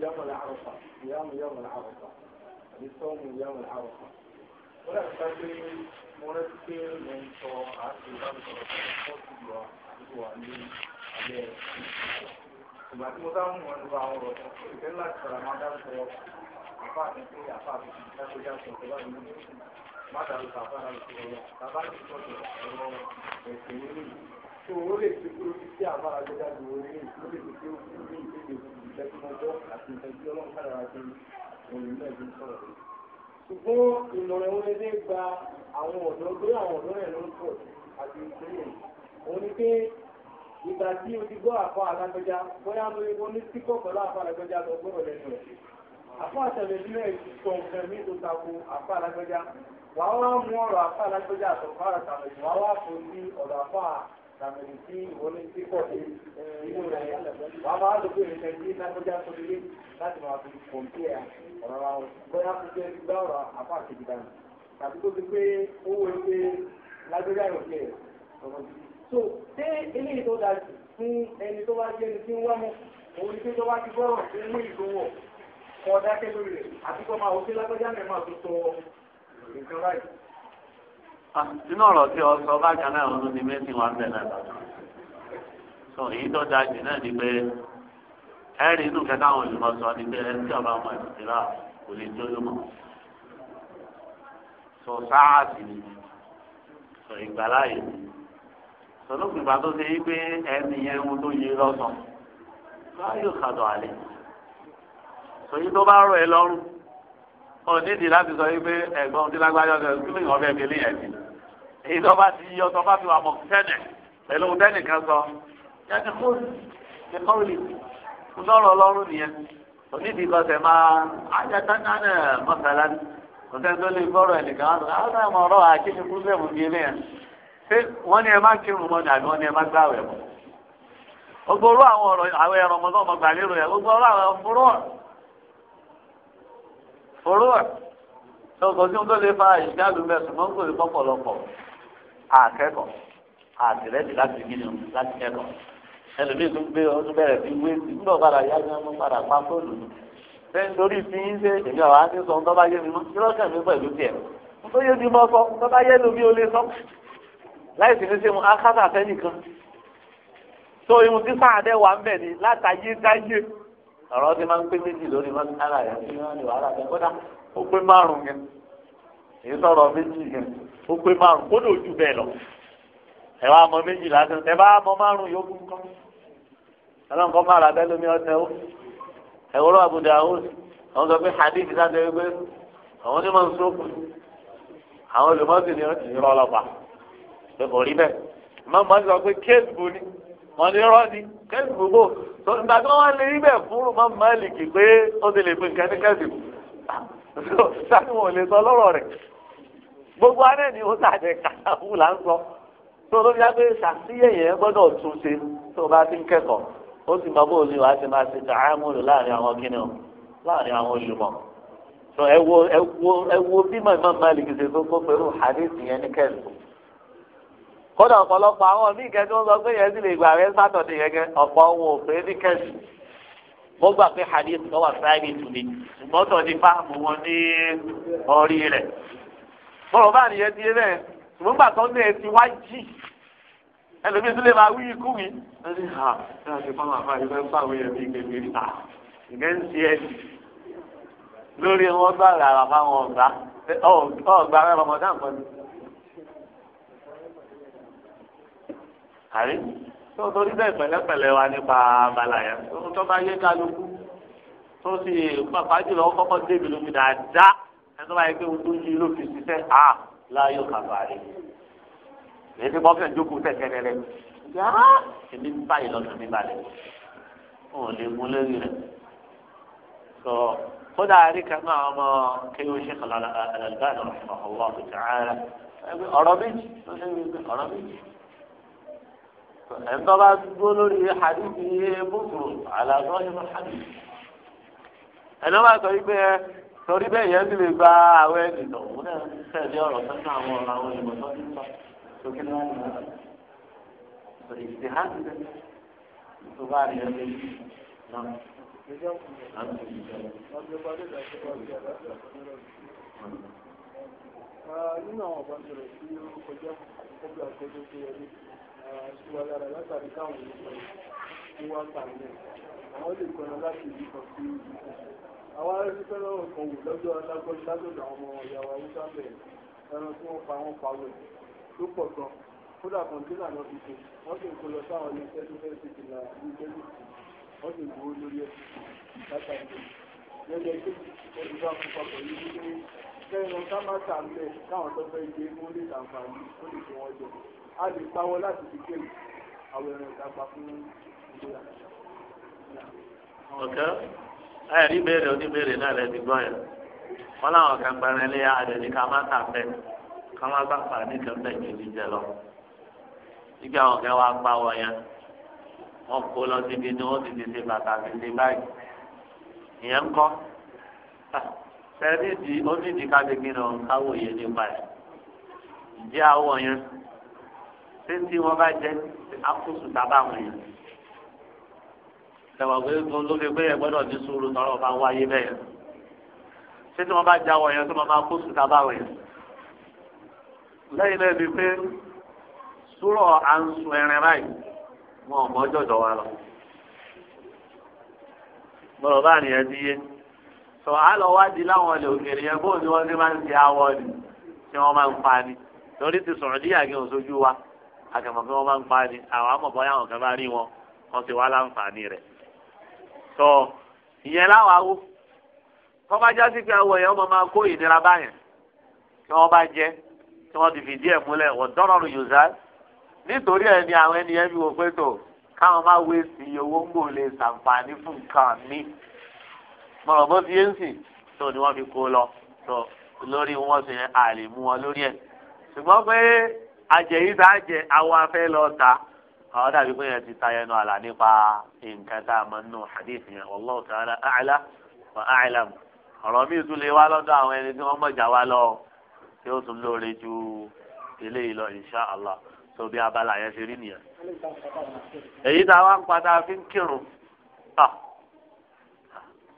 yàmù làárọ̀fà yàmù yàmù làárọ̀fà àbí sọ́ọ̀mù yàmù làárọ̀fà. wọ́n dàbí ká pé mo rántí pé mo ń sọ àti ìbánisọ̀rọ̀ fún ọ̀sùnlọ àdúgbò wa ní alẹ́ ìgbà tí mo dáhùn wọn nípa àwọn ọ̀rọ̀ ìfẹ́ láti sọ̀rọ̀ máa dá sọ àfa àti pé àfa àti ìdájọ́ sọ̀rọ̀ tó bá mi ní mọ́tò má dàrú kàfá dàrú sọ̀rọ̀ bàbá mi sọ̀rọ̀ ọ̀rọ̀ ẹ̀sìn nínú ìlú tí wọ́n lè fi kúrò sí sí àbára gbẹ́dá ju orí yìí wọ́n lè fi kúrò sí ní ìdíje ìjẹ́ tí wọ́n àti ìjẹ́ tí ọlọ́run kára ti náà ti sọ̀rọ̀. ṣùgbọ́n ìmọ̀ràn wọn lè gba àwọn ọ̀dọ́ pé àwọn ọ̀dọ́ rẹ̀ ló ń pọ̀ àti ìpínlẹ̀ òun ni pé ìgbà tí o ti gbọ́ àfọ alágbẹ́já bóyá mo ní ní síkọ̀ pẹ̀lú àfọ alágbẹ́já lọ gbọ́dọ̀ lẹ́nu rẹ̀ àfọ àtẹ̀lẹ́sílẹ̀ sọ̀nfẹ̀ mi tó tako àfọ alágbẹ́já wàá wá mú ọ̀rọ̀ àfọ alágbẹ́já àtọ̀fọ́ àtàlẹ̀ wàá wá fò sí ọ̀dọ̀ àfọ tàbí tí ìwọlé tí pọ̀ sí eh, inú rẹ̀ wàá máa lò pé ìrìnlẹ̀ tí lágbájá tó lé láti máa fi kòǹtì ẹ̀ ọ̀rọ̀ wa bóyá kó jẹ́ gbá ọ̀rọ̀ apá kejì dànù tàbí tó ti pé owó ẹgbẹ́ lágbájá yóò jẹ́ ọ̀rọ̀ bí. so ṣé eléyìí tó dáa jù fún ẹni tó bá jẹ́ ẹni tí ń wá mọ́ òun ni pé tó bá ti gbọ́rọ̀ tó mú ìgbówó kọ́ dákẹ́ lórí rẹ̀ àti kọ́ máa sínú ah, ọ̀rọ̀ tí ọ sọ bákan náà ọdún ní mẹ́sìn wà bẹ̀ náà sọ èyí tó da jù náà ni pé ẹ̀rí inú kẹta àwọn olùmọ̀ sọ ni pé ẹni tí ọba ọmọ ìsìlá kò lè jó lómọ̀ sọ sáàsì ni sọ ìgbàláyè ni sọ ló pìpà tó ṣe pé ẹni yẹn ń tó yé lọ́sàn báyọ̀ kàdọ̀ àlẹ́ sọ èyí tó bá rọ̀ ẹ lọ́rùn ọ̀ nídìí láti sọ pé ẹ̀gbọ́n tí lágbájọ́ sọ kí lóyún ọbẹ̀ kele yẹn ni èyí tó bá ti yọ tó bá fi wà mọ̀ tẹ́nẹ̀ pẹ̀lú tẹ́nìkan sọ yẹn ti kó lè lọ́rọ̀ ọlọ́run nìyẹn onídìí kan tẹ̀ máa ajátánná náà mọ́sálá ní kò sẹ́ni tó lè gbọ́rọ̀ ẹnìkan wọn sọ àwọn ọmọ ọ̀rọ̀ àkíṣe fún bẹ́ẹ̀ mú ilé yẹn ṣé wọ́n ní ẹ má kírun mọ́ àbí wọ́n ní ẹ má gbàwẹ̀ mọ́ gbogbo orú àwọn ọ̀rọ̀ àwọn ẹ̀rọ ọmọ náà mọ̀ gbà lérò yẹn gbogbo orú àwọn fúrú ọ̀ fúrú tó kò sí ohun tó lè fa ìṣẹ́ àlùmẹ̀sùn mọ́ àkẹ́kọ̀ọ́ àtìrẹ́tì láti gíní láti kẹ́kọ̀ọ́ ẹlòmíì tún gbé ọdún bẹ̀rẹ̀ sí wé sí gbọ́dọ̀ padà yá ní ọmọ padà pa fóònù mi bẹ́ẹ̀ nítorí fi ń ṣe èmi àwọn àti sọ ń tọ́ba yé mi mọ́ kí lọ́kàn mi pẹ̀lú tiẹ̀ tó yé mi mọ́ sọ tọ́ba yé lu ò lè sọ láì sì ní ṣe mu akátà fẹ́nìkan tó irun tí sáàdẹ̀ wà ń bẹ̀ ni látàyé dáyé ọ̀rọ̀ ti máa ń pé méjì lórí mọ́tàlá yẹn tí wọ́n lè wàhálà fẹ́ kódà ó pé márùn-ún ó pé márùn kó lóò jù bẹ́ẹ̀ lọ ẹ wá mọ méjìlá tó ẹ bá mọ márùn yòókù kọ́ ọlọ́run kọ́ máa ra bẹ́ẹ̀ lómi ọtẹ ó ẹ wọ́rọ́ Abu Dawud àwọn sọ pé hadith sáté wípé àwọn onímọ̀ ń sókù àwọn olùmọ̀sí ni wọ́n ti rọ ọlọ́pàá pé kò rí bẹ́ẹ̀ mọ̀mọ́ sọ pé kéèsì bò ní wọ́n ní rọ́ ni kéèsì bò bò tó nígbà tí wọ́n lè rí bẹ́ẹ̀ fún mọ́ Málíkì pé ó ti lè pín kẹ́síkẹ́sì sáà wọn ò lè sọ lọ́rọ̀ rẹ̀ gbogbo arẹ ni ó sàdé kàkàfù là ń sọ tó ló yá pé ṣàtúnyẹ̀ tún ṣe tó bá ti ń kẹ́kọ̀ọ́ ó sì mọ bóòlù wàá ti máa ṣe tààmúlò láàrin àwọn kíni o láàrin àwọn olùmọ̀ tó ẹ wo ẹ wo ẹ wo bí mọ̀mọ́ Malik ṣe tó kó hadith yẹn ní kẹ́lù kódà ọ̀pọ̀lọpọ̀ àwọn míì kẹ́kẹ́ wọn sọ pé yẹn sì lè gbà rẹ sátọ̀dé yẹn kẹ́ ọ̀pọ̀ wọn pé ní kẹ́lù mo gbà pé hadith lọ́wọ́ sáyẹ́nì tù mí ṣùgbọ́n tó ti fáàmù wọn ní orí rẹ̀ bọ́ọ̀ bá nìyẹn ti rẹ̀ ṣùgbọ́n gbà tó ń lé ti wá jì ẹlòmíín tó lè máa wí ikú mi. ẹni ha ẹ àti fáwọn àbá ìfẹ́ ń fáwọn èèyàn bíi gbèbè ta ìgbẹ́ ń ṣe ẹ̀dì lórí wọn bá rà rà ọ̀gá ọ̀gá rẹ̀ ọmọdé àpọ̀jù. àrí tó torí bẹ́ẹ̀ pẹ̀lẹ́pẹ̀lẹ́ wa nípa abala yẹn tó bá yé kálukú tó sì pàpà jùlọ kọ́kọ́ débi lómi dáadáa ẹtọ́ báyìí pé ohun tó ń yí ló fi ṣiṣẹ́ à láyọ̀ kàbàrẹ̀ èyí tí wọ́n fẹ́ jókòó tẹ̀kẹ́rẹ́ rẹ̀ yàrá èmi báyìí lọ́sùn mi balẹ̀ òun lè mú lórí rẹ̀ sọ kódà àríkà náà ọmọ kéwòn ṣe kàlà àlàlùbáàdì ọ̀hún ọ̀hún ọ̀rọ̀ méjì ọ̀rọ̀ méjì ẹ̀ńtọ́ bá dúró lórí hadithi bùkùrù àlàzọ́ ìmọ̀ hadithi ẹ̀ńtọ́ bá sọ wípé torí bẹ́ẹ̀ yẹn ti lè gba àwọn ẹni lọ òun náà ti tẹ̀lé ọ̀rọ̀ sọ́nà àwọn ọ̀rọ̀ àwọn ìmọ̀ tó ti sọ sókè náà ní ọ̀rọ̀ ìṣe hàn tó bá rí ẹni náà. nínú àwọn ọ̀bọ̀nsọ̀rọ̀ tí ó kọjá ọgbà àkójọ tó wọlé ṣùgbọ́n látàrí káwọn ìṣòro tí wọ́n ń pa nílẹ̀ àwọn lè kọ́nà láti ìdíkọ̀ sí ìdíkọ̀ àwọn arẹ́sí fẹ́ lọ́rùn kan wò lọ́jọ́ adágọ́ ìṣàgbọ̀dọ̀ àwọn ọmọ ìyàwó haúsá bẹ̀rẹ̀ ẹran tí wọ́n pa wọn pa wẹ̀ ló pọ̀ gan kódà kọ̀ǹtínà náà fi ṣe wọ́n sì ń kó lọ sáwọn ilé iṣẹ́ tó fẹ́ẹ́ tètè là ní ìgbẹ́lú wọ́n sì ń gbowó lórí ẹ̀ látà ìgbẹ́ lẹ́yìn ẹgbẹ́ ẹgbẹ́ bá fún papọ̀ yìí wípé kẹ́rin ọ̀sá má tà ń bẹ̀ káwọn tó fẹ́ gbé mú lè tàǹfààní ó lè fi wọ́n jẹ a lè pawọ́ láti fi kéwì àwọn ẹran ìta pa fún ìlera. Okay ẹ rí béèrè oníbéèrè náà lẹ́ẹ̀dì gbọ́ yẹn wọn làwọn kan gbẹrẹ lé àdèdè ká má tà fẹ́ ká má bá pa ní kan bẹ́ẹ̀ kejì jẹ lọ. ibi àwọn kan wá pa wọ yẹn wọn kó lọ síbi ní wọn ti ti ṣe bàtà ti ṣe báyìí ìyẹn ń kọ́ sẹ́ẹ̀dì onídìí kábíyèmí náà káwọ̀ yẹn nípa ẹ̀ ìdí àwọ̀ yẹn ṣé tí wọ́n bá jẹ́ akóso tábà wọ̀nyẹn ẹwà pé tóun ló fi pé ẹ gbọ́dọ̀ ní sùúrù tọrọ bá wáyé bẹ́ẹ̀ ṣé tí wọ́n bá jáwọ́ yẹn tí wọ́n máa kó sùn tábà wẹ̀ lẹ́yìn náà ni pé sùúrọ̀ à ń sun ẹran báyìí wọn ò mọ́ jọ̀jọ̀ wa lọ gbọ́dọ̀ bá nìyẹn ti yé sọ àlọ wádìí láwọn ilẹ̀ òkèèrè yẹn bóun ni wọ́n ti máa ń ti awọ ni tí wọ́n máa ń pa ni torí ti sọ̀rọ̀ díyà kí n sojú wọn kan bá rí wọn wọ́n ti wá láǹfààní rẹ̀ tọ ìyẹn láwọn awo tọ́ba jásí pé awọ yẹn wọ́n máa kó ìnira báyẹn tí wọ́n bá jẹ́ tí wọ́n ti fìdí ẹ̀ múlẹ̀ wọ́n dọ́rọ̀rù yòóza nítorí ẹ̀ ni àwọn ènìyàn fi wò pé tó káwọn máa wé sí owó ń gbò lè ṣàǹfààní fún nǹkan mi mọ̀rọ̀ bó ti yé ń sìn tó ni wọ́n fi kó lọ tó lórí wọn sì àlè mú wọn lórí ẹ̀ ṣùgbọ́n pé ajẹ́yìí tá a jẹ àwọn afẹ́ lọ ta àwọn dàbí pé yẹn ti ta ẹnu àlà nípa nǹkan tá a mọ̀ nínú hadith yẹn wallahu ta'ala a'la wa a'lam ọ̀rọ̀ míì tún lè wá lọ́dọ̀ àwọn ẹni tí wọ́n mọ̀jà wá lọ tí ó tún lóore ju eléyìí lọ insha allah tó bí abala yẹn ṣe rí nìyẹn. èyí tá a wá ń padà fi ń kírun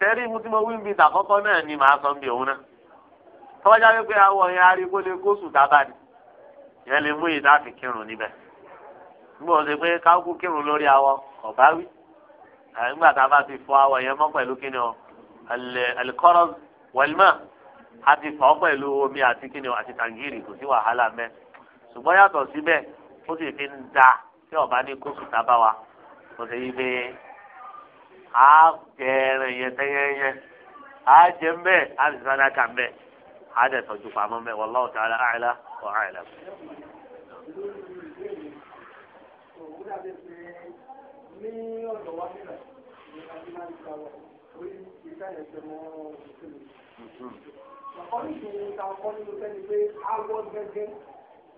tẹ́rí mu tí mo wí ń bi tàkọ́kọ́ náà ni màá sọ ń bi òun náà tọ́jà wípé àwọn yẹn arí kó lè kó tábà ni yẹn lè mú ìdá fi kírun níbẹ̀ níbo ṣe pé káwọ́kú kírun lórí awọ ọ̀bá wí nígbà tá a bá ti fọ awọ yẹn mọ́ pẹ̀lú kíni ọ alikọ́rọ́ wẹ̀lmọ́ a ti fọ́ pẹ̀lú omi àti kíni ọ àti tàǹgìrì kò sí wàhálà mẹ́ ṣùgbọ́n yàtọ̀ síbẹ̀ ó sì fi ń da tí ọ̀bá ní kóṣù tábà wa kò sí ibi a jẹrin yẹn tẹ́yẹ́yẹ́ a jẹ mbẹ́ a sì sáná kà mbẹ́ a dẹ̀ tọ́jú pamọ́ mbẹ́ wallahu ta'ala a'la wa ní ọ̀dọ̀ wa nílẹ̀ ní adínáríkà wa orí ìta ẹ̀sẹ̀ mọ́ òṣèlú. Ọ̀pọ̀ nítorí ta ọkọ nínú sẹ́ni pé awọ gẹ́gẹ́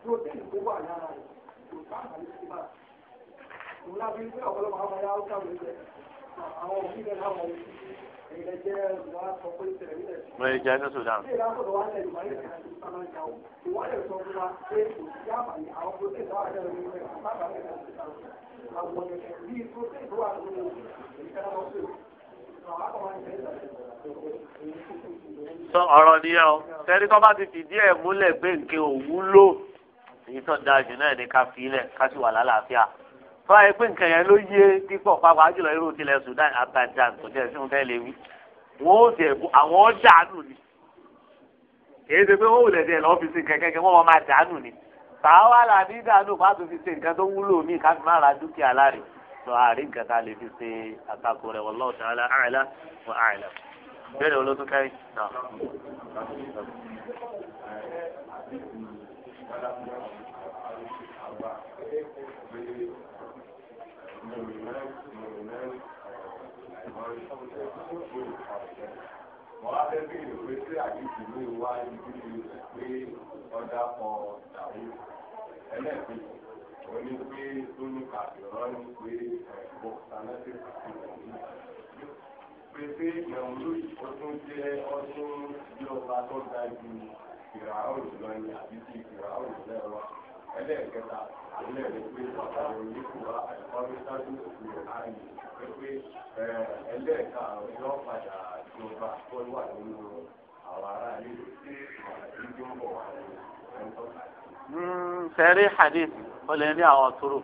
protein tó wà lára rẹ̀ kò bá àgbàlẹ̀ sí bá. Òun láti ń ọ̀pọ̀lọpọ̀ àwọn ọmọ yàrá ó kàwé jẹ àwọn òbí rẹ̀ láwọn òbí rẹ̀ mo lè jẹ ní Sudan. sọ ọ̀rọ̀ nìyẹn o tẹ́rí tó bá ti fìdí ẹ̀ múlẹ̀ pé nǹkan òwúlò èyí tó dáa jù náà ní ká fi ilẹ̀ ká sì wà lálàáfíà fún àyè pé nǹkan yẹn ló yé pípọ̀ pàápàá jùlọ irú tilẹ̀ Sudan abadan kò tẹ̀ sí nǹkan lè wí wọ́n ó tẹ̀ àwọn dànù ni èyí ṣe pé wọ́n wò lẹ́dẹ̀ẹ́ lọ́ fi sí kẹ̀kẹ́kẹ́ wọ́n máa dànù ni tàwa là ní dànù má tó fi ṣe nǹkan tó wúlò mí ká fi má ra dúkìá láre sọ àárín nǹkan tá a lè fi ṣe àtakò rẹ̀ wallahu ta'ala a'la wa a'lam bẹ́ẹ̀ ló tún kẹ́rin náà. Thank you mùmìnán mùmìnán mo wá fẹ́ bí ìwé sí àdìsí ní ìwá ibi tí pé ọjà pọ̀ dàrú ẹlẹ́ẹ̀kejì wọ́n ní pé lónìí kàbí ọ̀rọ̀ ní pé ẹ̀kọ́ sanẹ́tì kàbí ọ̀rọ̀ pé pé ìyàwó ó tún ẹlẹ́ẹ̀kẹta ìpínlẹ̀ rẹ̀ pé pàtàkì oníkùwà àìkọ́rí sáájú òkú ààyè pé pé ẹlẹ́ẹ̀ka yọ padà jọba tó wà nínú àwọn ará ilé tí àdíjọ ń bọ̀ wà ní hmm, ẹ̀ńtọ́ sẹ́rí hadith ó lè ní àwọn tóró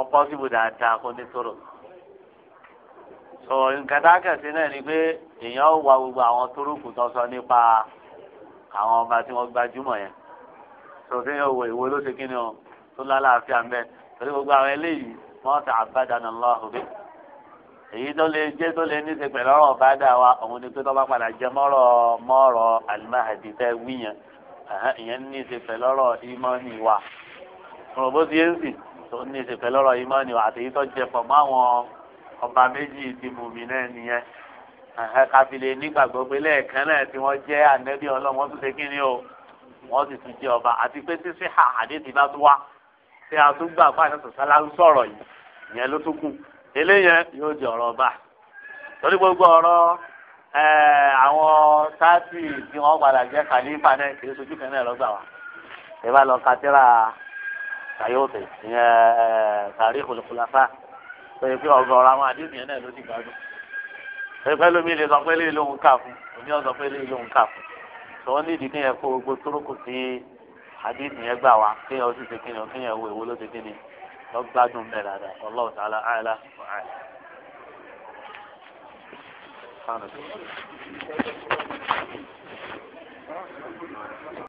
ọ̀pọ̀ síbu dáadáa kó ní tóró so nǹkan tá náà ni pé èèyàn wá gbogbo àwọn tóró kù tó sọ nípa àwọn ọba tí wọ́n gbajúmọ̀ yẹn sọ̀tún yóò wọ ìwo ló ṣe kí ni o tó lálàáfíà ń bẹ torí gbogbo àwọn eléyìí wọ́n ta àbádàn lọ òbí. èyí tó lè jẹ́ tó lè ní ṣe pẹ̀lú ọ̀rọ̀ bàdà wa òun ni pé tó bá padà jẹ mọ́rọ̀ mọ́rọ̀ alimahadi fẹ́ wí yẹn ìyẹn ní ṣe pẹ̀lú ọ̀rọ̀ ìmọ̀ọ́nì wa. òròbó ti yẹn sì tó ní ṣe pẹ̀lú ọ̀rọ̀ ìmọ̀ọ́nì wa àti èyí tó jẹ pọ̀ mọ́ àwọn ọba méjì ti mú mi náà nìyẹn káfílẹ̀ nígbàgbọ́ pé lẹ́ẹ̀kan náà tí wọ́n jẹ́ ànẹ́bí ọlọ́mọ tó ṣe kí ni o wọ́n sì tún jẹ́ ọba àti pé sísí ha àdéhùn bá tún wá tí a tún gbà fún àyẹ̀sọ̀ sálá sọ̀rọ̀ yìí ìyẹn ló tún kù eléyẹn yóò di ọ̀rọ̀ ọba torí gbogbo ọ̀rọ̀ àwọn táàtì tí wọ́n padà jẹ́ kàlífà náà kì í sojú kan náà lọ́gbà wá ẹ bá lọ katira kàyọ́tẹ̀ ìyẹn sàrí kòlòkòlàfà tó yẹ pé ọ̀gọ̀ọ̀rọ̀ àwọn àdéhùn yẹn náà ló ti gbádùn pẹpẹ lómi lè sọ pé lè lóhun kà fún òní pé lè lóhun kà sọ ní ìdí kéèyàn kó gbogbo tórókù sí hadith yẹn gbà wá kéèyàn ó sì ṣe kéèyàn kéèyàn wo èwo ló ṣe kéèyàn lọ gbádùn bẹ́ẹ̀ dáadáa Allahu ta'ala àìlá wà áìlá.